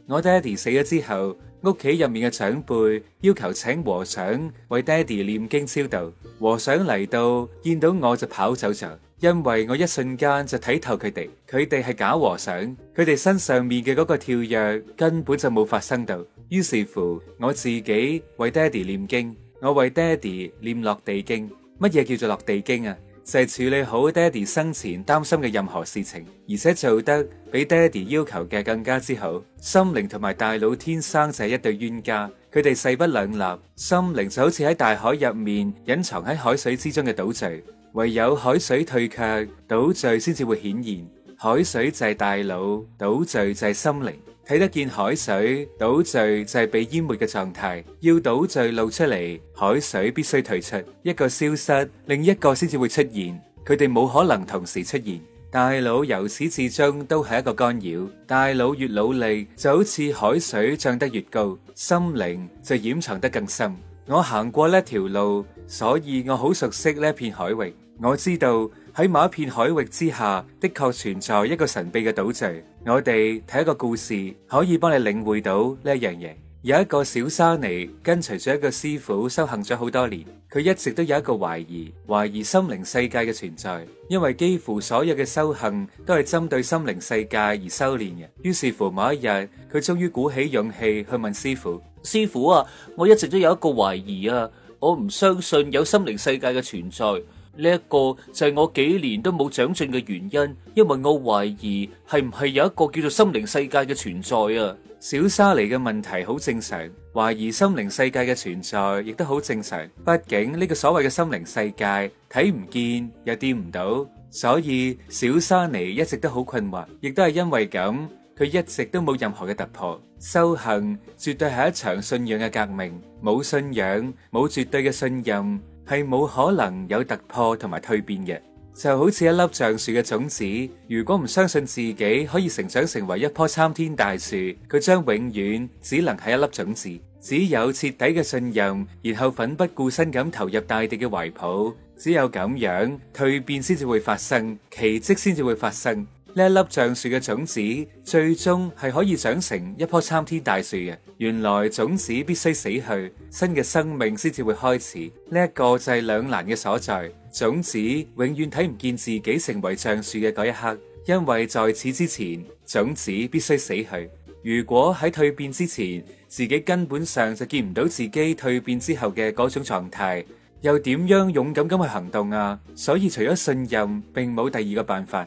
我爹哋死咗之後。屋企入面嘅長輩要求請和尚為爹哋念經超度，和尚嚟到見到我就跑走咗，因為我一瞬間就睇透佢哋，佢哋係假和尚，佢哋身上面嘅嗰個跳躍根本就冇發生到，於是乎我自己為爹哋念經，我為爹哋念落地經，乜嘢叫做落地經啊？就係處理好爹哋生前擔心嘅任何事情，而且做得比爹哋要求嘅更加之好。心靈同埋大腦天生就係一對冤家，佢哋勢不兩立。心靈就好似喺大海入面隱藏喺海水之中嘅島嶼，唯有海水退卻，島嶼先至會顯現。海水就係大腦，島嶼就係心靈。睇得見海水，島嶼就係被淹沒嘅狀態，要島嶼露，露出嚟，海水必須退出。一個消失，另一個先至會出現，佢哋冇可能同時出現。大腦由始至終都係一個干擾，大腦越努力就好似海水漲得越高，心靈就掩藏得更深。我行過呢一條路，所以我好熟悉呢片海域，我知道。喺某一片海域之下，的確存在一個神秘嘅島嶼。我哋睇一個故事，可以幫你領會到呢一樣嘢。有一個小沙尼跟隨住一個師傅修行咗好多年，佢一直都有一個懷疑，懷疑心靈世界嘅存在，因為幾乎所有嘅修行都係針對心靈世界而修煉嘅。於是乎，某一日，佢終於鼓起勇氣去問師傅，師傅啊，我一直都有一個懷疑啊，我唔相信有心靈世界嘅存在。呢一個就係我幾年都冇長進嘅原因，因為我懷疑係唔係有一個叫做心靈世界嘅存在啊？小沙尼嘅問題好正常，懷疑心靈世界嘅存在亦都好正常。畢竟呢個所謂嘅心靈世界睇唔見又掂唔到，所以小沙尼一直都好困惑，亦都係因為咁，佢一直都冇任何嘅突破。修行絕對係一場信仰嘅革命，冇信仰，冇絕對嘅信任。係冇可能有突破同埋蛻變嘅，就好似一粒橡樹嘅種子。如果唔相信自己可以成長成為一棵參天大樹，佢將永遠只能係一粒種子。只有徹底嘅信任，然後奮不顧身咁投入大地嘅懷抱，只有咁樣蛻變先至會發生，奇跡先至會發生。呢一粒橡樹嘅種子最終係可以長成一棵參天大樹嘅。原來種子必須死去，新嘅生命先至會開始。呢一個就係兩難嘅所在，種子永遠睇唔見自己成為橡樹嘅嗰一刻，因為在此之前，種子必須死去。如果喺蛻變之前，自己根本上就見唔到自己蛻變之後嘅嗰種狀態，又點樣勇敢咁去行動啊？所以除咗信任，並冇第二個辦法。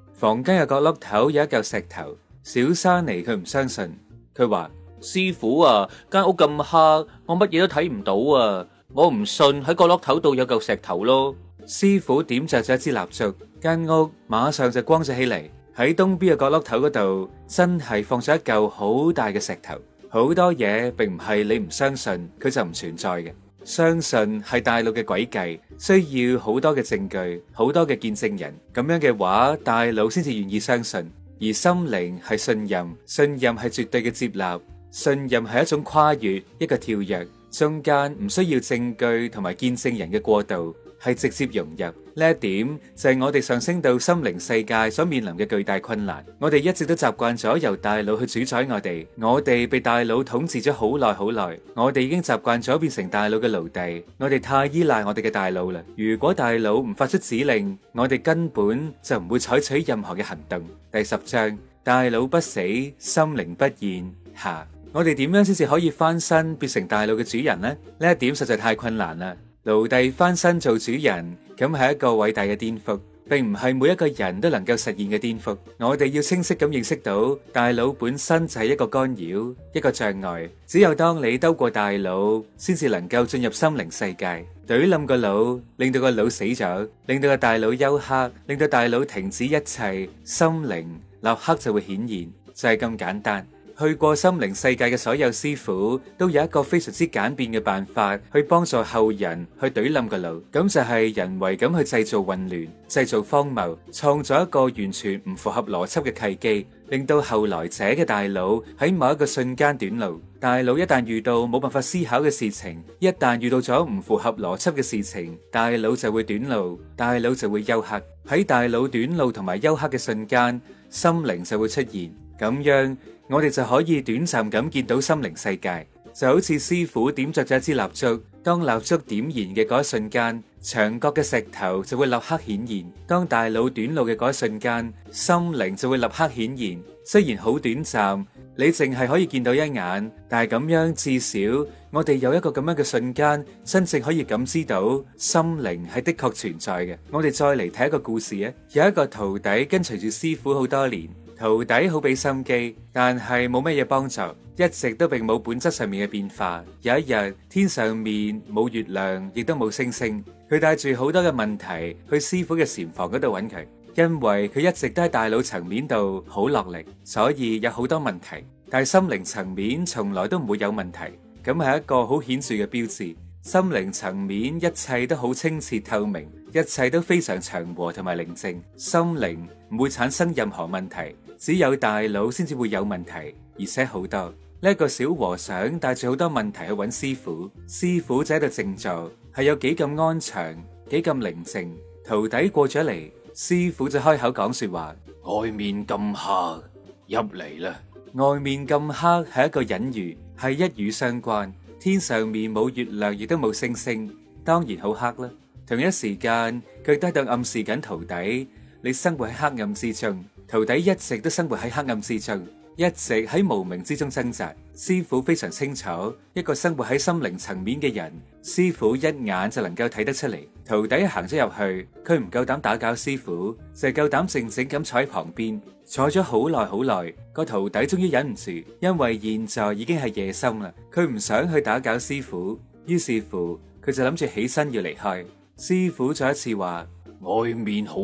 房間嘅角落頭有一嚿石頭，小山妮佢唔相信，佢話：師傅啊，間屋咁黑，我乜嘢都睇唔到啊，我唔信喺角落頭度有嚿石頭咯。師傅點着咗一支蠟燭，間屋馬上就光咗起嚟。喺東邊嘅角落頭嗰度，真係放咗一嚿好大嘅石頭。好多嘢並唔係你唔相信，佢就唔存在嘅。相信係大腦嘅詭計，需要好多嘅證據，好多嘅見證人。咁樣嘅話，大腦先至願意相信。而心靈係信任，信任係絕對嘅接納，信任係一種跨越，一個跳躍，中間唔需要證據同埋見證人嘅過渡。係直接融入呢一點，就係我哋上升到心靈世界所面臨嘅巨大困難。我哋一直都習慣咗由大腦去主宰我哋，我哋被大腦統治咗好耐好耐，我哋已經習慣咗變成大腦嘅奴隸，我哋太依賴我哋嘅大腦啦。如果大腦唔發出指令，我哋根本就唔會採取任何嘅行動。第十章：大腦不死，心靈不現。下，我哋點樣先至可以翻身變成大腦嘅主人呢？呢一點實在太困難啦。奴隸翻身做主人，咁係一個偉大嘅顛覆，並唔係每一個人都能夠實現嘅顛覆。我哋要清晰咁認識到，大腦本身就係一個干擾、一個障礙。只有當你兜過大腦，先至能夠進入心靈世界。懟冧個腦，令到個腦死咗，令到個大腦休克，令到大腦停止一切，心靈立刻就會顯現，就係咁簡單。去過心靈世界嘅所有師傅，都有一個非常之簡便嘅辦法去幫助後人去懟冧個腦，咁就係人為咁去製造混亂、製造荒謬，創造一個完全唔符合邏輯嘅契機，令到後來者嘅大腦喺某一個瞬間短路。大腦一旦遇到冇辦法思考嘅事情，一旦遇到咗唔符合邏輯嘅事情，大腦就會短路，大腦就會休克。喺大腦短路同埋休克嘅瞬間，心靈就會出現，咁樣。我哋就可以短暫咁見到心靈世界，就好似師傅點着咗一支蠟燭，當蠟燭點燃嘅嗰一瞬間，牆角嘅石頭就會立刻顯現；當大腦短路嘅嗰一瞬間，心靈就會立刻顯現。雖然好短暫，你淨係可以見到一眼，但係咁樣至少我哋有一個咁樣嘅瞬間，真正可以感知到心靈係的確存在嘅。我哋再嚟睇一個故事啊！有一個徒弟跟隨住師傅好多年。徒弟好俾心機，但係冇乜嘢幫助，一直都並冇本質上面嘅變化。有一日，天上面冇月亮，亦都冇星星，佢帶住好多嘅問題去師父嘅禪房嗰度揾佢，因為佢一直都喺大腦層面度好落力，所以有好多問題。但係心靈層面從來都唔會有問題，咁係一個好顯著嘅標誌。心靈層面一切都好清澈透明，一切都非常祥和同埋寧靜，心靈唔會產生任何問題。只有大佬先至會有問題，而且好多呢個小和尚帶住好多問題去揾師傅，師傅就喺度靜坐，係有幾咁安詳，幾咁寧靜。徒弟過咗嚟，師傅就開口講說話。外面咁黑，入嚟啦。外面咁黑係一個隱喻，係一語相關。天上面冇月亮，亦都冇星星，當然好黑啦。同一時間，佢都喺度暗示緊徒弟，你生活喺黑暗之中。徒弟一直都生活喺黑暗之中，一直喺無明之中掙扎。師傅非常清楚，一個生活喺心靈層面嘅人，師傅一眼就能夠睇得出嚟。徒弟行咗入去，佢唔夠膽打攪師傅，就係夠膽靜靜咁坐喺旁邊，坐咗好耐好耐。個徒弟終於忍唔住，因為現在已經係夜深啦，佢唔想去打攪師傅，於是乎佢就諗住起身要離開。師傅再一次話：外面好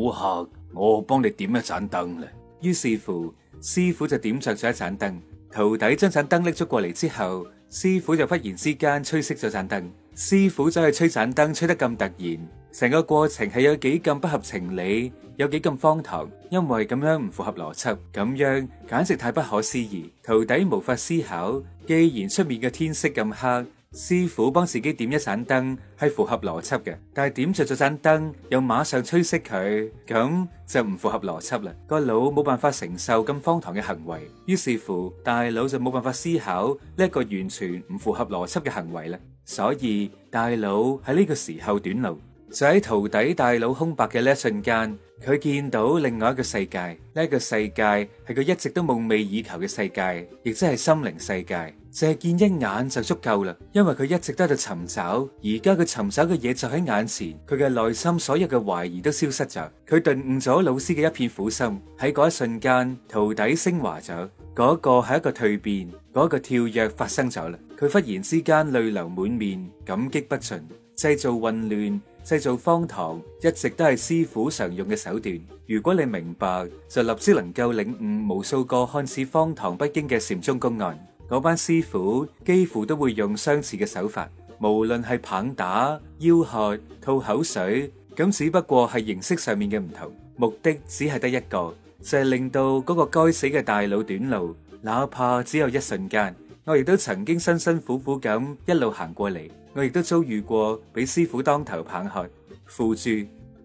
黑，我幫你點一盞燈啦。於是乎，師傅就點着咗一盞燈，徒弟將盞燈拎咗過嚟之後，師傅就忽然之間吹熄咗盞燈。師傅走去吹盞燈，吹得咁突然，成個過程係有幾咁不合情理，有幾咁荒唐，因為咁樣唔符合邏輯，咁樣簡直太不可思議。徒弟無法思考，既然出面嘅天色咁黑。師傅幫自己點一盞燈係符合邏輯嘅，但係點著咗盞燈又馬上吹熄佢，咁就唔符合邏輯啦。個腦冇辦法承受咁荒唐嘅行為，於是乎大腦就冇辦法思考呢一個完全唔符合邏輯嘅行為啦。所以大腦喺呢個時候短路，就喺徒弟大腦空白嘅呢一瞬間，佢見到另外一個世界，呢一個世界係佢一直都夢寐以求嘅世界，亦即係心靈世界。就係見一眼就足夠啦，因為佢一直都喺度尋找，而家佢尋找嘅嘢就喺眼前，佢嘅內心所有嘅懷疑都消失咗，佢頓悟咗老師嘅一片苦心。喺嗰一瞬間，徒弟升華咗，嗰個係一個蛻變，嗰個跳躍發生咗啦。佢忽然之間淚流滿面，感激不盡，製造混亂，製造荒唐，一直都係師父常用嘅手段。如果你明白，就立即能夠領悟無數個看似荒唐不經嘅禪宗公案。嗰班師傅幾乎都會用相似嘅手法，無論係棒打、吆喝、吐口水，咁只不過係形式上面嘅唔同，目的只係得一個，就係、是、令到嗰個該死嘅大腦短路，哪怕只有一瞬間，我亦都曾經辛辛苦苦咁一路行過嚟，我亦都遭遇過俾師傅當頭棒喝，扶住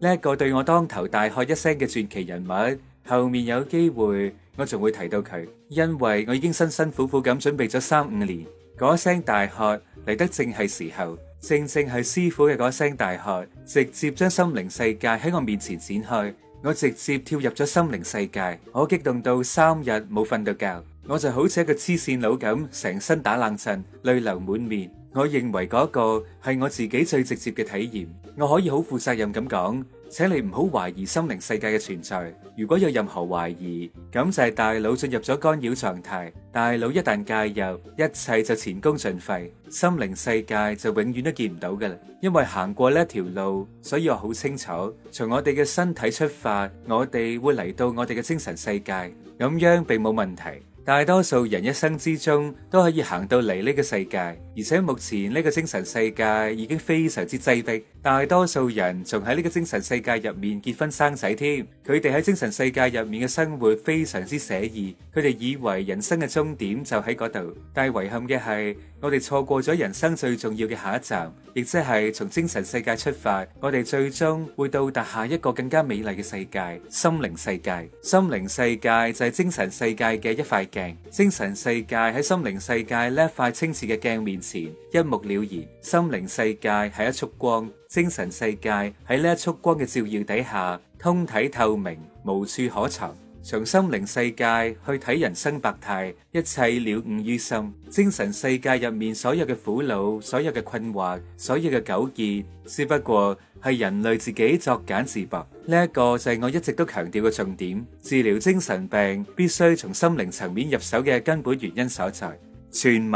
呢一個對我當頭大喝一聲嘅傳奇人物，後面有機會。我仲會提到佢，因為我已經辛辛苦苦咁準備咗三五年，嗰聲大喝嚟得正係時候，正正係師父嘅嗰聲大喝，直接將心靈世界喺我面前展開，我直接跳入咗心靈世界，我激動到三日冇瞓到覺，我就好似一個痴線佬咁，成身打冷震，淚流滿面。我認為嗰個係我自己最直接嘅體驗，我可以好負責任咁講。請你唔好懷疑心靈世界嘅存在。如果有任何懷疑，咁就係大腦進入咗干擾狀態。大腦一旦介入，一切就前功盡廢，心靈世界就永遠都見唔到嘅啦。因為行過呢一條路，所以我好清楚，從我哋嘅身體出發，我哋會嚟到我哋嘅精神世界，咁樣並冇問題。大多數人一生之中都可以行到嚟呢個世界，而且目前呢個精神世界已經非常之擠迫，大多數人仲喺呢個精神世界入面結婚生仔添。佢哋喺精神世界入面嘅生活非常之寫意，佢哋以為人生嘅終點就喺嗰度。但係遺憾嘅係，我哋錯過咗人生最重要嘅下一站，亦即係從精神世界出發，我哋最終會到達下一個更加美麗嘅世界——心靈世界。心靈世界就係精神世界嘅一塊鏡。精神世界喺心靈世界呢塊清澈嘅鏡面前一目了然，心靈世界係一束光，精神世界喺呢一束光嘅照耀底下，通體透明，無處可藏。從心靈世界去睇人生百態，一切了悟於心。精神世界入面所有嘅苦惱、所有嘅困惑、所有嘅糾結，只不過，係人類自己作繭自縛呢一個就係我一直都強調嘅重點。治療精神病必須從心靈層面入手嘅根本原因所在。全文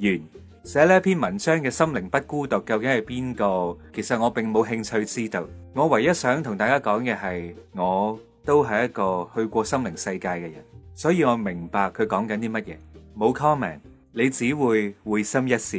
完。寫呢一篇文章嘅心靈不孤獨，究竟係邊個？其實我並冇興趣知道。我唯一想同大家講嘅係，我都係一個去過心靈世界嘅人，所以我明白佢講緊啲乜嘢。冇 comment，你只會會心一笑。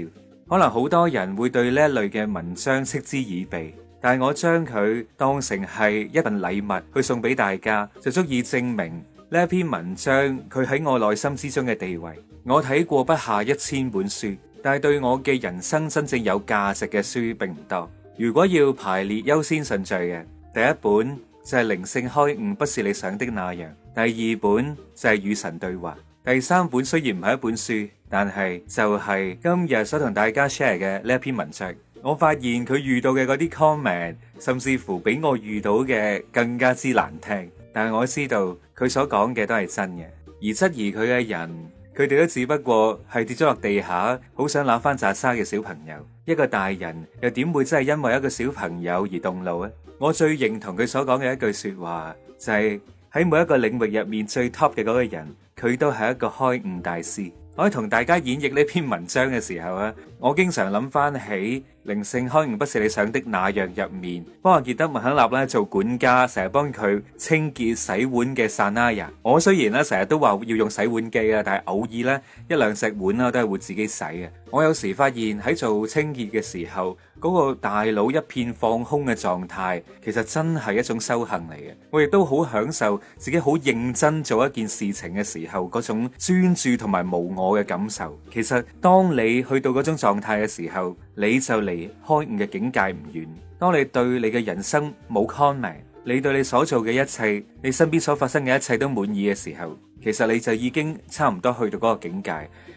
可能好多人會對呢一類嘅文章嗤之以鼻。但係我將佢當成係一份禮物去送俾大家，就足以證明呢篇文章佢喺我內心之中嘅地位。我睇過不下一千本書，但係對我嘅人生真正有價值嘅書並唔多。如果要排列優先順序嘅，第一本就係、是、靈性開悟不是你想的那樣，第二本就係、是、與神對話，第三本雖然唔係一本書，但係就係今日所同大家 share 嘅呢篇文章。我發現佢遇到嘅嗰啲 comment，甚至乎比我遇到嘅更加之難聽。但係我知道佢所講嘅都係真嘅，而質疑佢嘅人，佢哋都只不過係跌咗落地下，好想攬翻揸沙嘅小朋友。一個大人又點會真係因為一個小朋友而動怒咧？我最認同佢所講嘅一句説話，就係喺每一個領域入面最 top 嘅嗰個人，佢都係一個開悟大師。我喺同大家演繹呢篇文章嘅時候啊，我經常諗翻起。靈性開悟不是你想的那樣入面，幫阿傑德麥肯納咧做管家，成日幫佢清潔洗碗嘅 Sanaya。我雖然咧成日都話要用洗碗機啊，但係偶爾咧一兩隻碗啦，都係會自己洗嘅。我有時發現喺做清潔嘅時候，嗰個大腦一片放空嘅狀態，其實真係一種修行嚟嘅。我亦都好享受自己好認真做一件事情嘅時候，嗰種專注同埋無我嘅感受。其實當你去到嗰種狀態嘅時候，你就離開悟嘅境界唔遠。當你對你嘅人生冇 con 你對你所做嘅一切，你身邊所發生嘅一切都滿意嘅時候，其實你就已經差唔多去到嗰個境界。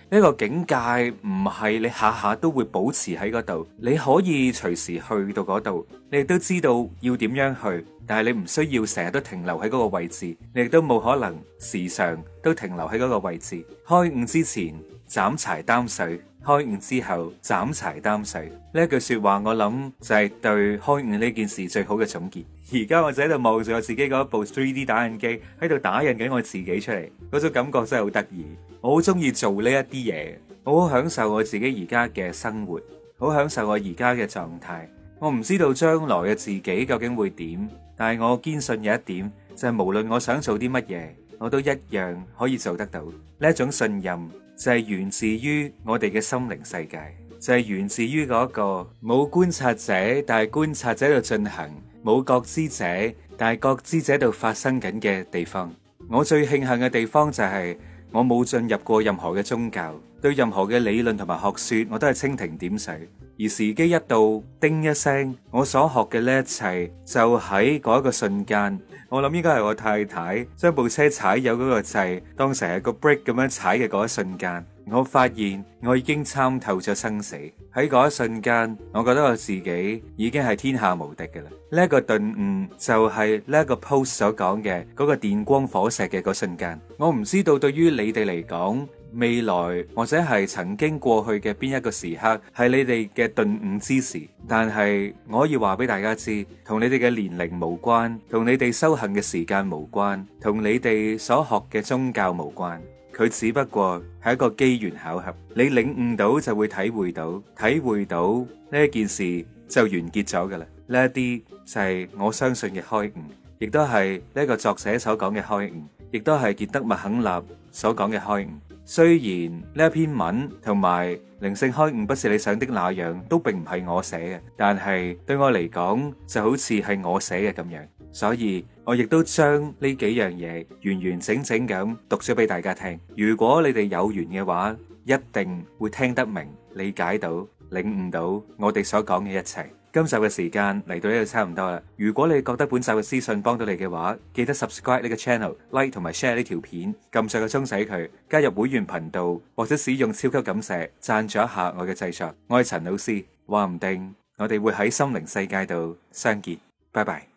呢個境界唔係你下下都會保持喺嗰度，你可以隨時去到嗰度，你亦都知道要點樣去。但係你唔需要成日都停留喺嗰個位置，你亦都冇可能時常都停留喺嗰個位置。開悟之前，斬柴擔水。開悟之後斬柴擔水呢句說話，我諗就係對開悟呢件事最好嘅總結。而家我就喺度望住我自己嗰部 3D 打印機喺度打印緊我自己出嚟，嗰種感覺真係好得意。我好中意做呢一啲嘢，我好享受我自己而家嘅生活，好享受我而家嘅狀態。我唔知道將來嘅自己究竟會點，但係我堅信有一點就係無論我想做啲乜嘢，我都一樣可以做得到。呢一種信任，就係源自於我哋嘅心靈世界，就係、是、源自於嗰、那個冇觀察者但係觀察者喺度進行，冇覺知者但係覺知者喺度發生緊嘅地方。我最慶幸嘅地方就係、是、我冇進入過任何嘅宗教，對任何嘅理論同埋學說，我都係蜻蜓點水。而時機一到，叮一聲，我所學嘅呢一切就喺嗰一個瞬間。我諗應該係我太太將部車踩有嗰個掣，當成係個 break 咁樣踩嘅嗰一瞬間，我發現我已經參透咗生死。喺嗰一瞬間，我覺得我自己已經係天下無敵嘅啦。呢一個頓悟就係呢一個 post 所講嘅嗰個電光火石嘅嗰瞬間。我唔知道對於你哋嚟講，未來或者係曾經過去嘅邊一個時刻，係你哋嘅頓悟之時。但係我可以話俾大家知，同你哋嘅年齡無關，同你哋修行嘅時間無關，同你哋所學嘅宗教無關。佢只不過係一個機緣巧合，你領悟到就會體會到，體會到呢一件事就完結咗噶啦。呢一啲就係我相信嘅開悟，亦都係呢一個作者所講嘅開悟，亦都係傑德麥肯納所講嘅開悟。雖然呢篇文同埋靈性開悟不是你想的那樣，都並唔係我寫嘅，但係對我嚟講就好似係我寫嘅咁樣，所以我亦都將呢幾樣嘢完完整整咁讀咗俾大家聽。如果你哋有緣嘅話，一定會聽得明、理解到、領悟到我哋所講嘅一切。今集嘅時間嚟到呢度差唔多啦。如果你覺得本集嘅資訊幫到你嘅話，記得 subscribe 呢個 channel、like 同埋 share 呢條片，撳上個鐘仔佢，加入會員頻道或者使用超級感謝贊助一下我嘅製作。我係陳老師，話唔定我哋會喺心靈世界度相見。拜拜。